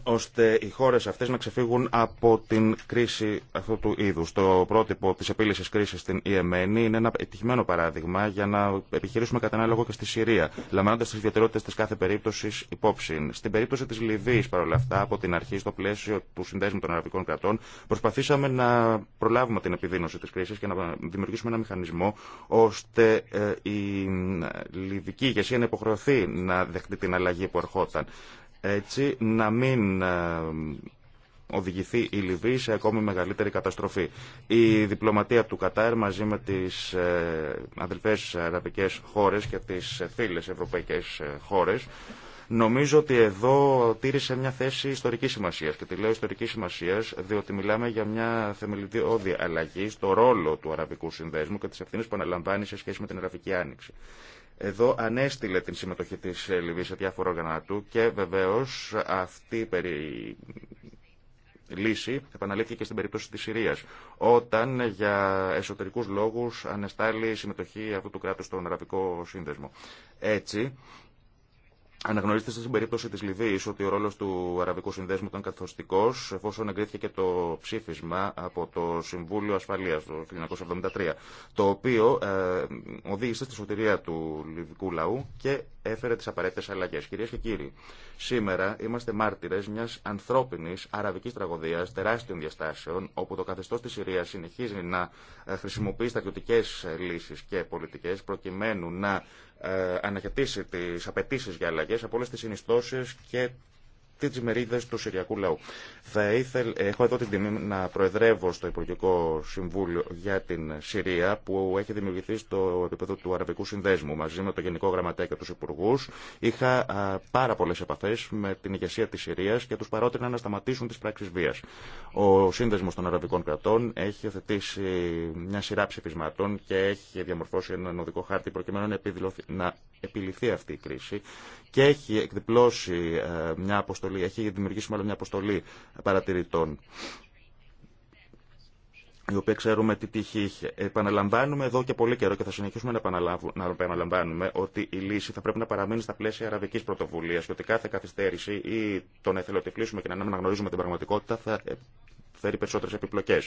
ώστε οι χώρες αυτές να ξεφύγουν από την κρίση αυτού του είδους. Το πρότυπο της επίλυσης κρίσης στην Ιεμένη είναι ένα επιτυχημένο παράδειγμα για να επιχειρήσουμε κατά ανάλογο και στη Συρία, λαμβάνοντας τις ιδιαιτερότητες της κάθε περίπτωσης υπόψη. Στην περίπτωση της Λιβύης, παρόλα αυτά, από την αρχή στο πλαίσιο του συνδέσμου των αραβικών κρατών, προσπαθήσαμε να προλάβουμε την επιδείνωση της κρίσης και να δημιουργήσουμε ένα μηχανισμό ώστε ε, η ε, λιβική ηγεσία να υποχρεωθεί να δεχτεί την αλλαγή που ερχόταν έτσι να μην ε, οδηγηθεί η Λιβύη σε ακόμη μεγαλύτερη καταστροφή. Η διπλωματία του Κατάρ μαζί με τις ε, αδελφές αραβικές χώρες και τις φίλες ευρωπαϊκές ε, χώρες Νομίζω ότι εδώ τήρησε μια θέση ιστορικής σημασίας Και τη λέω ιστορικής σημασία, διότι μιλάμε για μια θεμελιώδη αλλαγή στο ρόλο του αραβικού συνδέσμου και τι ευθύνε που αναλαμβάνει σε σχέση με την Αραβική Άνοιξη. Εδώ ανέστηλε την συμμετοχή της ε, Λιβύης σε διάφορα όργανα του και βεβαίως αυτή περί λύση επαναλήφθηκε και στην περίπτωση της Συρίας όταν για εσωτερικούς λόγους ανεστάλλει η συμμετοχή αυτού του κράτους στον Αραβικό Σύνδεσμο. Έτσι Αναγνωρίστε στην περίπτωση τη Λιβύη ότι ο ρόλο του Αραβικού Συνδέσμου ήταν καθοριστικό, εφόσον εγκρίθηκε και το ψήφισμα από το Συμβούλιο Ασφαλεία το 1973, το οποίο ε, οδήγησε στη σωτηρία του λιβυκού λαού και έφερε τι απαραίτητε αλλαγέ. Κυρίε και κύριοι, σήμερα είμαστε μάρτυρε μια ανθρώπινη αραβική τραγωδία τεράστιων διαστάσεων, όπου το καθεστώ τη Συρία συνεχίζει να ε, χρησιμοποιεί στρατιωτικέ ε, λύσει και πολιτικέ προκειμένου να ε, ανακαιτήσει τις απαιτήσει για αλλαγέ από όλε τι συνιστώσει και τι μερίδε του Συριακού λαού. Θα ήθελ, έχω εδώ την τιμή να προεδρεύω στο Υπουργικό Συμβούλιο για την Συρία που έχει δημιουργηθεί στο επίπεδο του Αραβικού Συνδέσμου. Μαζί με το Γενικό Γραμματέα και του Υπουργού είχα πάρα πολλέ επαφέ με την ηγεσία τη Συρία και του παρότρινα να σταματήσουν τι πράξει βία. Ο Σύνδεσμο των Αραβικών Κρατών έχει οθετήσει μια σειρά ψηφισμάτων και έχει διαμορφώσει έναν οδικό χάρτη προκειμένου να, να επιληθεί αυτή η κρίση και έχει εκδιπλώσει ε, μια αποστολή, έχει δημιουργήσει μάλλον μια αποστολή παρατηρητών η οποία ξέρουμε τι τύχη είχε. Επαναλαμβάνουμε εδώ και πολύ καιρό και θα συνεχίσουμε να, να επαναλαμβάνουμε ότι η λύση θα πρέπει να παραμείνει στα πλαίσια αραβικής πρωτοβουλία και ότι κάθε καθυστέρηση ή το να κλείσουμε και να αναγνωρίζουμε την πραγματικότητα θα φέρει περισσότερε επιπλοκέ.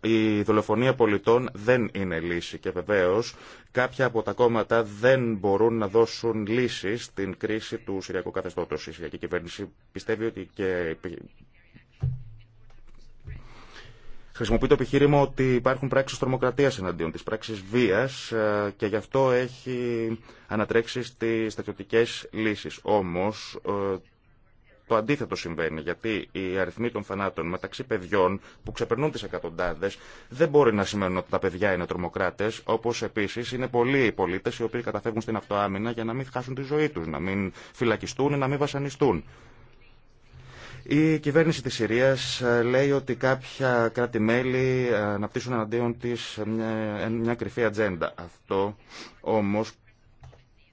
Η δολοφονία πολιτών δεν είναι λύση και βεβαίω κάποια από τα κόμματα δεν μπορούν να δώσουν λύσει στην κρίση του Συριακού καθεστώτο. Η Συριακή κυβέρνηση πιστεύει ότι και Χρησιμοποιεί το επιχείρημα ότι υπάρχουν πράξεις τρομοκρατίας εναντίον της, πράξεις βίας ε, και γι' αυτό έχει ανατρέξει στις στρατιωτικές λύσεις. Όμως ε, το αντίθετο συμβαίνει, γιατί οι αριθμοί των θανάτων μεταξύ παιδιών που ξεπερνούν τι εκατοντάδε δεν μπορεί να σημαίνουν ότι τα παιδιά είναι τρομοκράτε, όπω επίση είναι πολλοί οι πολίτε οι οποίοι καταφεύγουν στην αυτοάμυνα για να μην χάσουν τη ζωή του, να μην φυλακιστούν ή να μην βασανιστούν. Η κυβέρνηση της Συρίας ε, λέει ότι κάποια κράτη-μέλη ε, αναπτύσσουν εναντίον της ε, μια, μια κρυφή ατζέντα. Αυτό όμως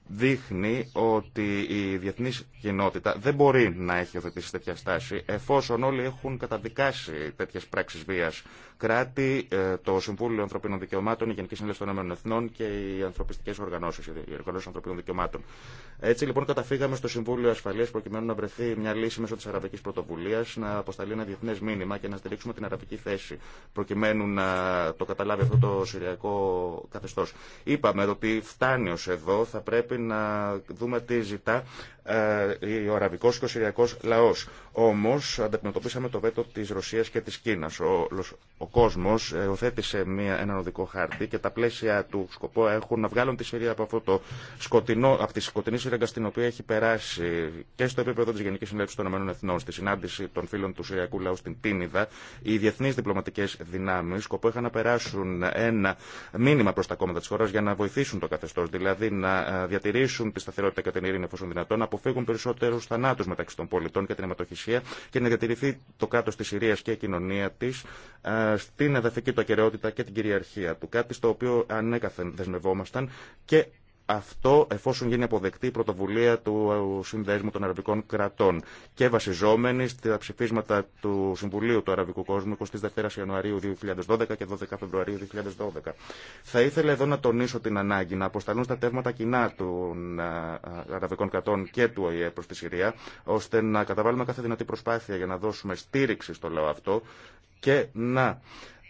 δείχνει ότι η διεθνή κοινότητα δεν μπορεί να έχει οθετήσει τέτοια στάση εφόσον όλοι έχουν καταδικάσει τέτοιε πράξει βία κράτη, ε, το Συμβούλιο Ανθρωπίνων Δικαιωμάτων, η Γενική Συνέλευση των Ηνωμένων Εθνών και οι ανθρωπιστικέ οργανώσει, οι οργανώσει ανθρωπίνων δικαιωμάτων. Έτσι λοιπόν καταφύγαμε στο Συμβούλιο Ασφαλεία προκειμένου να βρεθεί μια λύση μέσω τη Αραβική Πρωτοβουλία, να αποσταλεί ένα διεθνέ μήνυμα και να στηρίξουμε την αραβική θέση προκειμένου να το καταλάβει αυτό το συριακό καθεστώ. Είπαμε ότι φτάνει ω εδώ, θα πρέπει να δούμε τι ζητά ε, ο Αραβικό και ο συριακό Λαό. Όμω, αντιμετωπίσαμε το βέτο τη Ρωσία και τη Κίνα. Ο, ο κόσμος ε, οθέτησε μια, έναν οδικό χάρτη και τα πλαίσια του σκοπό έχουν να βγάλουν τη Συρία από, αυτό το σκοτεινό, από τη σκοτεινή σύραγγα στην οποία έχει περάσει και στο επίπεδο τη Γενική Συνέλευση των ΗΕ στη συνάντηση των φίλων του Συριακού λαού στην Τίνιδα, οι διεθνεί διπλωματικέ δυνάμει, σκοπό είχαν να περάσουν ένα μήνυμα προ τα κόμματα τη χώρα για να βοηθήσουν το καθεστώ, δηλαδή να ε, διατηρήσουν τη σταθερότητα και την ειρήνη εφόσον δυνατόν, αποφύγουν περισσότερου θανάτου μεταξύ των πολιτών και την αιματοχυσία και να διατηρηθεί το κράτο τη Συρία και η κοινωνία τη ε, στην εδαφική του ακαιρεότητα και την κυριαρχία του. Κάτι στο οποίο ανέκαθεν δεσμευόμασταν και αυτό εφόσον γίνει αποδεκτή η πρωτοβουλία του Συνδέσμου των Αραβικών Κρατών και βασιζόμενη στα ψηφίσματα του Συμβουλίου του Αραβικού Κόσμου 22 Ιανουαρίου 2012 και 12 Φεβρουαρίου 2012. Θα ήθελα εδώ να τονίσω την ανάγκη να αποσταλούν στα τεύματα κοινά των Αραβικών Κρατών και του ΟΗΕ προ τη Συρία, ώστε να καταβάλουμε κάθε δυνατή προσπάθεια για να δώσουμε στήριξη στο λαό αυτό και να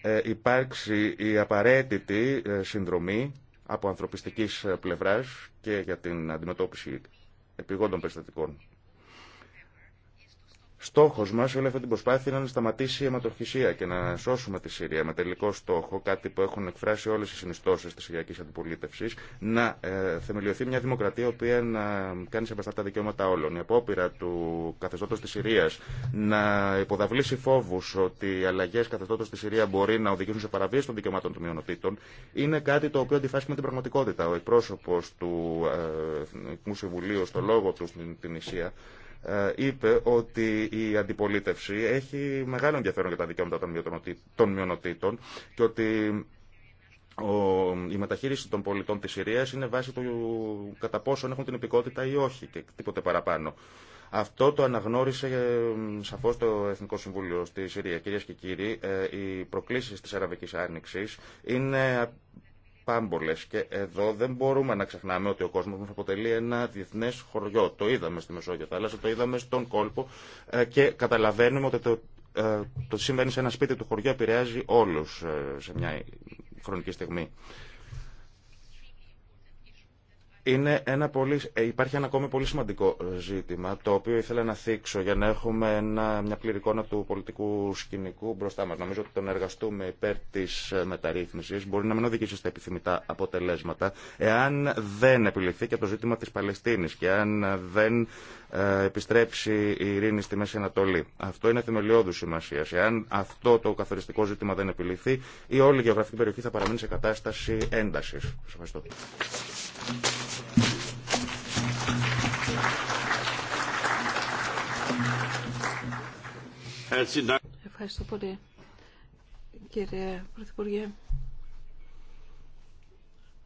ε, υπάρξει η απαραίτητη ε, συνδρομή από ανθρωπιστικής πλευράς και για την αντιμετώπιση επιγόντων περιστατικών. Στόχος μας όλη αυτή την προσπάθεια είναι να σταματήσει η αιματοχυσία και να σώσουμε τη Συρία με τελικό στόχο, κάτι που έχουν εκφράσει όλε οι συνιστώσει τη Συριακή Αντιπολίτευσης, να ε, θεμελιωθεί μια δημοκρατία η οποία να κάνει σε τα δικαιώματα όλων. Η απόπειρα του καθεστώτο τη Συρία, να υποδαβλήσει φόβου ότι οι αλλαγές καθεστώτο της Συρία μπορεί να οδηγήσουν σε παραβίαση των δικαιωμάτων των μειονοτήτων είναι κάτι το οποίο αντιφάσκει με την πραγματικότητα. Ο εκπρόσωπο του ε, Εθνικού Συμβουλίου στο λόγο του στην Ισία ε, είπε ότι η αντιπολίτευση έχει μεγάλο ενδιαφέρον για τα δικαιώματα των μειονοτήτων και ότι η μεταχείριση των πολιτών της Συρίας είναι βάση του κατά πόσον έχουν την υπηκότητα ή όχι και τίποτε παραπάνω. Αυτό το αναγνώρισε ε, σαφώ το Εθνικό Συμβούλιο στη Συρία. Κυρίε και κύριοι, ε, οι προκλήσει τη Αραβική Άνοιξη είναι και εδώ δεν μπορούμε να ξεχνάμε ότι ο κόσμος μας αποτελεί ένα διεθνές χωριό. Το είδαμε στη Μεσόγειο θάλασσα, το είδαμε στον κόλπο ε, και καταλαβαίνουμε ότι το, ε, το συμβαίνει σε ένα σπίτι του χωριού επηρεάζει όλους ε, σε μια χρονική στιγμή. Είναι ένα πολύ, ε, υπάρχει ένα ακόμη πολύ σημαντικό ε, ζήτημα, το οποίο ήθελα να θίξω για να έχουμε μια πλήρη εικόνα του πολιτικού σκηνικού μπροστά μας. Νομίζω ότι τον εργαστούμε υπέρ της ε, μεταρρύθμισης μπορεί να μην οδηγήσει στα επιθυμητά αποτελέσματα, εάν δεν επιληθεί και το ζήτημα της Παλαιστίνης και αν δεν επιστρέψει η ειρήνη στη Μέση Ανατολή. Αυτό είναι θεμελιώδου σημασία. Εάν αυτό το καθοριστικό ζήτημα δεν επιληθεί ή όλη η όλη γεωγραφική περιοχή θα παραμείνει σε κατάσταση ένταση. Σα ευχαριστώ. Ευχαριστώ πολύ, κύριε Πρωθυπουργέ.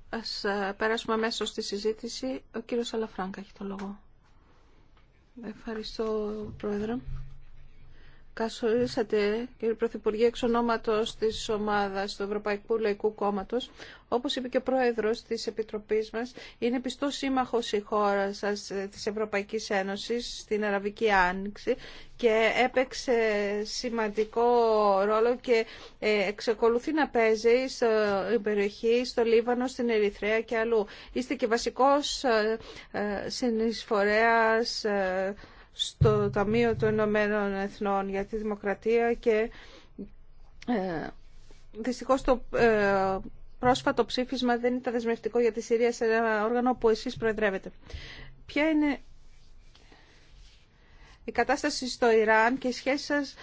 Ας περάσουμε αμέσω στη συζήτηση. Ο κύριος Αλαφράνκα έχει το λόγο. Ευχαριστώ, Πρόεδρε. Κασο κύριε Πρωθυπουργέ, εξ ονόματο της ομάδας του Ευρωπαϊκού Λαϊκού Κόμματο, Όπως είπε και ο Πρόεδρος της Επιτροπής μας, είναι πιστό σύμμαχος η χώρα σα ε, της Ευρωπαϊκής Ένωσης στην Αραβική Άνοιξη και έπαιξε σημαντικό ρόλο και ε, εξακολουθεί να παίζει στην περιοχή, στο Λίβανο, στην Ερυθρέα και αλλού. Είστε και βασικός ε, συνεισφορέας στο Ταμείο των Ηνωμένων Εθνών για τη Δημοκρατία και ε, το ε, πρόσφατο ψήφισμα δεν ήταν δεσμευτικό για τη Συρία σε ένα όργανο που εσείς προεδρεύετε. Ποια είναι η κατάσταση στο Ιράν και η σχέση σας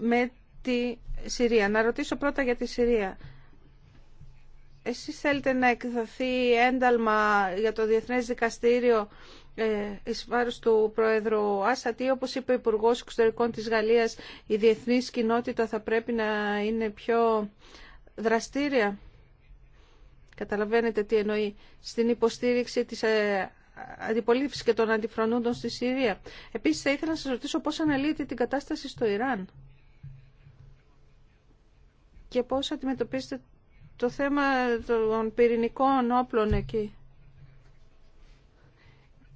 με τη Συρία. Να ρωτήσω πρώτα για τη Συρία. Εσείς θέλετε να εκδοθεί ένταλμα για το Διεθνές Δικαστήριο ε, εις του Πρόεδρου Άσατη. Όπως είπε ο υπουργό Εξωτερικών της Γαλλίας, η διεθνής κοινότητα θα πρέπει να είναι πιο δραστήρια. Καταλαβαίνετε τι εννοεί. Στην υποστήριξη της ε, αντιπολίτευσης και των αντιφρονούντων στη Συρία. Επίσης θα ήθελα να σας ρωτήσω πώς αναλύετε την κατάσταση στο Ιράν και πώς αντιμετωπίζετε το θέμα των πυρηνικών όπλων εκεί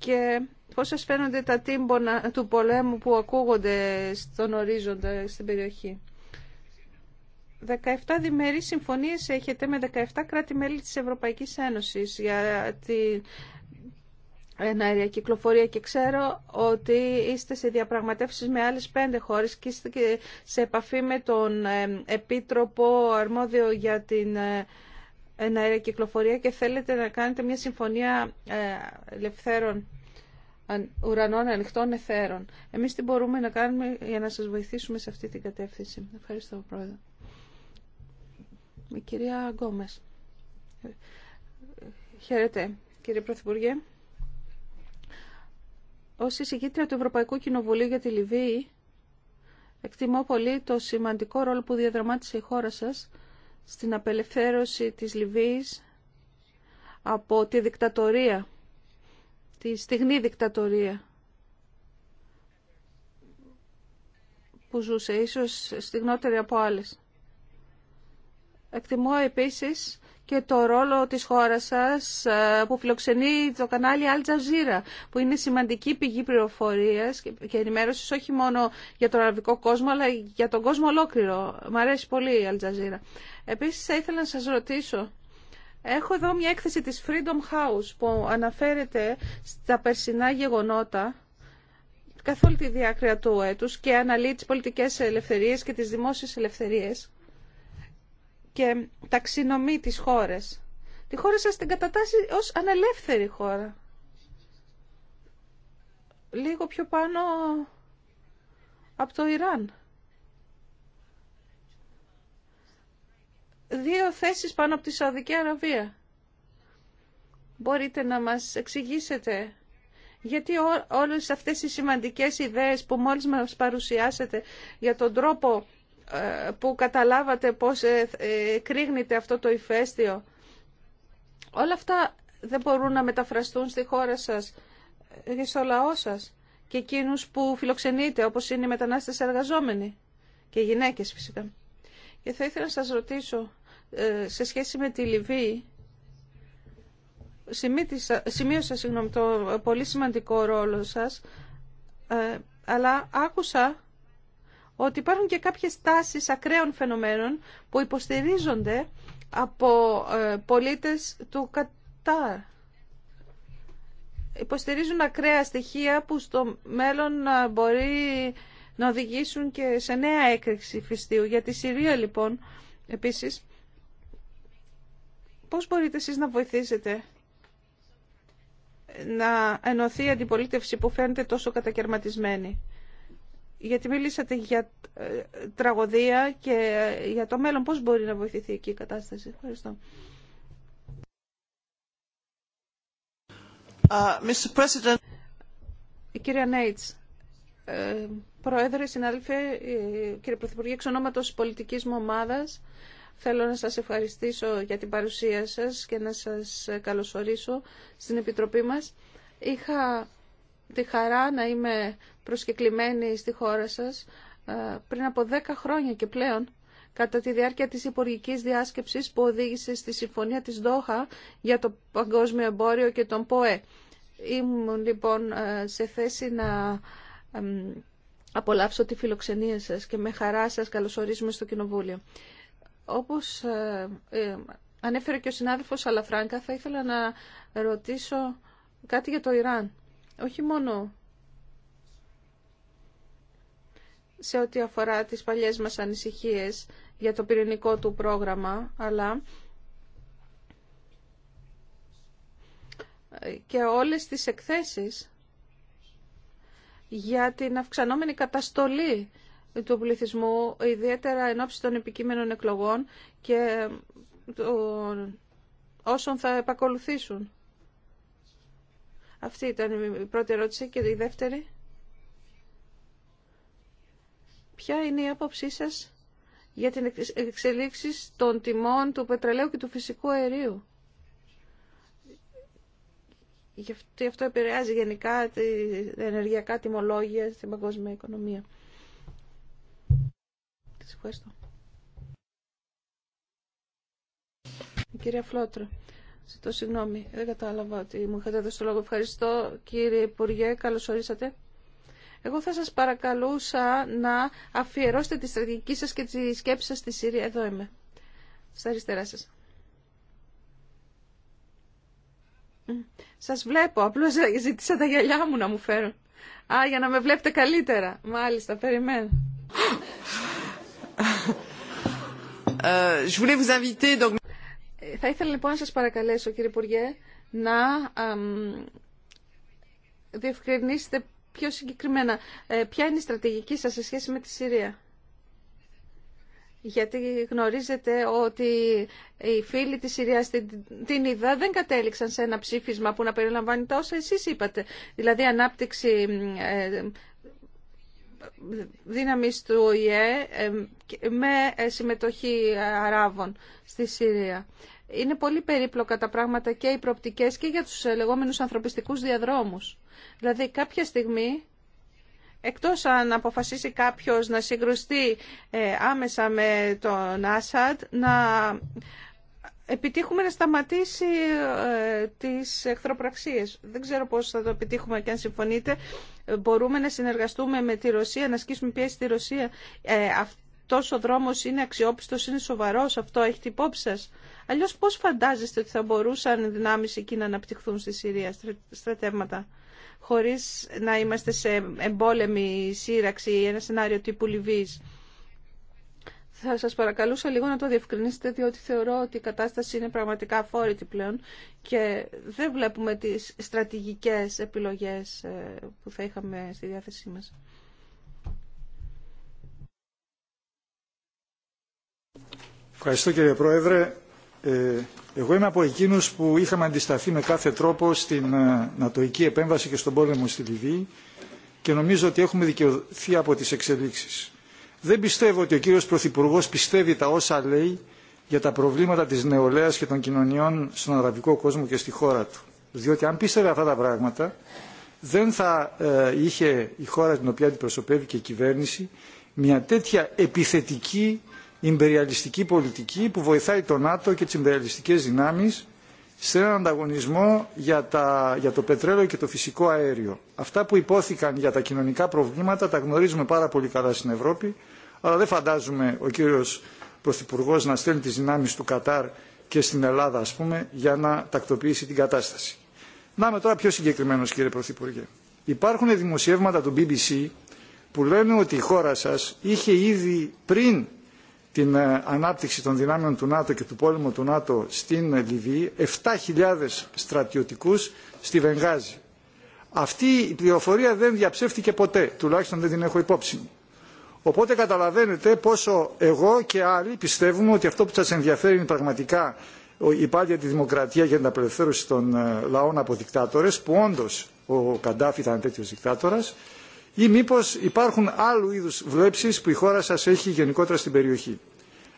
και πώς σας φαίνονται τα τύμπονα του πολέμου που ακούγονται στον ορίζοντα στην περιοχή. 17 διμερείς συμφωνίες έχετε με 17 κράτη-μέλη της Ευρωπαϊκής Ένωσης για την αεριακή κυκλοφορία και ξέρω ότι είστε σε διαπραγματεύσεις με άλλες πέντε χώρες και είστε σε επαφή με τον ε, Επίτροπο Αρμόδιο για την ε, αέρια κυκλοφορία και θέλετε να κάνετε μια συμφωνία ε, ελευθέρων ουρανών ανοιχτών εθέρων. Εμείς τι μπορούμε να κάνουμε για να σας βοηθήσουμε σε αυτή την κατεύθυνση. Ευχαριστώ, Πρόεδρε. κυρία Γκόμες. Χαίρετε, κύριε Πρωθυπουργέ. Ως εισηγήτρια του Ευρωπαϊκού Κοινοβουλίου για τη Λιβύη, εκτιμώ πολύ το σημαντικό ρόλο που διαδραμάτισε η χώρα σας στην απελευθέρωση της Λιβύης από τη δικτατορία, τη στιγμή δικτατορία που ζούσε, ίσως στιγνότερη από άλλες. Εκτιμώ επίσης και το ρόλο της χώρας σας ε, που φιλοξενεί το κανάλι Al Jazeera, που είναι σημαντική πηγή πληροφορίας και ενημέρωσης όχι μόνο για τον αραβικό κόσμο, αλλά για τον κόσμο ολόκληρο. Μ' αρέσει πολύ η Al Jazeera. Επίσης, θα ήθελα να σας ρωτήσω, έχω εδώ μια έκθεση της Freedom House που αναφέρεται στα περσινά γεγονότα καθ' όλη τη διάκρια του έτους και αναλύει τις πολιτικές ελευθερίες και τις δημόσιες ελευθερίες και ταξινομεί τις χώρες. Τη χώρα σας την κατατάσσει ως ανελεύθερη χώρα. Λίγο πιο πάνω από το Ιράν. Δύο θέσεις πάνω από τη Σαουδική Αραβία. Μπορείτε να μας εξηγήσετε γιατί όλες αυτές οι σημαντικές ιδέες που μόλις μας παρουσιάσετε για τον τρόπο που καταλάβατε πώς ε, ε, κρύγνεται αυτό το ηφαίστειο. Όλα αυτά δεν μπορούν να μεταφραστούν στη χώρα σας και στο λαό σας και εκείνους που φιλοξενείτε όπως είναι οι μετανάστες εργαζόμενοι και οι γυναίκες φυσικά. Και θα ήθελα να σας ρωτήσω ε, σε σχέση με τη Λιβύη σημείωσα συγγνώμη, το πολύ σημαντικό ρόλο σας αλλά άκουσα ότι υπάρχουν και κάποιες τάσεις ακραίων φαινομένων που υποστηρίζονται από ε, πολίτες του Κατάρ. Υποστηρίζουν ακραία στοιχεία που στο μέλλον ε, μπορεί να οδηγήσουν και σε νέα έκρηξη φυστίου. Για τη Συρία λοιπόν, επίσης, πώς μπορείτε εσείς να βοηθήσετε να ενωθεί η αντιπολίτευση που φαίνεται τόσο κατακαιρματισμένη γιατί μιλήσατε για ε, τραγωδία και ε, για το μέλλον. Πώς μπορεί να βοηθηθεί εκεί η κατάσταση. Ευχαριστώ. Uh, ε, Mr. President. Η κυρία Νέιτς, ε, Πρόεδρε, συνάδελφε, κύριε Πρωθυπουργέ, εξ ονόματος πολιτικής μου ομάδας, θέλω να σας ευχαριστήσω για την παρουσία σας και να σας καλωσορίσω στην Επιτροπή μας. Είχα τη χαρά να είμαι προσκεκλημένη στη χώρα σας ε, πριν από 10 χρόνια και πλέον κατά τη διάρκεια της υπουργική διάσκεψης που οδήγησε στη Συμφωνία της Δόχα για το Παγκόσμιο Εμπόριο και τον ΠΟΕ. Ήμουν λοιπόν ε, σε θέση να απολαύσω τη φιλοξενία σας και με χαρά σας καλωσορίζουμε στο Κοινοβούλιο. Όπως ε, ανέφερε και ο συνάδελφος Αλαφράγκα, θα ήθελα να ρωτήσω κάτι για το Ιράν όχι μόνο σε ό,τι αφορά τις παλιές μας ανησυχίες για το πυρηνικό του πρόγραμμα, αλλά και όλες τις εκθέσεις για την αυξανόμενη καταστολή του πληθυσμού, ιδιαίτερα εν ώψη των επικείμενων εκλογών και όσων θα επακολουθήσουν. Αυτή ήταν η πρώτη ερώτηση και η δεύτερη. Ποια είναι η άποψή σας για την εξελίξη των τιμών του πετρελαίου και του φυσικού αερίου. Γι' αυτό επηρεάζει γενικά τα ενεργειακά τιμολόγια στην παγκόσμια οικονομία. Σας ευχαριστώ. κυρία Φλότρο. Ζητώ συγγνώμη, δεν κατάλαβα ότι μου είχατε δώσει το λόγο. Ευχαριστώ κύριε Υπουργέ, καλώς ορίσατε. Εγώ θα σας παρακαλούσα να αφιερώσετε τη στρατηγική σας και τη σκέψη σας στη Συρία. Εδώ είμαι, στα αριστερά σας. Σας βλέπω, απλώς ζήτησα τα γυαλιά μου να μου φέρουν. Α, για να με βλέπετε καλύτερα. Μάλιστα, περιμένω. Euh, je voulais vous inviter donc θα ήθελα λοιπόν να σας παρακαλέσω κύριε Υπουργέ να διευκρινίσετε πιο συγκεκριμένα ε, ποια είναι η στρατηγική σας σε σχέση με τη Συρία. Γιατί γνωρίζετε ότι οι φίλοι της Συρίας την είδα δεν κατέληξαν σε ένα ψήφισμα που να περιλαμβάνει τα όσα εσείς είπατε. Δηλαδή ανάπτυξη ε, δύναμη του ΟΗΕ ε, με ε, συμμετοχή Αράβων στη Συρία. Είναι πολύ περίπλοκα τα πράγματα και οι προπτικές και για τους ε, λεγόμενους ανθρωπιστικούς διαδρόμους. Δηλαδή κάποια στιγμή, εκτός αν αποφασίσει κάποιος να συγκρουστεί άμεσα με τον Άσαντ, να επιτύχουμε να σταματήσει ε, τις εχθροπραξίες. Δεν ξέρω πώς θα το επιτύχουμε και αν συμφωνείτε. Ε, μπορούμε να συνεργαστούμε με τη Ρωσία, να ασκήσουμε πίεση στη Ρωσία. Ε, αυτός ο δρόμος είναι αξιόπιστος, είναι σοβαρός. Αυτό έχει υπόψη σας. Αλλιώς πώς φαντάζεστε ότι θα μπορούσαν οι δυνάμεις εκεί να αναπτυχθούν στη Συρία στρατεύματα χωρίς να είμαστε σε εμπόλεμη σύραξη ή ένα σενάριο τύπου Λιβύης. Θα σας παρακαλούσα λίγο να το διευκρινίσετε διότι θεωρώ ότι η κατάσταση είναι πραγματικά αφόρητη πλέον και δεν βλέπουμε τις στρατηγικές επιλογές ε, που θα είχαμε στη διάθεσή μας. Ευχαριστώ κύριε Πρόεδρε. Ε, εγώ είμαι από εκείνους που είχαμε αντισταθεί με κάθε τρόπο στην ε, νατοϊκή επέμβαση και στον πόλεμο στη Λιβύη και νομίζω ότι έχουμε δικαιωθεί από τις εξελίξεις δεν πιστεύω ότι ο κύριος Πρωθυπουργό πιστεύει τα όσα λέει για τα προβλήματα της νεολαίας και των κοινωνιών στον αραβικό κόσμο και στη χώρα του. Διότι αν πίστευε αυτά τα πράγματα δεν θα ε, είχε η χώρα την οποία αντιπροσωπεύει και η κυβέρνηση μια τέτοια επιθετική, ιμπεριαλιστική πολιτική που βοηθάει τον ΝΑΤΟ και τις δυνάμεις σε έναν ανταγωνισμό για, τα, για το πετρέλαιο και το φυσικό αέριο. Αυτά που υπόθηκαν για τα κοινωνικά προβλήματα τα γνωρίζουμε πάρα πολύ καλά στην Ευρώπη, αλλά δεν φαντάζουμε ο κύριος Πρωθυπουργό να στέλνει τις δυνάμεις του Κατάρ και στην Ελλάδα, ας πούμε, για να τακτοποιήσει την κατάσταση. Να είμαι τώρα πιο συγκεκριμένο, κύριε Πρωθυπουργέ. Υπάρχουν δημοσιεύματα του BBC που λένε ότι η χώρα σας είχε ήδη πριν την ε, ανάπτυξη των δυνάμεων του ΝΑΤΟ και του πόλεμου του ΝΑΤΟ στην ε, Λιβύη 7.000 στρατιωτικούς στη Βενγάζη. Αυτή η πληροφορία δεν διαψεύτηκε ποτέ, τουλάχιστον δεν την έχω υπόψη μου. Οπότε καταλαβαίνετε πόσο εγώ και άλλοι πιστεύουμε ότι αυτό που σας ενδιαφέρει είναι πραγματικά η για τη δημοκρατία για την απελευθέρωση των ε, λαών από δικτάτορες, που όντως ο Καντάφη ήταν τέτοιος δικτάτορας, ή μήπω υπάρχουν άλλου είδου βλέψει που η χώρα σα έχει γενικότερα στην περιοχή.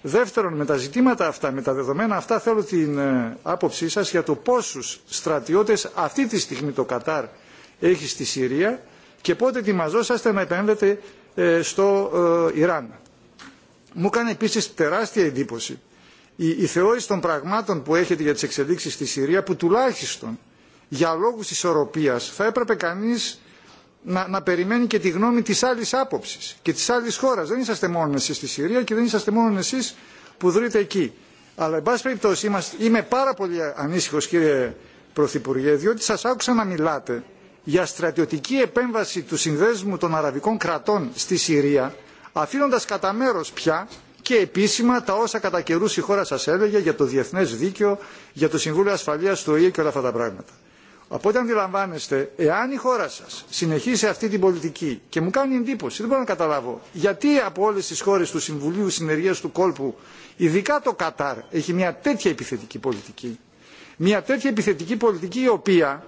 Δεύτερον, με τα ζητήματα αυτά, με τα δεδομένα αυτά θέλω την ε, άποψή σα για το πόσου στρατιώτε αυτή τη στιγμή το Κατάρ έχει στη Συρία και πότε ετοιμαζόσαστε να επέμβετε ε, στο ε, Ιράν. Μου κάνει επίση τεράστια εντύπωση η, η θεώρηση των πραγμάτων που έχετε για τι εξελίξει στη Συρία που τουλάχιστον για λόγους ισορροπία θα έπρεπε κανεί να, περιμένει και τη γνώμη της άλλης άποψης και της άλλης χώρας. Δεν είσαστε μόνο εσείς στη Συρία και δεν είσαστε μόνο εσείς που δρείτε εκεί. Αλλά, εν πάση περιπτώσει, είμαστε, είμαι πάρα πολύ ανήσυχο, κύριε Πρωθυπουργέ, διότι σας άκουσα να μιλάτε για στρατιωτική επέμβαση του συνδέσμου των αραβικών κρατών στη Συρία, αφήνοντας κατά μέρο πια και επίσημα τα όσα κατά καιρού η χώρα σας έλεγε για το διεθνές δίκαιο, για το Συμβούλιο Ασφαλείας του ΟΗΕ και όλα αυτά τα πράγματα. Οπότε αντιλαμβάνεστε, εάν η χώρα σα συνεχίσει αυτή την πολιτική και μου κάνει εντύπωση, δεν μπορώ να καταλάβω, γιατί από όλε τι χώρε του Συμβουλίου Συνεργεια του Κόλπου, ειδικά το Κατάρ, έχει μια τέτοια επιθετική πολιτική. Μια τέτοια επιθετική πολιτική η οποία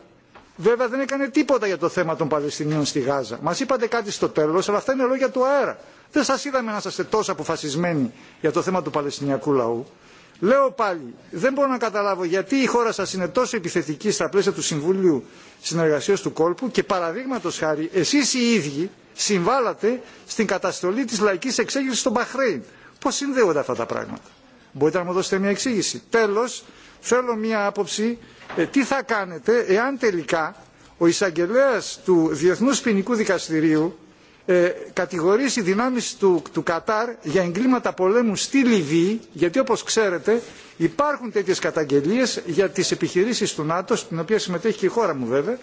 βέβαια δεν έκανε τίποτα για το θέμα των Παλαιστινίων στη Γάζα. Μα είπατε κάτι στο τέλο, αλλά αυτά είναι λόγια του αέρα. Δεν σα είδαμε να είστε τόσο αποφασισμένοι για το θέμα του Παλαιστινιακού λαού. Λέω πάλι, δεν μπορώ να καταλάβω γιατί η χώρα σας είναι τόσο επιθετική στα πλαίσια του Συμβουλίου Συνεργασίας του Κόλπου και παραδείγματος χάρη εσείς οι ίδιοι συμβάλλατε στην καταστολή της λαϊκής εξέγερσης στο Μπαχρέιν. Πώς συνδέονται αυτά τα πράγματα. Μπορείτε να μου δώσετε μια εξήγηση. Τέλος, θέλω μια άποψη ε, τι θα κάνετε εάν τελικά ο εισαγγελέα του Διεθνούς Ποινικού Δικαστηρίου ε, κατηγορήσει δυνάμεις του, του Κατάρ για εγκλήματα πολέμου στη Λιβύη, γιατί όπως ξέρετε υπάρχουν τέτοιες καταγγελίες για τις επιχειρήσεις του ΝΑΤΟ, στην οποία συμμετέχει και η χώρα μου βέβαια,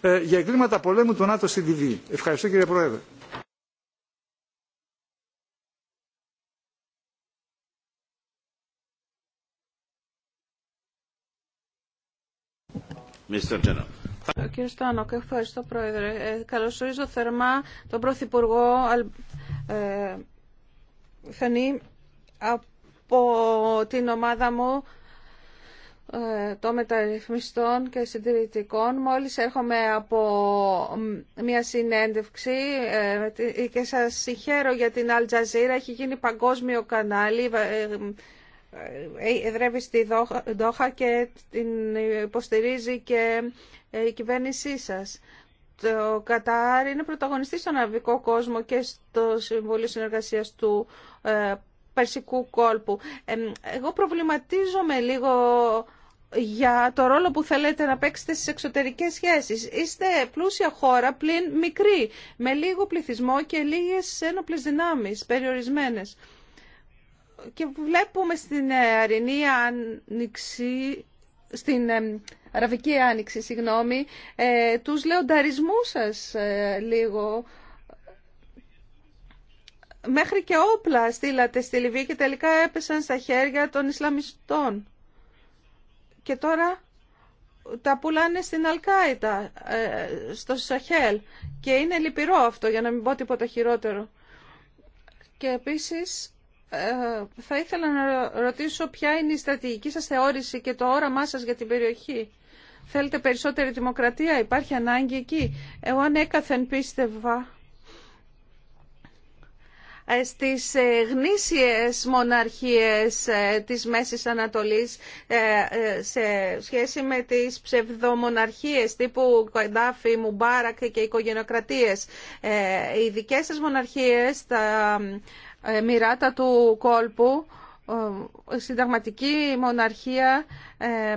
ε, για εγκλήματα πολέμου του ΝΑΤΟ στη Λιβύη. Ευχαριστώ κύριε Πρόεδρε. Κύριε Στάνοκ, ευχαριστώ Πρόεδρε. Ε, καλωσορίζω θερμά τον Πρωθυπουργό ε, Φενή από την ομάδα μου ε, των μεταρρυθμιστών και συντηρητικών. Μόλις έρχομαι από μια συνέντευξη ε, και σας συγχαίρω για την Al Έχει γίνει παγκόσμιο κανάλι ε, ε, εδρεύει στη Δόχα και την υποστηρίζει και ε, η κυβέρνησή σας. Το Κατάρ είναι πρωταγωνιστή στον αραβικό κόσμο και στο Συμβούλιο Συνεργασίας του ε, Περσικού Κόλπου. Εγώ προβληματίζομαι λίγο για το ρόλο που θέλετε να παίξετε στις εξωτερικές σχέσεις. Είστε πλούσια χώρα πλην μικρή, με λίγο πληθυσμό και λίγες ένοπλες δυνάμεις, περιορισμένες και βλέπουμε στην ε, Αρινή Άνοιξη, στην ε, Αραβική Άνοιξη, συγγνώμη, ε, τους λεονταρισμούς σας λίγο. Μέχρι και όπλα στείλατε στη Λιβύη και τελικά έπεσαν στα χέρια των Ισλαμιστών. Και τώρα τα πουλάνε στην Αλκάιτα, στο Σαχέλ. Και είναι λυπηρό αυτό, για να μην πω τίποτα χειρότερο. Και επίσης ε, θα ήθελα να ρωτήσω ποια είναι η στρατηγική σας θεώρηση και το όραμά σας για την περιοχή. Θέλετε περισσότερη δημοκρατία, υπάρχει ανάγκη εκεί. Εγώ ανέκαθεν πίστευα ε, στις ε, γνήσιες μοναρχίες της Μέσης Ανατολής σε σχέση με τις ψευδομοναρχίες τύπου Κοεντάφη, Μουμπάρακ και Οικογενοκρατίες. Οι δικές σας μοναρχίες, ε, μοιράτα του κόλπου, συνταγματική μοναρχία ε,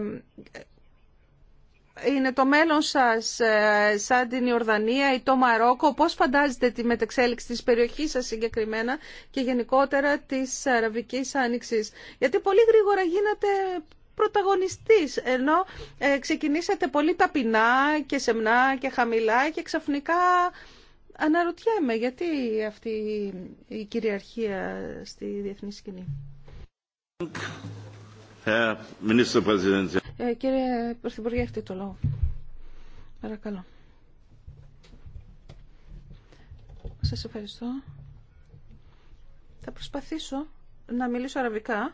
είναι το μέλλον σας ε, σαν την Ιορδανία ή το Μαρόκο. Πώς φαντάζεστε τη μετεξέλιξη της περιοχής σας συγκεκριμένα και γενικότερα της Αραβικής Άνοιξης. Γιατί πολύ γρήγορα γίνατε πρωταγωνιστής, ενώ ξεκινήσατε πολύ ταπεινά και σεμνά και χαμηλά και ξαφνικά αναρωτιέμαι γιατί αυτή η κυριαρχία στη διεθνή σκηνή. Ε, κύριε Πρωθυπουργέ, έχετε το λόγο. Παρακαλώ. Σας ευχαριστώ. Θα προσπαθήσω να μιλήσω αραβικά.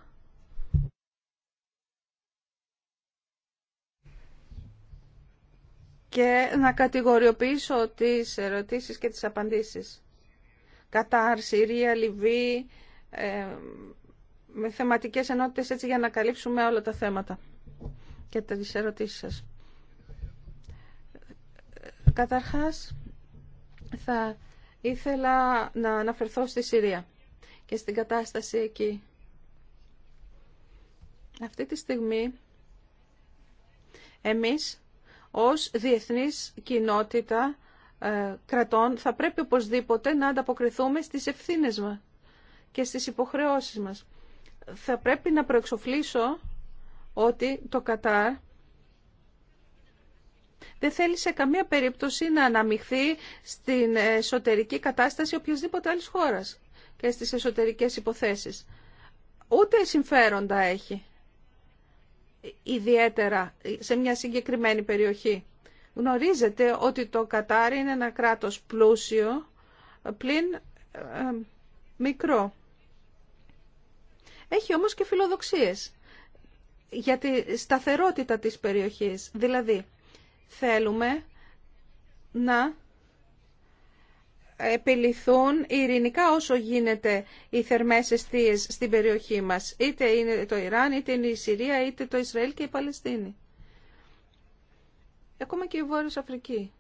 και να κατηγοριοποιήσω τις ερωτήσεις και τις απαντήσεις. κατά Αρσυρία, Λιβύη, ε, με θεματικές ενότητες έτσι για να καλύψουμε όλα τα θέματα και τις ερωτήσεις σας. Καταρχάς, θα ήθελα να αναφερθώ στη Συρία και στην κατάσταση εκεί. Αυτή τη στιγμή εμείς ως διεθνής κοινότητα ε, κρατών θα πρέπει οπωσδήποτε να ανταποκριθούμε στις ευθύνες μας και στις υποχρεώσεις μας. Θα πρέπει να προεξοφλήσω ότι το Κατάρ δεν θέλει σε καμία περίπτωση να αναμειχθεί στην εσωτερική κατάσταση οποιασδήποτε άλλης χώρας και στις εσωτερικές υποθέσεις. Ούτε συμφέροντα έχει ιδιαίτερα σε μια συγκεκριμένη περιοχή. Γνωρίζετε ότι το Κατάρι είναι ένα κράτος πλούσιο, πλην ε, μικρό. Έχει όμως και φιλοδοξίες για τη σταθερότητα της περιοχής. Δηλαδή, θέλουμε να επιληθούν ειρηνικά όσο γίνεται οι θερμές αιστείες στην περιοχή μας. Είτε είναι το Ιράν, είτε είναι η Συρία, είτε το Ισραήλ και η Παλαιστίνη. Ακόμα και η Βόρειος Αφρική.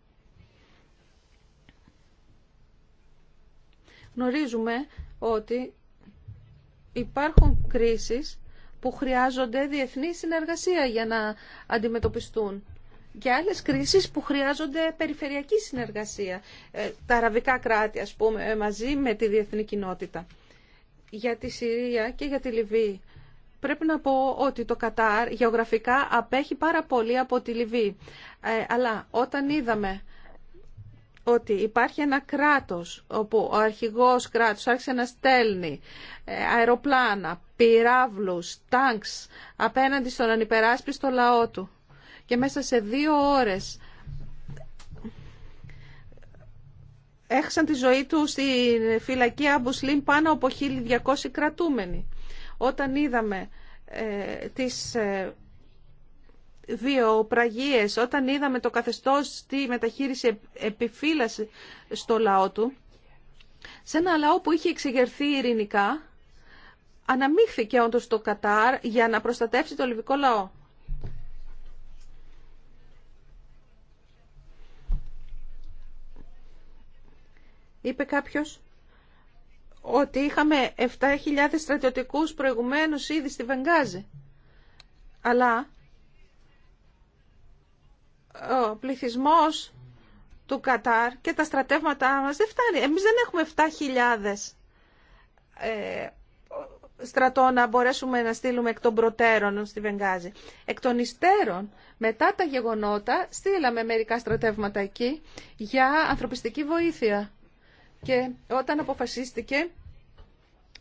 Γνωρίζουμε ότι υπάρχουν κρίσεις που χρειάζονται διεθνή συνεργασία για να αντιμετωπιστούν και άλλες κρίσεις που χρειάζονται περιφερειακή συνεργασία. Ε, τα αραβικά κράτη, ας πούμε, ε, μαζί με τη διεθνή κοινότητα. Για τη Συρία και για τη Λιβύη. Πρέπει να πω ότι το Κατάρ γεωγραφικά απέχει πάρα πολύ από τη Λιβύη. Ε, αλλά όταν είδαμε ότι υπάρχει ένα κράτος όπου ο αρχηγός κράτους άρχισε να στέλνει αεροπλάνα, πυράβλους, τάγκς απέναντι στον ανυπεράσπιστο λαό του και μέσα σε δύο ώρες έχασαν τη ζωή του στη φυλακή Αμπουσλίν πάνω από 1.200 κρατούμενοι. Όταν είδαμε ε, τις ε, όταν είδαμε το καθεστώς τη μεταχείριση επιφύλαση στο λαό του, σε ένα λαό που είχε εξεγερθεί ειρηνικά, αναμίχθηκε όντως το Κατάρ για να προστατεύσει το λιβικό λαό. Είπε κάποιος ότι είχαμε 7.000 στρατιωτικούς προηγουμένως ήδη στη Βενγάζη. Αλλά ο πληθυσμός του Κατάρ και τα στρατεύματά μας δεν φτάνει. Εμείς δεν έχουμε 7.000 ε, στρατό να μπορέσουμε να στείλουμε εκ των προτέρων στη Βενγάζη. Εκ των υστέρων, μετά τα γεγονότα, στείλαμε μερικά στρατεύματα εκεί για ανθρωπιστική βοήθεια και όταν αποφασίστηκε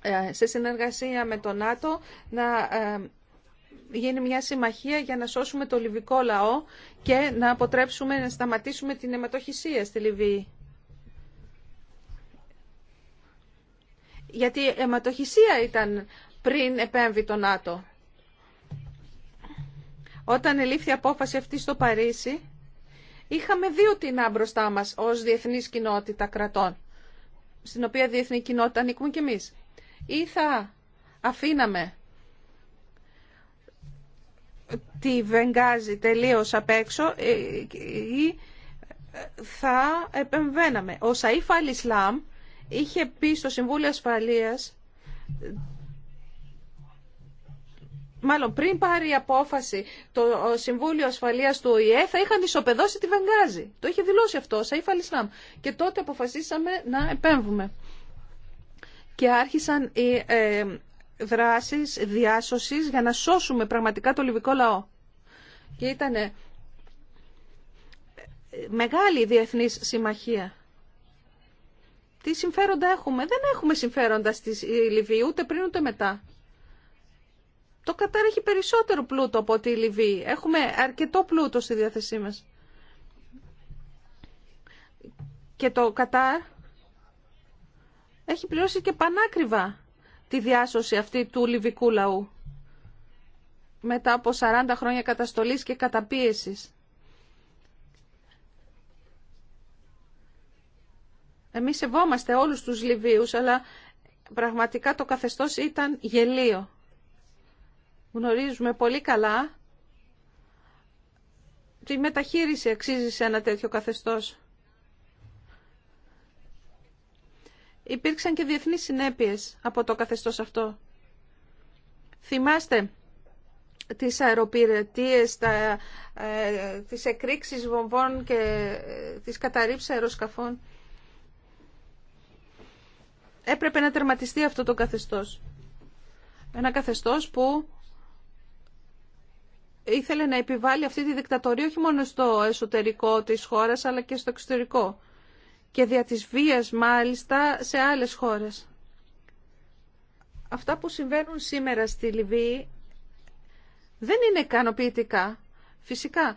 ε, σε συνεργασία με το ΝΑΤΟ να ε, γίνει μια συμμαχία για να σώσουμε το λιβικό λαό και να αποτρέψουμε να σταματήσουμε την αιματοχυσία στη Λιβύη. Γιατί η αιματοχυσία ήταν πριν επέμβει το ΝΑΤΟ. Όταν ελήφθη η απόφαση αυτή στο Παρίσι, είχαμε δύο τεινά μπροστά μας ως διεθνής κοινότητα κρατών στην οποία διεθνή κοινότητα ανήκουμε κι εμείς. Ή θα αφήναμε τη Βενγάζη τελείως απ' έξω ε, ή θα επεμβαίναμε. Ο Σαΐφ Αλ Ισλάμ είχε πει στο Συμβούλιο Ασφαλείας μάλλον πριν πάρει η απόφαση το Συμβούλιο Ασφαλείας του ΟΗΕ θα είχαν ισοπεδώσει τη Βενγάζη. Το είχε δηλώσει αυτό ο Σαΐφ Και τότε αποφασίσαμε να επέμβουμε. Και άρχισαν οι ε, δράσεις διάσωσης για να σώσουμε πραγματικά το λιβικό λαό. Και ήταν ε, μεγάλη η διεθνής συμμαχία. Τι συμφέροντα έχουμε. Δεν έχουμε συμφέροντα στη Λιβύη ούτε πριν ούτε μετά. Το Κατάρ έχει περισσότερο πλούτο από τη Λιβύη. Έχουμε αρκετό πλούτο στη διάθεσή μας. Και το Κατάρ έχει πληρώσει και πανάκριβα τη διάσωση αυτή του λιβικού λαού. Μετά από 40 χρόνια καταστολής και καταπίεσης. Εμείς σεβόμαστε όλους τους Λιβύους, αλλά πραγματικά το καθεστώς ήταν γελίο. Γνωρίζουμε πολύ καλά τη μεταχείριση αξίζει σε ένα τέτοιο καθεστώς. Υπήρξαν και διεθνείς συνέπειες από το καθεστώς αυτό. Θυμάστε τις αεροπηρετίες, τα, ε, τις εκρήξεις βομβών και ε, τις καταρρύψεις αεροσκαφών. Έπρεπε να τερματιστεί αυτό το καθεστώς. Ένα καθεστώς που ήθελε να επιβάλλει αυτή τη δικτατορία όχι μόνο στο εσωτερικό της χώρας αλλά και στο εξωτερικό και δια της βίας μάλιστα σε άλλες χώρες. Αυτά που συμβαίνουν σήμερα στη Λιβύη δεν είναι ικανοποιητικά. Φυσικά,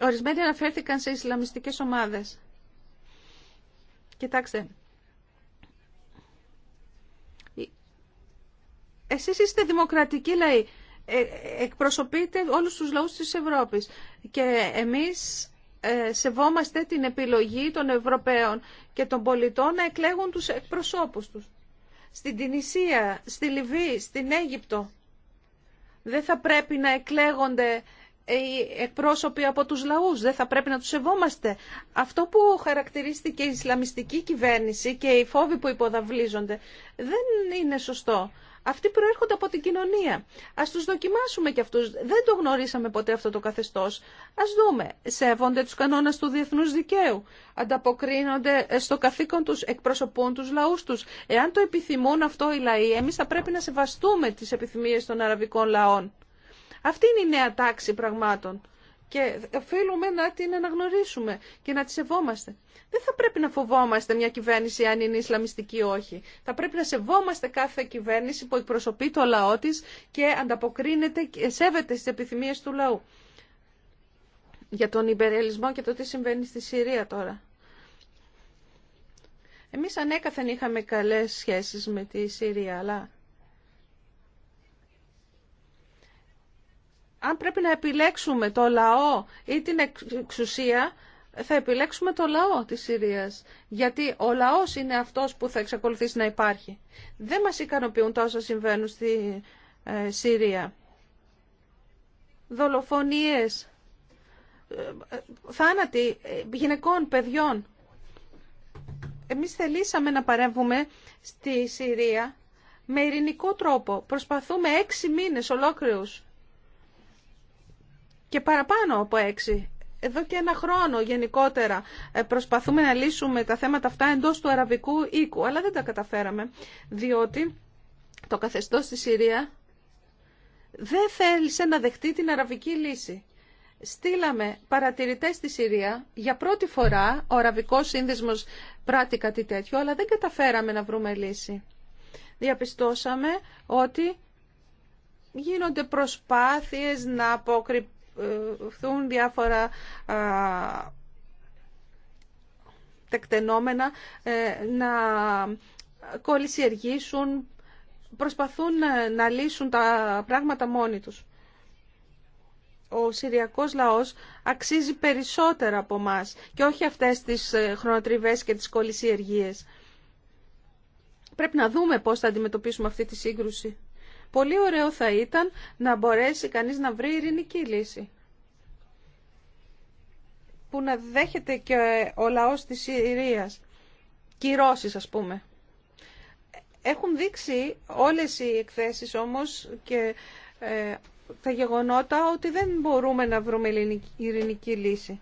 ορισμένοι αναφέρθηκαν σε Ισλαμιστικές ομάδες. Κοιτάξτε, εσείς είστε δημοκρατικοί λαοί. Ε, εκπροσωπείται όλους τους λαούς της Ευρώπης και εμείς ε, σεβόμαστε την επιλογή των Ευρωπαίων και των πολιτών να εκλέγουν τους εκπροσώπους τους. Στην Τινησία, στη Λιβύη, στην Αίγυπτο δεν θα πρέπει να εκλέγονται οι εκπρόσωποι από τους λαούς, δεν θα πρέπει να τους σεβόμαστε. Αυτό που χαρακτηρίστηκε η Ισλαμιστική κυβέρνηση και οι φόβοι που υποδαβλίζονται δεν είναι σωστό. Αυτοί προέρχονται από την κοινωνία. Ας τους δοκιμάσουμε κι αυτούς. Δεν το γνωρίσαμε ποτέ αυτό το καθεστώς. Ας δούμε. Σέβονται τους κανόνες του διεθνούς δικαίου. Ανταποκρίνονται στο καθήκον τους, εκπροσωπούν τους λαού του. Εάν το επιθυμούν αυτό οι λαοί, εμείς θα πρέπει να σεβαστούμε τις επιθυμίες των αραβικών λαών. Αυτή είναι η νέα τάξη πραγμάτων και οφείλουμε να την αναγνωρίσουμε και να τη σεβόμαστε. Δεν θα πρέπει να φοβόμαστε μια κυβέρνηση αν είναι Ισλαμιστική ή όχι. Θα πρέπει να σεβόμαστε κάθε κυβέρνηση που εκπροσωπεί το λαό τη και ανταποκρίνεται και σέβεται στι επιθυμίες του λαού. Για τον υπερελισμό και το τι συμβαίνει στη Συρία τώρα. Εμείς ανέκαθεν είχαμε καλές σχέσεις με τη Συρία, αλλά αν πρέπει να επιλέξουμε το λαό ή την εξουσία, θα επιλέξουμε το λαό της Συρίας. Γιατί ο λαός είναι αυτός που θα εξακολουθήσει να υπάρχει. Δεν μας ικανοποιούν τα όσα συμβαίνουν στη ε, Συρία. Δολοφονίες, ε, ε, θάνατοι γυναικών, παιδιών. Εμείς θελήσαμε να παρέμβουμε στη Συρία με ειρηνικό τρόπο. Προσπαθούμε έξι μήνες ολόκληρους και παραπάνω από έξι. Εδώ και ένα χρόνο γενικότερα ε, προσπαθούμε να λύσουμε τα θέματα αυτά εντός του αραβικού οίκου, αλλά δεν τα καταφέραμε, διότι το καθεστώς στη Συρία δεν θέλησε να δεχτεί την αραβική λύση. Στείλαμε παρατηρητές στη Συρία. Για πρώτη φορά ο Αραβικός Σύνδεσμος πράττει κάτι τέτοιο, αλλά δεν καταφέραμε να βρούμε λύση. Διαπιστώσαμε ότι γίνονται προσπάθειες να αποκρυ ακολουθούν διάφορα τεκτενόμενα ε, να κολλησιεργήσουν, προσπαθούν ε, να λύσουν τα πράγματα μόνοι τους. Ο Συριακός λαός αξίζει περισσότερα από μας και όχι αυτές τις ε, χρονοτριβές και τις κολλησιεργίες. Πρέπει να δούμε πώς θα αντιμετωπίσουμε αυτή τη σύγκρουση. Πολύ ωραίο θα ήταν να μπορέσει κανείς να βρει ειρηνική λύση που να δέχεται και ο λαός της Συρίας, κυρώσεις ας πούμε. Έχουν δείξει όλες οι εκθέσεις όμως και ε, τα γεγονότα ότι δεν μπορούμε να βρούμε ειρηνική λύση.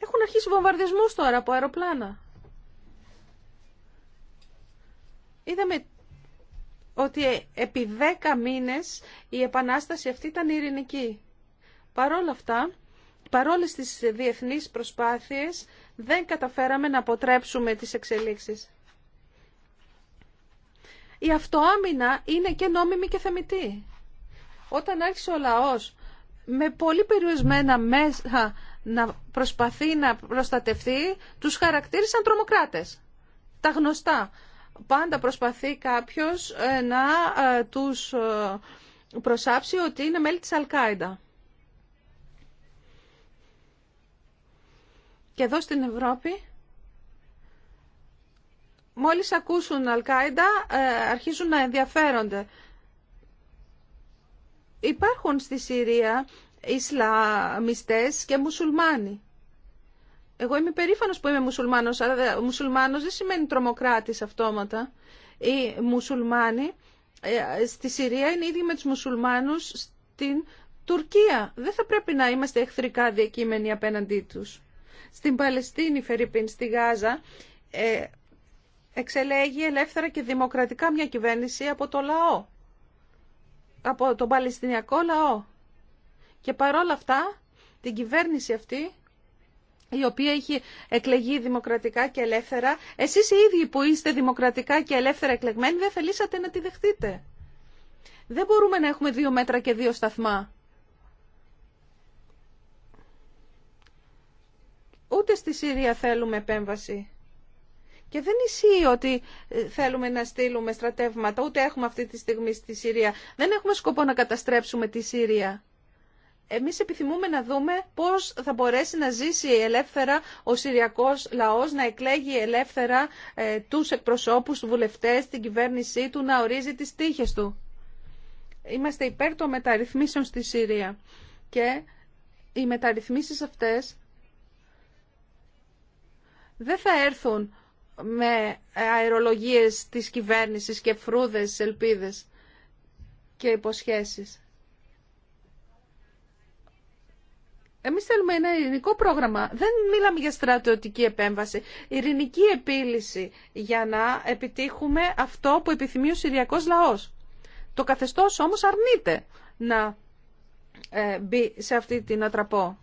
Έχουν αρχίσει βομβαρδισμούς τώρα από αεροπλάνα. Είδαμε ότι επί δέκα μήνες η επανάσταση αυτή ήταν ειρηνική. Παρόλα αυτά, παρόλες τις διεθνείς προσπάθειες, δεν καταφέραμε να αποτρέψουμε τις εξελίξεις. Η αυτοάμυνα είναι και νόμιμη και θεμητή. Όταν άρχισε ο λαός με πολύ περιορισμένα μέσα να προσπαθεί να προστατευτεί, τους χαρακτήρισαν τρομοκράτες. Τα γνωστά πάντα προσπαθεί κάποιος ε, να ε, τους ε, προσάψει ότι είναι μέλη της αλκαϊδα Και εδώ στην Ευρώπη, μόλις ακούσουν Αλκάιντα, αρχίζουν να ενδιαφέρονται. Υπάρχουν στη Συρία Ισλαμιστές και μουσουλμάνοι. Εγώ είμαι περήφανο που είμαι μουσουλμάνος, αλλά μουσουλμάνος δεν σημαίνει τρομοκράτη αυτόματα. Οι μουσουλμάνοι ε, στη Συρία είναι ίδιοι με τους μουσουλμάνους στην Τουρκία. Δεν θα πρέπει να είμαστε εχθρικά διακείμενοι απέναντί τους. Στην Παλαιστίνη, Φερρυπίν, στη Γάζα, ε, εξελέγει ελεύθερα και δημοκρατικά μια κυβέρνηση από το λαό. Από τον Παλαιστινιακό λαό. Και παρόλα αυτά, την κυβέρνηση αυτή η οποία έχει εκλεγεί δημοκρατικά και ελεύθερα. Εσείς οι ίδιοι που είστε δημοκρατικά και ελεύθερα εκλεγμένοι δεν θελήσατε να τη δεχτείτε. Δεν μπορούμε να έχουμε δύο μέτρα και δύο σταθμά. Ούτε στη Συρία θέλουμε επέμβαση. Και δεν ισχύει ότι ε, θέλουμε να στείλουμε στρατεύματα, ούτε έχουμε αυτή τη στιγμή στη Συρία. Δεν έχουμε σκοπό να καταστρέψουμε τη Συρία εμείς επιθυμούμε να δούμε πώς θα μπορέσει να ζήσει ελεύθερα ο Συριακός λαός, να εκλέγει ελεύθερα ε, τους εκπροσώπους, τους βουλευτές, την κυβέρνησή του, να ορίζει τις τύχες του. Είμαστε υπέρ των μεταρρυθμίσεων στη Συρία και οι μεταρρυθμίσεις αυτές δεν θα έρθουν με αερολογίες της κυβέρνησης και φρούδες, ελπίδες και υποσχέσεις. Εμείς θέλουμε ένα ειρηνικό πρόγραμμα. Δεν μιλάμε για στρατιωτική επέμβαση. Ειρηνική επίλυση για να επιτύχουμε αυτό που επιθυμεί ο Συριακός λαός. Το καθεστώς όμως αρνείται να ε, μπει σε αυτή την ατραπό.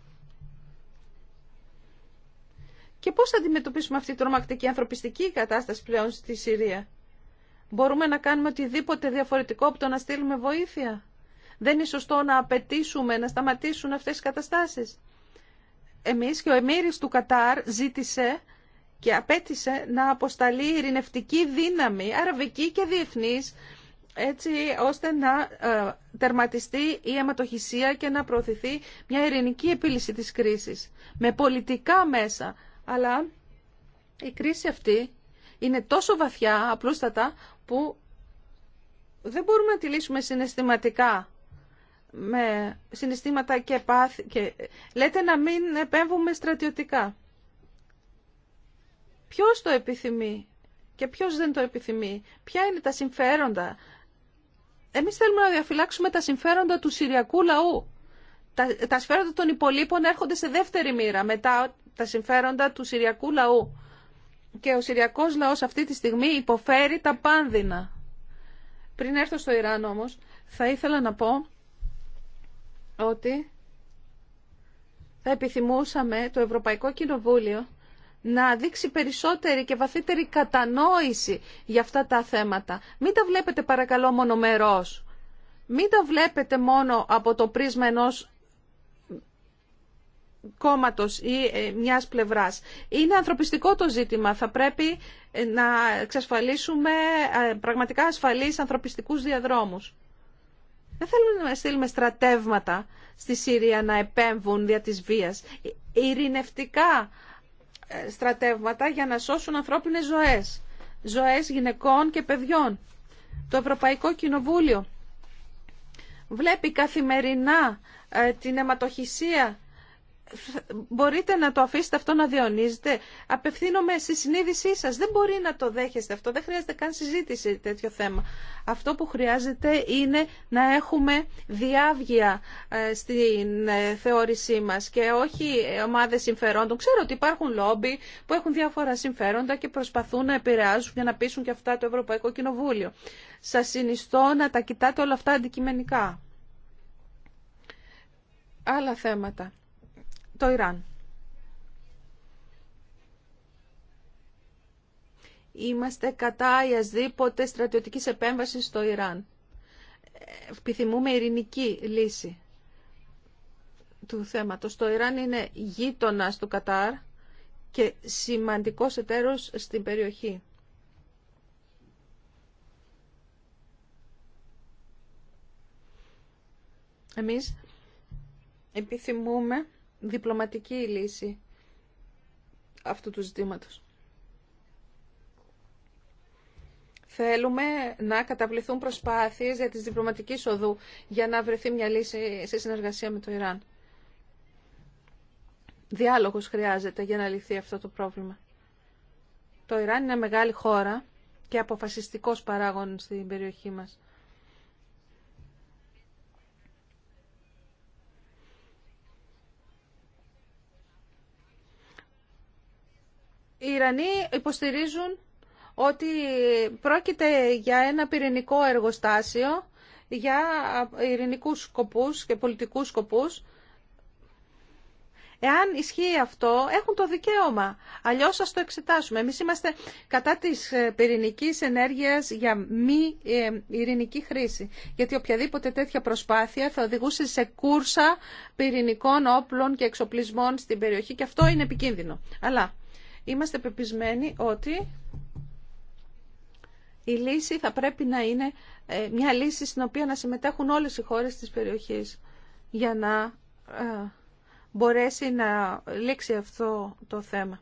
Και πώς θα αντιμετωπίσουμε αυτή την τρομακτική ανθρωπιστική κατάσταση πλέον στη Συρία. Μπορούμε να κάνουμε οτιδήποτε διαφορετικό από το να στείλουμε βοήθεια. Δεν είναι σωστό να απαιτήσουμε να σταματήσουν αυτές οι καταστάσεις. Εμείς και ο Εμμύρης του Κατάρ ζήτησε και απέτησε να αποσταλεί ειρηνευτική δύναμη, αραβική και διεθνής, έτσι ώστε να ε, τερματιστεί η αιματοχυσία και να προωθηθεί μια ειρηνική επίλυση της κρίσης. Με πολιτικά μέσα. Αλλά η κρίση αυτή είναι τόσο βαθιά, απλούστατα, που δεν μπορούμε να τη λύσουμε συναισθηματικά με συναισθήματα και πάθη. Και... Λέτε να μην επέμβουμε στρατιωτικά. Ποιος το επιθυμεί και ποιος δεν το επιθυμεί. Ποια είναι τα συμφέροντα. Εμείς θέλουμε να διαφυλάξουμε τα συμφέροντα του Συριακού λαού. Τα, τα συμφέροντα των υπολείπων έρχονται σε δεύτερη μοίρα μετά τα συμφέροντα του Συριακού λαού. Και ο Συριακός λαός αυτή τη στιγμή υποφέρει τα πάνδυνα. Πριν έρθω στο Ιράν όμως, θα ήθελα να πω ότι θα επιθυμούσαμε το Ευρωπαϊκό Κοινοβούλιο να δείξει περισσότερη και βαθύτερη κατανόηση για αυτά τα θέματα. Μην τα βλέπετε παρακαλώ μερός. Μην τα βλέπετε μόνο από το πρίσμα ενός κόμματος ή ε, μιας πλευράς. Είναι ανθρωπιστικό το ζήτημα. Θα πρέπει ε, να εξασφαλίσουμε ε, πραγματικά ασφαλείς ανθρωπιστικούς διαδρόμους. Δεν θέλουμε να στείλουμε στρατεύματα στη Συρία να επέμβουν δια της βίας. Ε, ειρηνευτικά ε, στρατεύματα για να σώσουν ανθρώπινες ζωές. Ζωές γυναικών και παιδιών. Το Ευρωπαϊκό Κοινοβούλιο βλέπει καθημερινά ε, την αιματοχυσία μπορείτε να το αφήσετε αυτό να διονύζετε. Απευθύνομαι στη συνείδησή σας. Δεν μπορεί να το δέχεστε αυτό. Δεν χρειάζεται καν συζήτηση τέτοιο θέμα. Αυτό που χρειάζεται είναι να έχουμε διάβγεια ε, στην ε, θεώρησή μας και όχι ομάδες συμφερόντων. Ξέρω ότι υπάρχουν λόμπι που έχουν διάφορα συμφέροντα και προσπαθούν να επηρεάζουν για να πείσουν και αυτά το Ευρωπαϊκό Κοινοβούλιο. Σας συνιστώ να τα κοιτάτε όλα αυτά αντικειμενικά. Άλλα θέματα το Ιράν. Είμαστε κατά ιασδήποτε στρατιωτικής επέμβασης στο Ιράν. Επιθυμούμε ειρηνική λύση του θέματος. Το Ιράν είναι γείτονα του Κατάρ και σημαντικός εταίρος στην περιοχή. Εμείς επιθυμούμε διπλωματική λύση αυτού του ζητήματος. Θέλουμε να καταβληθούν προσπάθειες για τις διπλωματικές οδού για να βρεθεί μια λύση σε συνεργασία με το Ιράν. Διάλογος χρειάζεται για να λυθεί αυτό το πρόβλημα. Το Ιράν είναι μεγάλη χώρα και αποφασιστικός παράγοντας στην περιοχή μας. οι Ιρανοί υποστηρίζουν ότι πρόκειται για ένα πυρηνικό εργοστάσιο για ειρηνικούς σκοπούς και πολιτικούς σκοπούς. Εάν ισχύει αυτό, έχουν το δικαίωμα. Αλλιώς ας το εξετάσουμε. Εμείς είμαστε κατά της ε, πυρηνικής ενέργειας για μη ε, ειρηνική χρήση. Γιατί οποιαδήποτε τέτοια προσπάθεια θα οδηγούσε σε κούρσα πυρηνικών όπλων και εξοπλισμών στην περιοχή και αυτό είναι επικίνδυνο. Αλλά Είμαστε πεπισμένοι ότι η λύση θα πρέπει να είναι ε, μια λύση στην οποία να συμμετέχουν όλες οι χώρες της περιοχής για να ε, μπορέσει να λήξει αυτό το θέμα.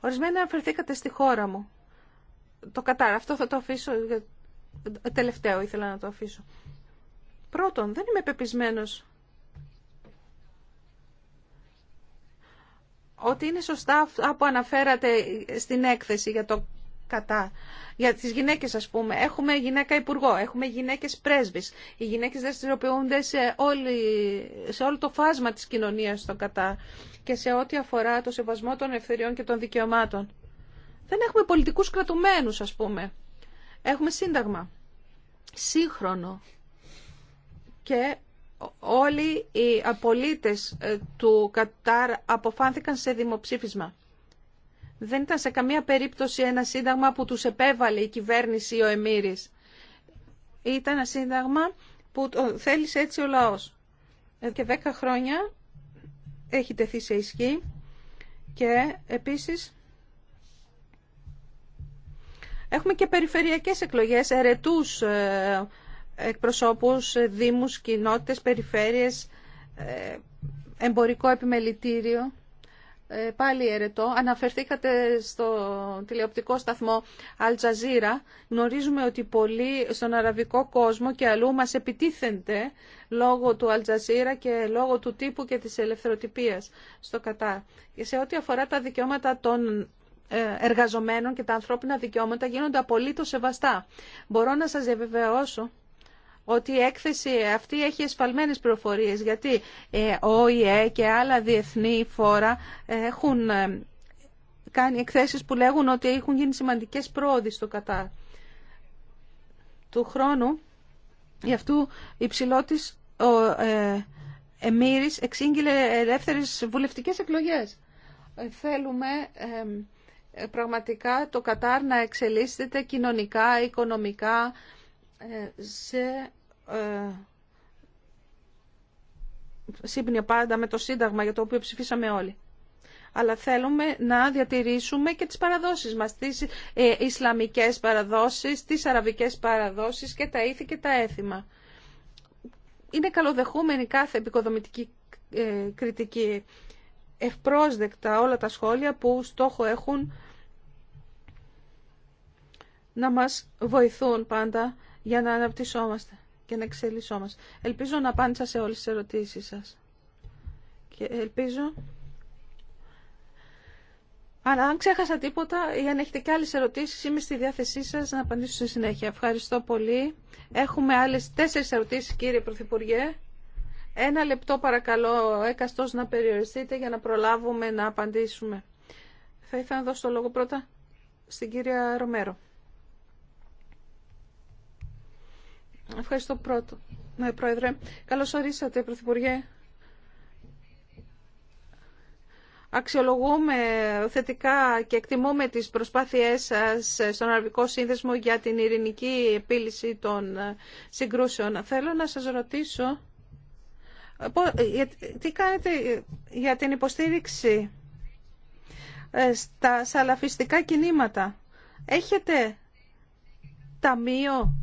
Ορισμένα αναφερθήκατε στη χώρα μου. Το κατάρα. αυτό θα το αφήσω, τελευταίο ήθελα να το αφήσω. Πρώτον, δεν είμαι πεπισμένος ότι είναι σωστά αυτά που αναφέρατε στην έκθεση για το κατά. Για τις γυναίκες ας πούμε, έχουμε γυναίκα υπουργό, έχουμε γυναίκες πρέσβης. Οι γυναίκες δραστηριοποιούνται σε, όλη, σε όλο το φάσμα της κοινωνίας στο κατά και σε ό,τι αφορά το σεβασμό των ευθεριών και των δικαιωμάτων. Δεν έχουμε πολιτικούς κρατουμένους ας πούμε. Έχουμε σύνταγμα. Σύγχρονο. Και όλοι οι απολύτες ε, του Κατάρ αποφάνθηκαν σε δημοψήφισμα. Δεν ήταν σε καμία περίπτωση ένα σύνταγμα που τους επέβαλε η κυβέρνηση ή ο Εμμύρης. Ήταν ένα σύνταγμα που θέλησε έτσι ο λαός. Ε, και δέκα χρόνια έχει τεθεί σε ισχύ και επίσης έχουμε και περιφερειακές εκλογές, ερετούς ε, εκπροσώπους, ε, δήμους, κοινότητες, περιφέρειες, ε, εμπορικό επιμελητήριο. Ε, πάλι ερετό, αναφερθήκατε στο τηλεοπτικό σταθμό Al Jazeera. Γνωρίζουμε ότι πολλοί στον αραβικό κόσμο και αλλού μας επιτίθενται λόγω του Al και λόγω του τύπου και της ελευθεροτυπίας στο Κατάρ. Και σε ό,τι αφορά τα δικαιώματα των εργαζομένων και τα ανθρώπινα δικαιώματα γίνονται απολύτως σεβαστά. Μπορώ να σας διαβεβαιώσω ότι η έκθεση αυτή έχει εσφαλμένες προφορίες, γιατί ε, ο ΙΕ και άλλα διεθνή φόρα έχουν ε, κάνει εκθέσεις που λέγουν ότι έχουν γίνει σημαντικές πρόοδοι στο Κατάρ. Του χρόνου, γι' αυτού η ψηλότης ο ε, Εμμύρης εξήγηλε ελεύθερες βουλευτικές εκλογές. Ε, θέλουμε πραγματικά το Κατάρ να εξελίσσεται κοινωνικά, οικονομικά, σε ε, σύμπνια πάντα με το Σύνταγμα για το οποίο ψηφίσαμε όλοι. Αλλά θέλουμε να διατηρήσουμε και τις παραδόσεις μας, τις ε, Ισλαμικές παραδόσεις, τις Αραβικές παραδόσεις και τα ήθη και τα έθιμα. Είναι καλοδεχούμενη κάθε επικοδομητική ε, κριτική ευπρόσδεκτα όλα τα σχόλια που στόχο έχουν να μας βοηθούν πάντα για να αναπτυσσόμαστε και να εξελισσόμαστε. Ελπίζω να απάντησα σε όλες τις ερωτήσεις σας. Και ελπίζω... Αν, αν ξέχασα τίποτα ή αν έχετε και άλλες ερωτήσεις, είμαι στη διάθεσή σας να απαντήσω στη συνέχεια. Ευχαριστώ πολύ. Έχουμε άλλες τέσσερις ερωτήσεις, κύριε Πρωθυπουργέ. Ένα λεπτό παρακαλώ έκαστος να περιοριστείτε για να προλάβουμε να απαντήσουμε. Θα ήθελα να δώσω το λόγο πρώτα στην κυρία Ρωμέρο. Ευχαριστώ πρώτο. Ναι, Πρόεδρε. Καλώς ορίσατε, Πρωθυπουργέ. Αξιολογούμε θετικά και εκτιμούμε τις προσπάθειές σας στον Αραβικό Σύνδεσμο για την ειρηνική επίλυση των συγκρούσεων. Θέλω να σας ρωτήσω τι κάνετε για την υποστήριξη ε, στα σαλαφιστικά κινήματα. Έχετε ταμείο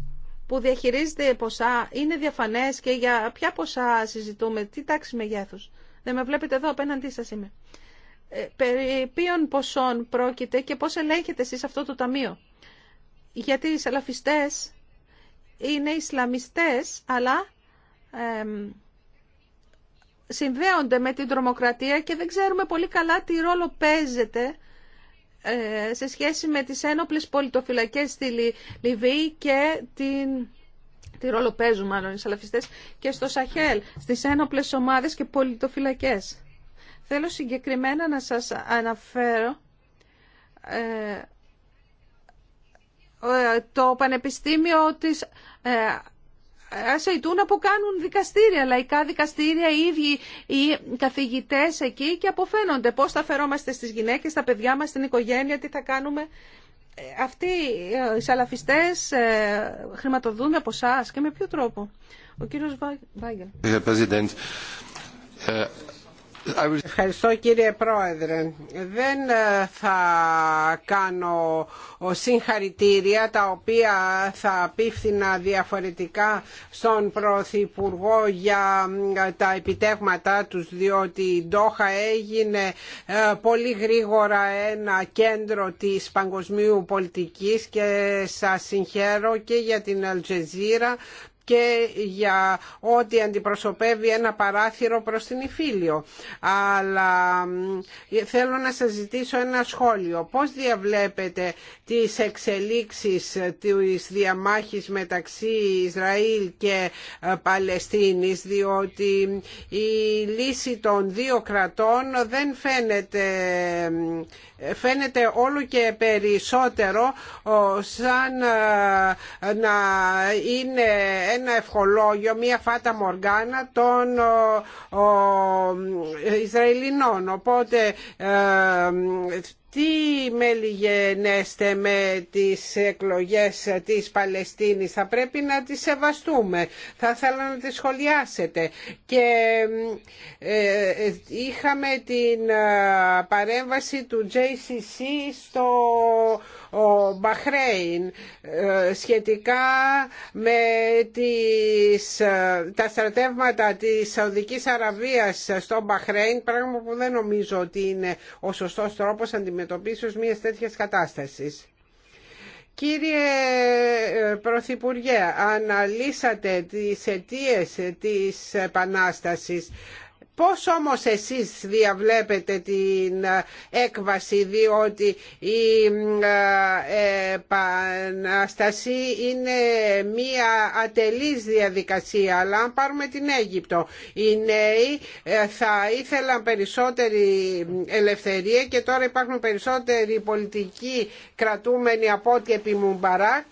που διαχειρίζεται ποσά, είναι διαφανές και για ποια ποσά συζητούμε, τι τάξη μεγέθους. Δεν ναι, με βλέπετε εδώ, απέναντί σα είμαι. Ε, περί ποιων ποσών πρόκειται και πώς ελέγχετε εσείς αυτό το ταμείο. Γιατί οι σαλαφιστές είναι Ισλαμιστές, αλλά ε, συνδέονται με την τρομοκρατία και δεν ξέρουμε πολύ καλά τι ρόλο παίζεται ε, σε σχέση με τις ένοπλες πολιτοφυλακές στη Λιβύη και την τη ρόλο παίζουν και στο Σαχέλ, στις ένοπλες ομάδες και πολιτοφυλακές. Θέλω συγκεκριμένα να σας αναφέρω ε, ε, το Πανεπιστήμιο της Αζεϊτούνα που κάνουν δικαστήρια, λαϊκά δικαστήρια, οι ίδιοι οι καθηγητές εκεί και αποφαίνονται πώς θα φερόμαστε στις γυναίκες, στα παιδιά μας, στην οικογένεια, τι θα κάνουμε. Ε, αυτοί ε, οι σαλαφιστές ε, χρηματοδούν από εσά και με ποιο τρόπο. Ο κύριος Βάγγελ. Ευχαριστώ κύριε Πρόεδρε. Δεν ε, θα κάνω συγχαρητήρια τα οποία θα απίφθηνα διαφορετικά στον Πρωθυπουργό για ε, τα επιτεύγματά τους διότι η Ντόχα έγινε ε, πολύ γρήγορα ένα κέντρο της παγκοσμίου πολιτικής και σας συγχαίρω και για την Αλτζεζίρα και για ό,τι αντιπροσωπεύει ένα παράθυρο προς την Ιφίλιο. Αλλά θέλω να σας ζητήσω ένα σχόλιο. Πώς διαβλέπετε τις εξελίξεις της διαμάχης μεταξύ Ισραήλ και ε, Παλαιστίνης, διότι η λύση των δύο κρατών δεν φαίνεται φαίνεται όλο και περισσότερο σαν ε, να είναι ένα ευχολόγιο, μια φάτα μοργάνα των Ισραηλινών. Οπότε ε, τι μέλη με τις εκλογές της Παλαιστίνης. Θα πρέπει να τις σεβαστούμε. Θα ήθελα να τις σχολιάσετε. Και ε, ε, είχαμε την ε, παρέμβαση του JCC στο Μπαχρέιν σχετικά με τις, τα στρατεύματα της Σαουδικής Αραβίας στο Μπαχρέιν, πράγμα που δεν νομίζω ότι είναι ο σωστός τρόπος αντιμετώπισης πίσω μιας τέτοιας κατάστασης. Κύριε ε, Πρωθυπουργέ, αναλύσατε τις αιτίες της Επανάστασης, Πώς όμως εσείς διαβλέπετε την ε, έκβαση διότι η ε, επαναστασή είναι μία ατελής διαδικασία αλλά αν πάρουμε την Αίγυπτο οι νέοι ε, θα ήθελαν περισσότερη ελευθερία και τώρα υπάρχουν περισσότεροι πολιτικοί κρατούμενοι από ό,τι επί Μουμπαράκ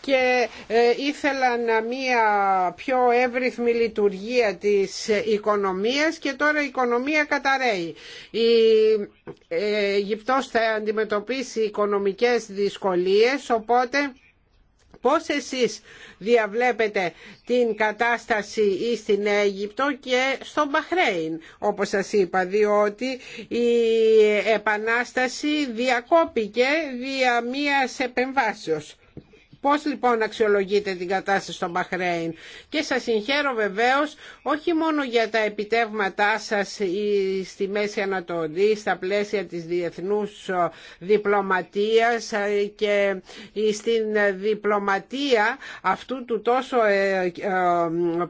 και ήθελαν μία πιο εύρυθμη λειτουργία της οικονομίας και και τώρα η οικονομία καταραίει. Η ε, Αιγυπτός θα αντιμετωπίσει οικονομικές δυσκολίες, οπότε πώς εσείς διαβλέπετε την κατάσταση ή στην Αίγυπτο και στον Μπαχρέιν όπως σας είπα διότι η επανάσταση διακόπηκε δια μίας επεμβάσεως Πώς λοιπόν αξιολογείτε την κατάσταση στο Μπαχρέιν και σας συγχαίρω βεβαίως όχι μόνο για τα επιτεύγματά σας στη Μέση Ανατολή, στα πλαίσια της διεθνούς διπλωματίας ε, και ε, στην διπλωματία αυτού του τόσο ε,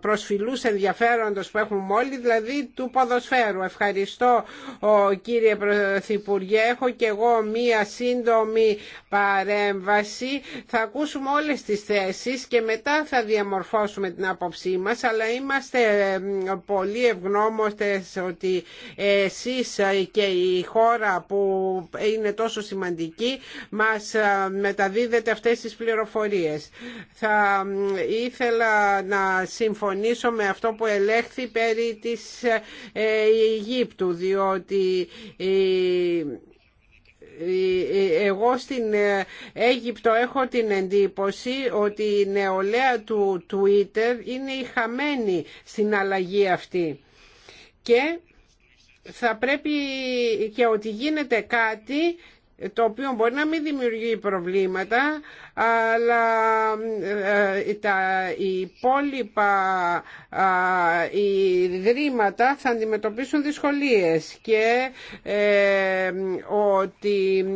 προσφυλούς ενδιαφέροντος που έχουμε όλοι, δηλαδή του ποδοσφαίρου. Ευχαριστώ κύριε Πρωθυπουργέ, έχω και εγώ μία σύντομη παρέμβαση. Θα ακούσουμε Όλε όλες τις θέσεις και μετά θα διαμορφώσουμε την άποψή μας αλλά είμαστε πολύ ευγνώμοστες ότι εσείς και η χώρα που είναι τόσο σημαντική μας ε, μεταδίδετε αυτές τις πληροφορίες. Θα ήθελα να συμφωνήσω με αυτό που ελέγχθη περί της ε, Αιγύπτου διότι εγώ στην ε, Αίγυπτο έχω την εντύπωση ότι η νεολαία του Twitter είναι η χαμένη στην αλλαγή αυτή και θα πρέπει και ότι γίνεται κάτι το οποίο μπορεί να μην δημιουργεί προβλήματα, αλλά ε, ε, τα υπόλοιπα ιδρύματα θα αντιμετωπίσουν δυσκολίες και ε, ότι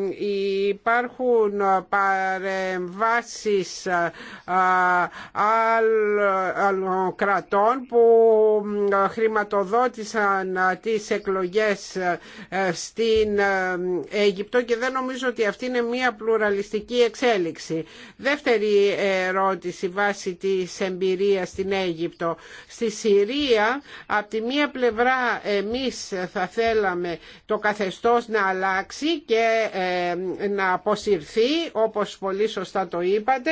υπάρχουν παρεμβάσεις άλλων κρατών που χρηματοδότησαν τις εκλογές στην Αίγυπτο και δεν νομίζω ότι αυτή είναι μια πλουραλιστική εξέλιξη. Δεύτερη ερώτηση βάσει τη εμπειρίας στην Αίγυπτο. Στη Συρία, από τη μία πλευρά εμείς θα θέλαμε το καθεστώς να αλλάξει και ε, να αποσυρθεί, όπως πολύ σωστά το είπατε,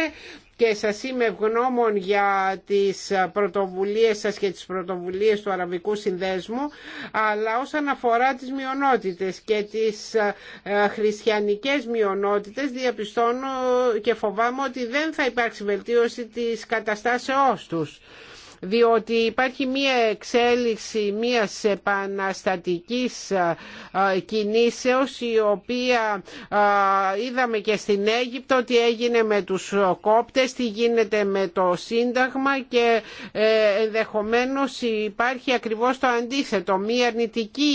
και σας είμαι ευγνώμων για τις πρωτοβουλίες σας και τις πρωτοβουλίες του Αραβικού Συνδέσμου αλλά όσον αφορά τις μειονότητες και τις ε, χριστιανικές μειονότητες διαπιστώνω και φοβάμαι ότι δεν θα υπάρξει βελτίωση της καταστάσεώς τους διότι υπάρχει μία εξέλιξη μίας επαναστατικής κινήσεως η οποία είδαμε και στην Αίγυπτο τι έγινε με τους κόπτες, τι γίνεται με το Σύνταγμα και ε, ενδεχομένως υπάρχει ακριβώς το αντίθετο, μία αρνητική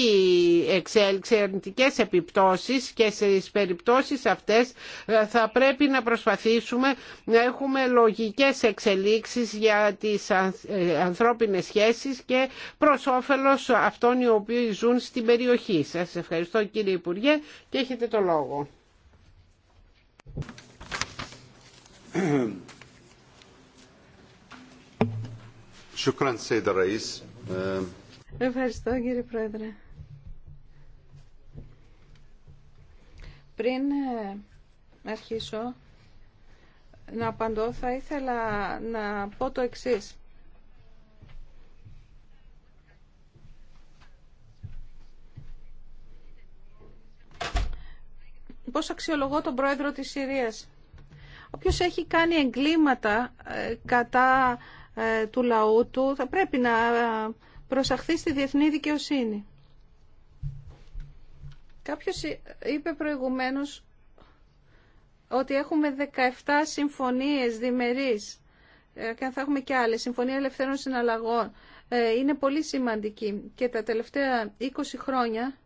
εξέλιξη, αρνητικές επιπτώσεις και στις περιπτώσεις αυτές ε, θα πρέπει να προσπαθήσουμε να έχουμε λογικές εξελίξεις για τις ε, ανθρώπινες σχέσεις και προς όφελος αυτών οι οποίοι ζουν στην περιοχή. Σας ευχαριστώ κύριε Υπουργέ και έχετε το λόγο. Ευχαριστώ κύριε Πρόεδρε. Πριν ε, αρχίσω να απαντώ θα ήθελα να πω το εξής. Πώ αξιολογώ τον πρόεδρο της Συρίας. Όποιος έχει κάνει εγκλήματα ε, κατά ε, του λαού του θα πρέπει να ε, προσαχθεί στη διεθνή δικαιοσύνη. Κάποιος είπε προηγουμένως ότι έχουμε 17 συμφωνίες διμερείς και θα έχουμε και άλλες, Συμφωνία Ελευθέρων Συναλλαγών, είναι πολύ σημαντική. Και τα τελευταία 20 χρόνια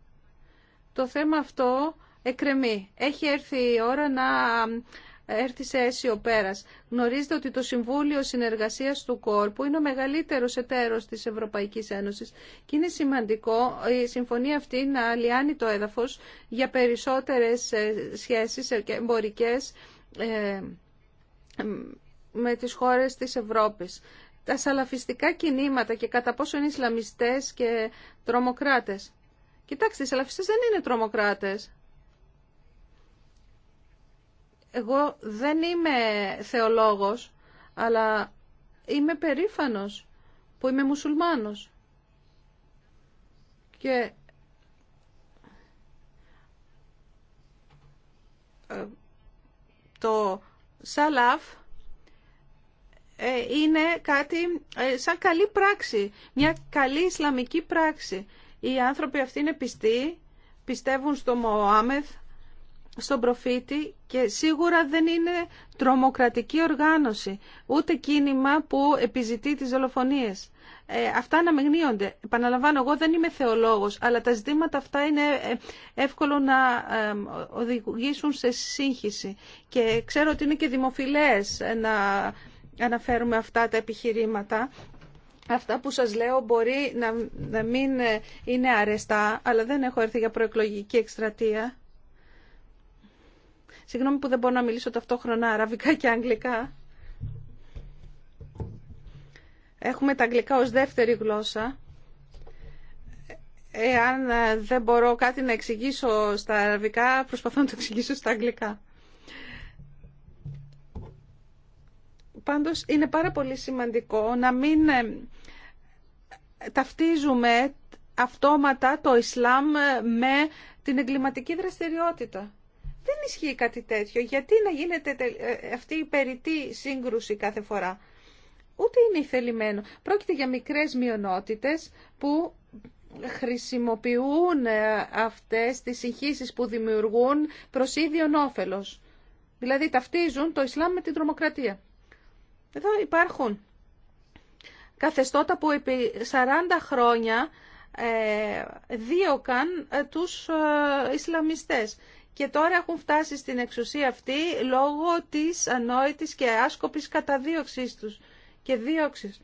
το θέμα αυτό εκκρεμεί. Έχει έρθει η ώρα να έρθει σε αίσιο πέρας. Γνωρίζετε ότι το Συμβούλιο Συνεργασίας του Κόρπου είναι ο μεγαλύτερος εταίρος της Ευρωπαϊκής Ένωσης και είναι σημαντικό η συμφωνία αυτή να λιάνει το έδαφος για περισσότερες ε, σχέσεις εμπορικές ε, με τις χώρες της Ευρώπης. Τα σαλαφιστικά κινήματα και κατά πόσο είναι Ισλαμιστές και τρομοκράτες. Κοιτάξτε, οι σαλαφιστές δεν είναι τρομοκράτες. Εγώ δεν είμαι θεολόγος, αλλά είμαι περήφανος που είμαι μουσουλμάνος. Και ε, το σαλάφ ε, είναι κάτι ε, σαν καλή πράξη, μια καλή Ισλαμική πράξη. Οι άνθρωποι αυτοί είναι πιστοί, πιστεύουν στο Μωάμεθ, στον προφήτη και σίγουρα δεν είναι τρομοκρατική οργάνωση, ούτε κίνημα που επιζητεί τις δολοφονίες. Ε, αυτά αναμεγνύονται Επαναλαμβάνω, εγώ δεν είμαι θεολόγος, αλλά τα ζητήματα αυτά είναι ε, εύκολο να ε, οδηγήσουν σε σύγχυση. Και ξέρω ότι είναι και δημοφιλές να αναφέρουμε αυτά τα επιχειρήματα. Αυτά που σας λέω μπορεί να, να μην είναι αρεστά, αλλά δεν έχω έρθει για προεκλογική εκστρατεία Συγγνώμη που δεν μπορώ να μιλήσω ταυτόχρονα αραβικά και αγγλικά. Έχουμε τα αγγλικά ως δεύτερη γλώσσα. Εάν ε, δεν μπορώ κάτι να εξηγήσω στα αραβικά, προσπαθώ να το εξηγήσω στα αγγλικά. Πάντως είναι πάρα πολύ σημαντικό να μην ε, ταυτίζουμε αυτόματα το Ισλάμ με την εγκληματική δραστηριότητα. Δεν ισχύει κάτι τέτοιο. Γιατί να γίνεται ε, ε, αυτή η περιττή σύγκρουση κάθε φορά. Ούτε είναι ηθελημένο. Πρόκειται για μικρές μειονότητες που χρησιμοποιούν ε, αυτές τις συγχύσεις που δημιουργούν προς ίδιον όφελος. Δηλαδή ταυτίζουν το Ισλάμ με την τρομοκρατία. Εδώ υπάρχουν καθεστώτα που επί 40 χρόνια δίωκαν τους Ισλαμιστές και τώρα έχουν φτάσει στην εξουσία αυτή λόγω της ανόητης και άσκοπης καταδίωξής τους και δίωξης.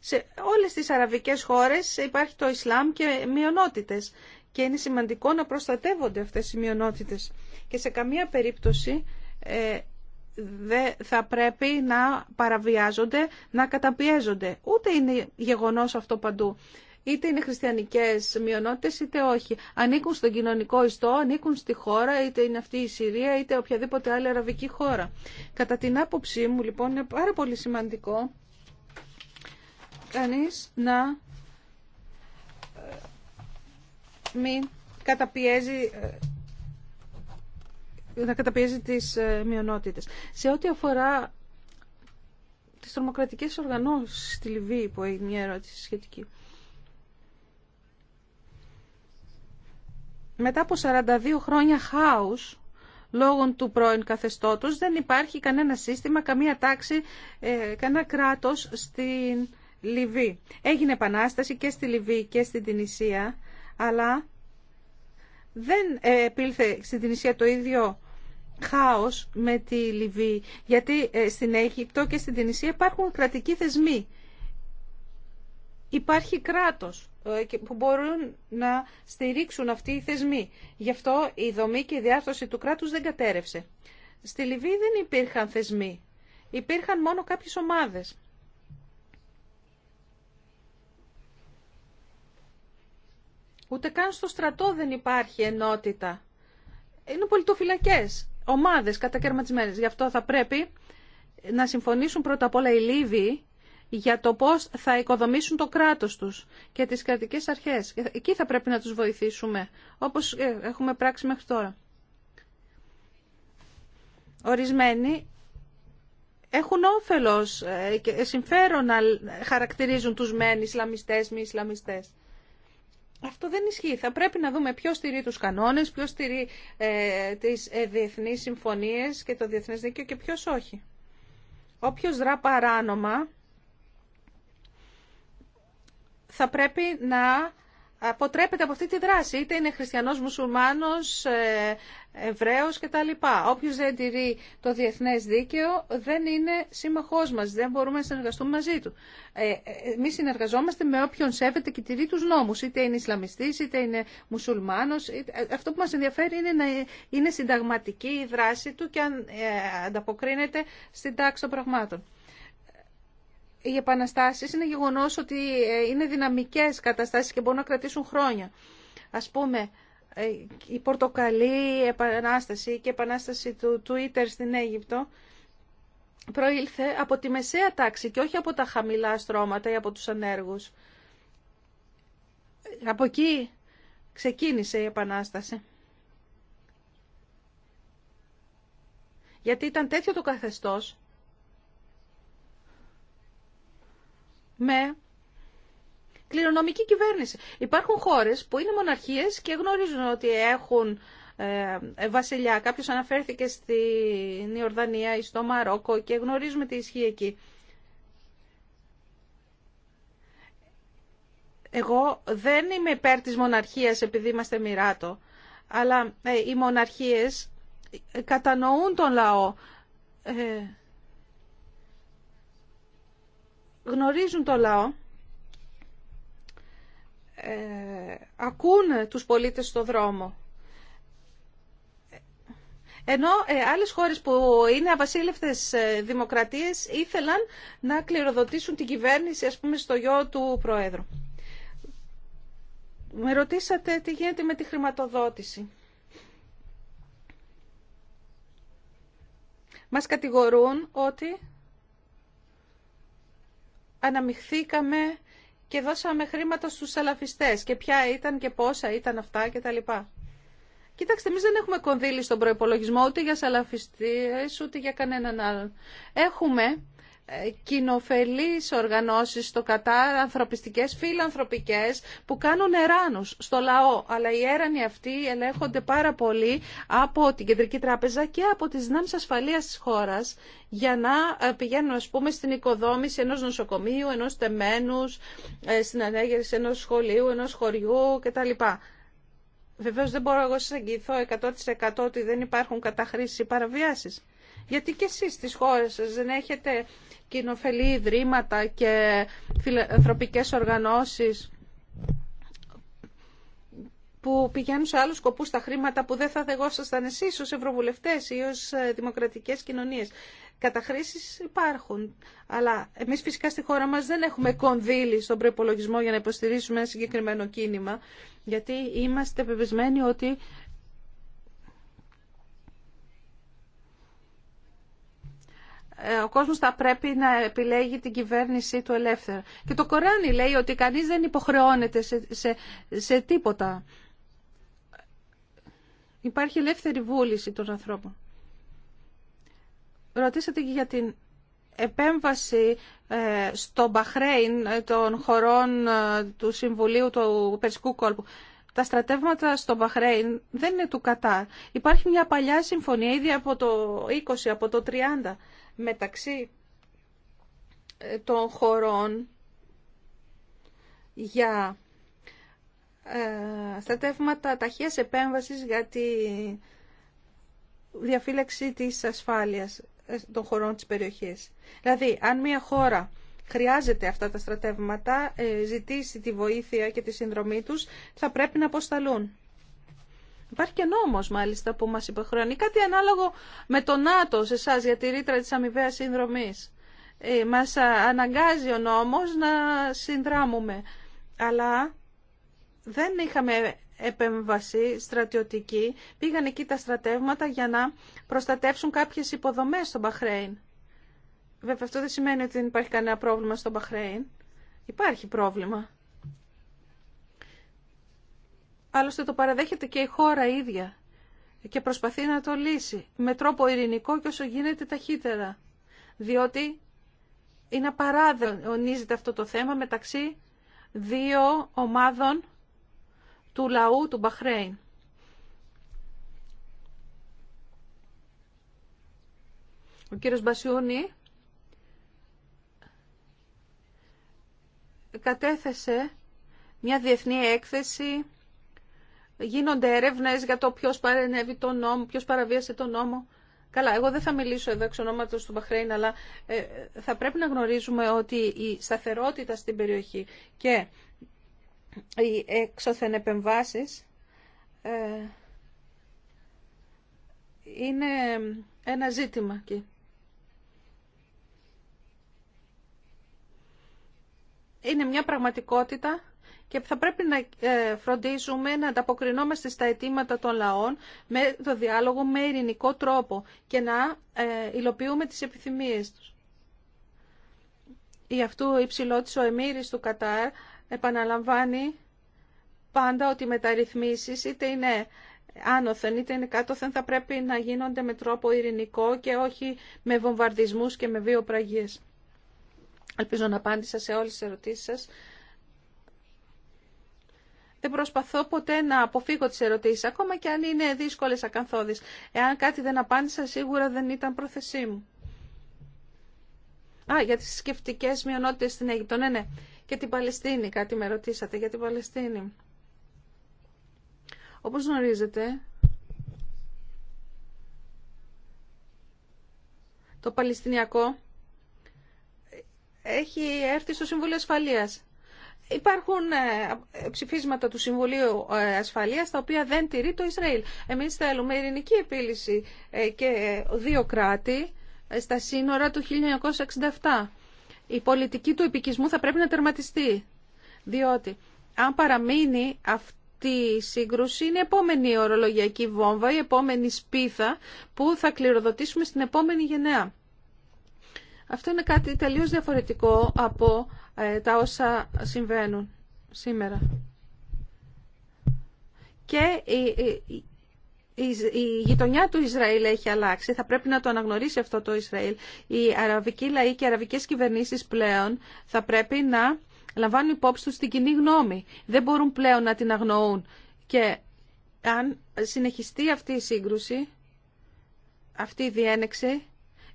Σε όλες τις αραβικές χώρες υπάρχει το Ισλάμ και μειονότητες και είναι σημαντικό να προστατεύονται αυτές οι μειονότητες και σε καμία περίπτωση ε, δεν θα πρέπει να παραβιάζονται, να καταπιέζονται. Ούτε είναι γεγονός αυτό παντού είτε είναι χριστιανικές μειονότητε, είτε όχι. Ανήκουν στον κοινωνικό ιστό, ανήκουν στη χώρα, είτε είναι αυτή η Συρία είτε οποιαδήποτε άλλη αραβική χώρα. Κατά την άποψή μου λοιπόν είναι πάρα πολύ σημαντικό κανείς να ε, μην καταπιέζει ε, να καταπιέζει τις ε, μειονότητες. Σε ό,τι αφορά τις τρομοκρατικές οργανώσεις στη Λιβύη που έχει μια ερώτηση σχετική. μετά από 42 χρόνια χάους λόγω του πρώην καθεστώτος δεν υπάρχει κανένα σύστημα, καμία τάξη, ε, κανένα κράτος στην Λιβύη. Έγινε επανάσταση και στη Λιβύη και στην Τινησία, αλλά δεν ε, επήλθε στην Τινησία το ίδιο χάος με τη Λιβύη, γιατί ε, στην Αίγυπτο και στην Τινησία υπάρχουν κρατικοί θεσμοί υπάρχει κράτος ε, που μπορούν να στηρίξουν αυτοί οι θεσμοί. Γι' αυτό η δομή και η διάρθρωση του κράτους δεν κατέρευσε. Στη Λιβύη δεν υπήρχαν θεσμοί. Υπήρχαν μόνο κάποιες ομάδες. Ούτε καν στο στρατό δεν υπάρχει ενότητα. Είναι πολιτοφυλακές, ομάδες κατακαιρματισμένες. Γι' αυτό θα πρέπει να συμφωνήσουν πρώτα απ' όλα οι Λίβοι για το πώς θα οικοδομήσουν το κράτος τους και τις κρατικές αρχές. Εκεί θα πρέπει να τους βοηθήσουμε, όπως ε, έχουμε πράξει μέχρι τώρα. Ορισμένοι έχουν όφελος ε, και συμφέρον να χαρακτηρίζουν τους μεν Ισλαμιστές, μη Ισλαμιστές. Αυτό δεν ισχύει. Θα πρέπει να δούμε ποιος στηρεί τους κανόνες, ποιος στηρεί ε, τις ε, συμφωνίες και το διεθνές δίκαιο και ποιος όχι. Όποιος δρά παράνομα θα πρέπει να αποτρέπεται από αυτή τη δράση. Είτε είναι χριστιανός, μουσουλμάνος, ε, εβραίος κτλ. Όποιος δεν τηρεί το διεθνές δίκαιο δεν είναι σύμμαχός μας, δεν μπορούμε να συνεργαστούμε μαζί του. Ε, ε εμείς συνεργαζόμαστε με όποιον σέβεται και τηρεί τους νόμους, είτε είναι Ισλαμιστής, είτε είναι μουσουλμάνος. Ε, αυτό που μας ενδιαφέρει είναι να είναι συνταγματική η δράση του και αν ανταποκρίνεται στην τάξη των πραγμάτων οι επαναστάσεις είναι γεγονός ότι ε, είναι δυναμικές καταστάσεις και μπορούν να κρατήσουν χρόνια. Ας πούμε, ε, η Πορτοκαλή επανάσταση και η επανάσταση του Twitter στην Αίγυπτο προήλθε από τη μεσαία τάξη και όχι από τα χαμηλά στρώματα ή από τους ανέργους. Από εκεί ξεκίνησε η επανάσταση. Γιατί ήταν τέτοιο το καθεστώς με κληρονομική κυβέρνηση. Υπάρχουν χώρες που είναι μοναρχίες και γνωρίζουν ότι έχουν ε, ε, βασιλιά. Κάποιος αναφέρθηκε στην Ιορδανία ή στο Μαρόκο και γνωρίζουμε τι ισχύει εκεί. Εγώ δεν είμαι υπέρ της μοναρχίας επειδή είμαστε μοιράτο, αλλά ε, οι μοναρχίες κατανοούν τον λαό γνωρίζουν το λαό, ε, ακούν τους πολίτες στο δρόμο. Ενώ ε, άλλες χώρες που είναι ε, δημοκρατίες ήθελαν να κληροδοτήσουν την κυβέρνηση, ας πούμε, στο γιο του Προέδρου. Με ρωτήσατε τι γίνεται με τη χρηματοδότηση. Μας κατηγορούν ότι αναμειχθήκαμε και δώσαμε χρήματα στους σαλαφιστές και ποια ήταν και πόσα ήταν αυτά κτλ. Κοιτάξτε, εμεί δεν έχουμε κονδύλι στον προπολογισμό ούτε για σαλαφιστές, ούτε για κανέναν άλλον. Έχουμε ε, κοινοφελείς οργανώσεις στο Κατάρ, ανθρωπιστικές, φιλανθρωπικές, που κάνουν εράνους στο λαό. Αλλά οι έρανοι αυτοί ελέγχονται πάρα πολύ από την Κεντρική Τράπεζα και από τις δυνάμεις ασφαλείας της χώρας για να ε, πηγαίνουν, ας πούμε, στην οικοδόμηση ενός νοσοκομείου, ενός τεμένους, ε, στην ανέγερση ενός σχολείου, ενός χωριού κτλ. Βεβαίως δεν μπορώ εγώ σας εγγυηθώ 100% ότι δεν υπάρχουν καταχρήσεις ή παραβιάσεις. Γιατί και εσείς στις χώρες σας δεν έχετε κοινοφελή ιδρύματα και φιλανθρωπικές οργανώσεις που πηγαίνουν σε άλλους σκοπούς τα χρήματα που δεν θα δεγόσασταν εσείς ως ευρωβουλευτές ή ως ε, δημοκρατικές κοινωνίες. Καταχρήσεις υπάρχουν, αλλά εμείς φυσικά στη χώρα μας δεν έχουμε κονδύλι στον προπολογισμό για να υποστηρίσουμε ένα συγκεκριμένο κίνημα, γιατί είμαστε πεπισμένοι ότι Ε, ο κόσμος θα πρέπει να επιλέγει την κυβέρνησή του ελεύθερα. Και το Κοράνι λέει ότι κανείς δεν υποχρεώνεται σε, σε, τίποτα. Υπάρχει ελεύθερη βούληση των ανθρώπων. Ρωτήσατε και για την επέμβαση ε, στο Μπαχρέιν ε, των χωρών του Συμβουλίου του Περσικού Κόλπου τα στρατεύματα στο Μπαχρέιν δεν είναι του κατά. Υπάρχει μια παλιά συμφωνία ήδη από το 20, από το 30 μεταξύ ε, των χωρών για ε, στρατεύματα ταχείας επέμβασης για τη διαφύλαξη της ασφάλειας ε, των χωρών της περιοχής. Δηλαδή, αν μια χώρα χρειάζεται αυτά τα στρατεύματα, ε, ζητήσει τη βοήθεια και τη συνδρομή τους, θα πρέπει να αποσταλούν. Υπάρχει και νόμος μάλιστα που μας υποχρεώνει. Κάτι ανάλογο με το ΝΑΤΟ σε εσά για τη ρήτρα της αμοιβαίας συνδρομής. Ε, μας αναγκάζει ο νόμος να συνδράμουμε. Αλλά δεν είχαμε επέμβαση στρατιωτική. Πήγαν εκεί τα στρατεύματα για να προστατεύσουν κάποιες υποδομές στο Μπαχρέιν. Βέβαια αυτό δεν σημαίνει ότι δεν υπάρχει κανένα πρόβλημα στο Μπαχρέιν. Υπάρχει πρόβλημα. Άλλωστε το παραδέχεται και η χώρα ίδια και προσπαθεί να το λύσει με τρόπο ειρηνικό και όσο γίνεται ταχύτερα. Διότι είναι ονίζεται αυτό το θέμα μεταξύ δύο ομάδων του λαού του Μπαχρέιν. Ο κύριος Μπασιούνι κατέθεσε μια διεθνή έκθεση. Γίνονται έρευνες για το ποιο παρενέβη τον νόμο, παραβίασε τον νόμο. Καλά, εγώ δεν θα μιλήσω εδώ εξ ονόματο του Μπαχρέιν, αλλά ε, θα πρέπει να γνωρίζουμε ότι η σταθερότητα στην περιοχή και οι έξωθεν ε, είναι ένα ζήτημα εκεί. είναι μια πραγματικότητα και θα πρέπει να ε, φροντίζουμε να ανταποκρινόμαστε στα αιτήματα των λαών με το διάλογο με ειρηνικό τρόπο και να ε, υλοποιούμε τις επιθυμίες τους. Γι' αυτού υψηλότης ο Εμμύρης του Κατάρ επαναλαμβάνει πάντα ότι οι μεταρρυθμίσεις είτε είναι άνωθεν είτε είναι κάτωθεν θα πρέπει να γίνονται με τρόπο ειρηνικό και όχι με βομβαρδισμούς και με βιοπραγίες. Ελπίζω να απάντησα σε όλες τις ερωτήσεις σας. Δεν προσπαθώ ποτέ να αποφύγω τις ερωτήσεις, ακόμα και αν είναι δύσκολες ακαθόδεις. Εάν κάτι δεν απάντησα, σίγουρα δεν ήταν πρόθεσή μου. Α, για τις σκεφτικές μειονότητες στην Αίγυπτο. Ναι, ναι. Και την Παλαιστίνη. Κάτι με ρωτήσατε για την Παλαιστίνη. Όπως γνωρίζετε, το Παλαιστινιακό έχει έρθει στο Συμβούλιο Ασφαλείας. Υπάρχουν ε, ε, ψηφίσματα του Συμβουλίου ε, Ασφαλείας τα οποία δεν τηρεί το Ισραήλ. Εμείς θέλουμε ειρηνική επίλυση και δύο κράτη στα σύνορα του 1967. Η πολιτική του επικισμού θα πρέπει να τερματιστεί, διότι αν παραμείνει αυτή η σύγκρουση είναι η επόμενη ορολογιακή βόμβα, η επόμενη σπίθα που θα κληροδοτήσουμε στην επόμενη γενναία. Αυτό είναι κάτι τελείως διαφορετικό από ε, τα όσα συμβαίνουν σήμερα. Και η, η γειτονιά του Ισραήλ έχει αλλάξει. Θα πρέπει να το αναγνωρίσει αυτό το Ισραήλ. Οι αραβικοί λαοί και οι αραβικές κυβερνήσεις πλέον θα πρέπει να λαμβάνουν υπόψη τους την κοινή γνώμη. Δεν μπορούν πλέον να την αγνοούν. Και αν συνεχιστεί αυτή η σύγκρουση, αυτή η διένεξη,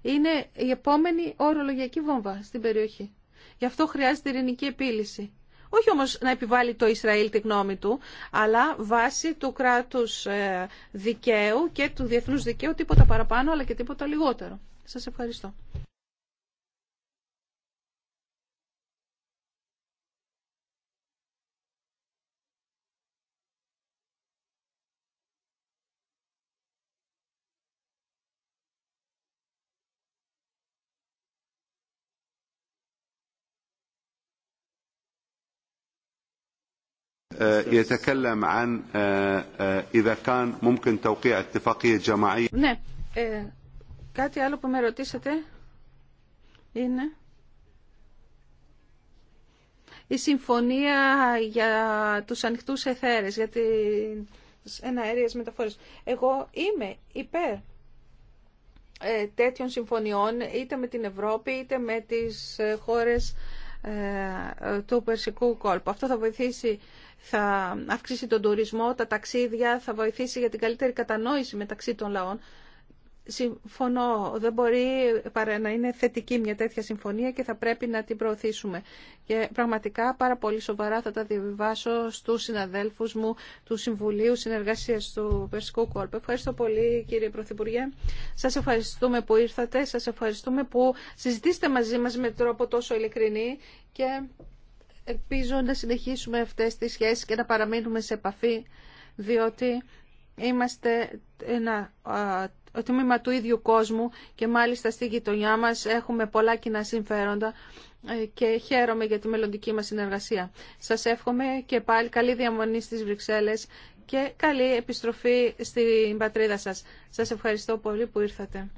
είναι η επόμενη ορολογιακή βόμβα στην περιοχή. Γι' αυτό χρειάζεται ειρηνική επίλυση. Όχι όμως να επιβάλλει το Ισραήλ τη γνώμη του, αλλά βάσει του κράτους ε, δικαίου και του διεθνούς δικαίου τίποτα παραπάνω αλλά και τίποτα λιγότερο. Σας ευχαριστώ. إذا كان ممكن توقيع Ναι. Ε، κάτι άλλο που με ρωτήσατε είναι η συμφωνία για τους ανοιχτούς εθέρες, για τις εναέριες μεταφορές. Εγώ είμαι υπέρ ε, τέτοιων συμφωνιών είτε με την Ευρώπη είτε με τις ε, χώρες ε, του Περσικού κόλπου. Αυτό θα βοηθήσει, θα αυξήσει τον τουρισμό, τα ταξίδια, θα βοηθήσει για την καλύτερη κατανόηση μεταξύ των λαών Συμφωνώ, δεν μπορεί παρά να είναι θετική μια τέτοια συμφωνία και θα πρέπει να την προωθήσουμε. Και πραγματικά πάρα πολύ σοβαρά θα τα διαβιβάσω στους συναδέλφους μου του Συμβουλίου Συνεργασίας του Περσικού Κόλπου. Ευχαριστώ πολύ κύριε Πρωθυπουργέ. Σας ευχαριστούμε που ήρθατε, σας ευχαριστούμε που συζητήσετε μαζί μας με τρόπο τόσο ειλικρινή και ελπίζω να συνεχίσουμε αυτές τις σχέσεις και να παραμείνουμε σε επαφή διότι είμαστε ένα ο τμήμα του ίδιου κόσμου και μάλιστα στη γειτονιά μας έχουμε πολλά κοινά συμφέροντα ε, και χαίρομαι για τη μελλοντική μας συνεργασία. Σας εύχομαι και πάλι καλή διαμονή στις Βρυξέλλες και καλή επιστροφή στην πατρίδα σας. Σας ευχαριστώ πολύ που ήρθατε.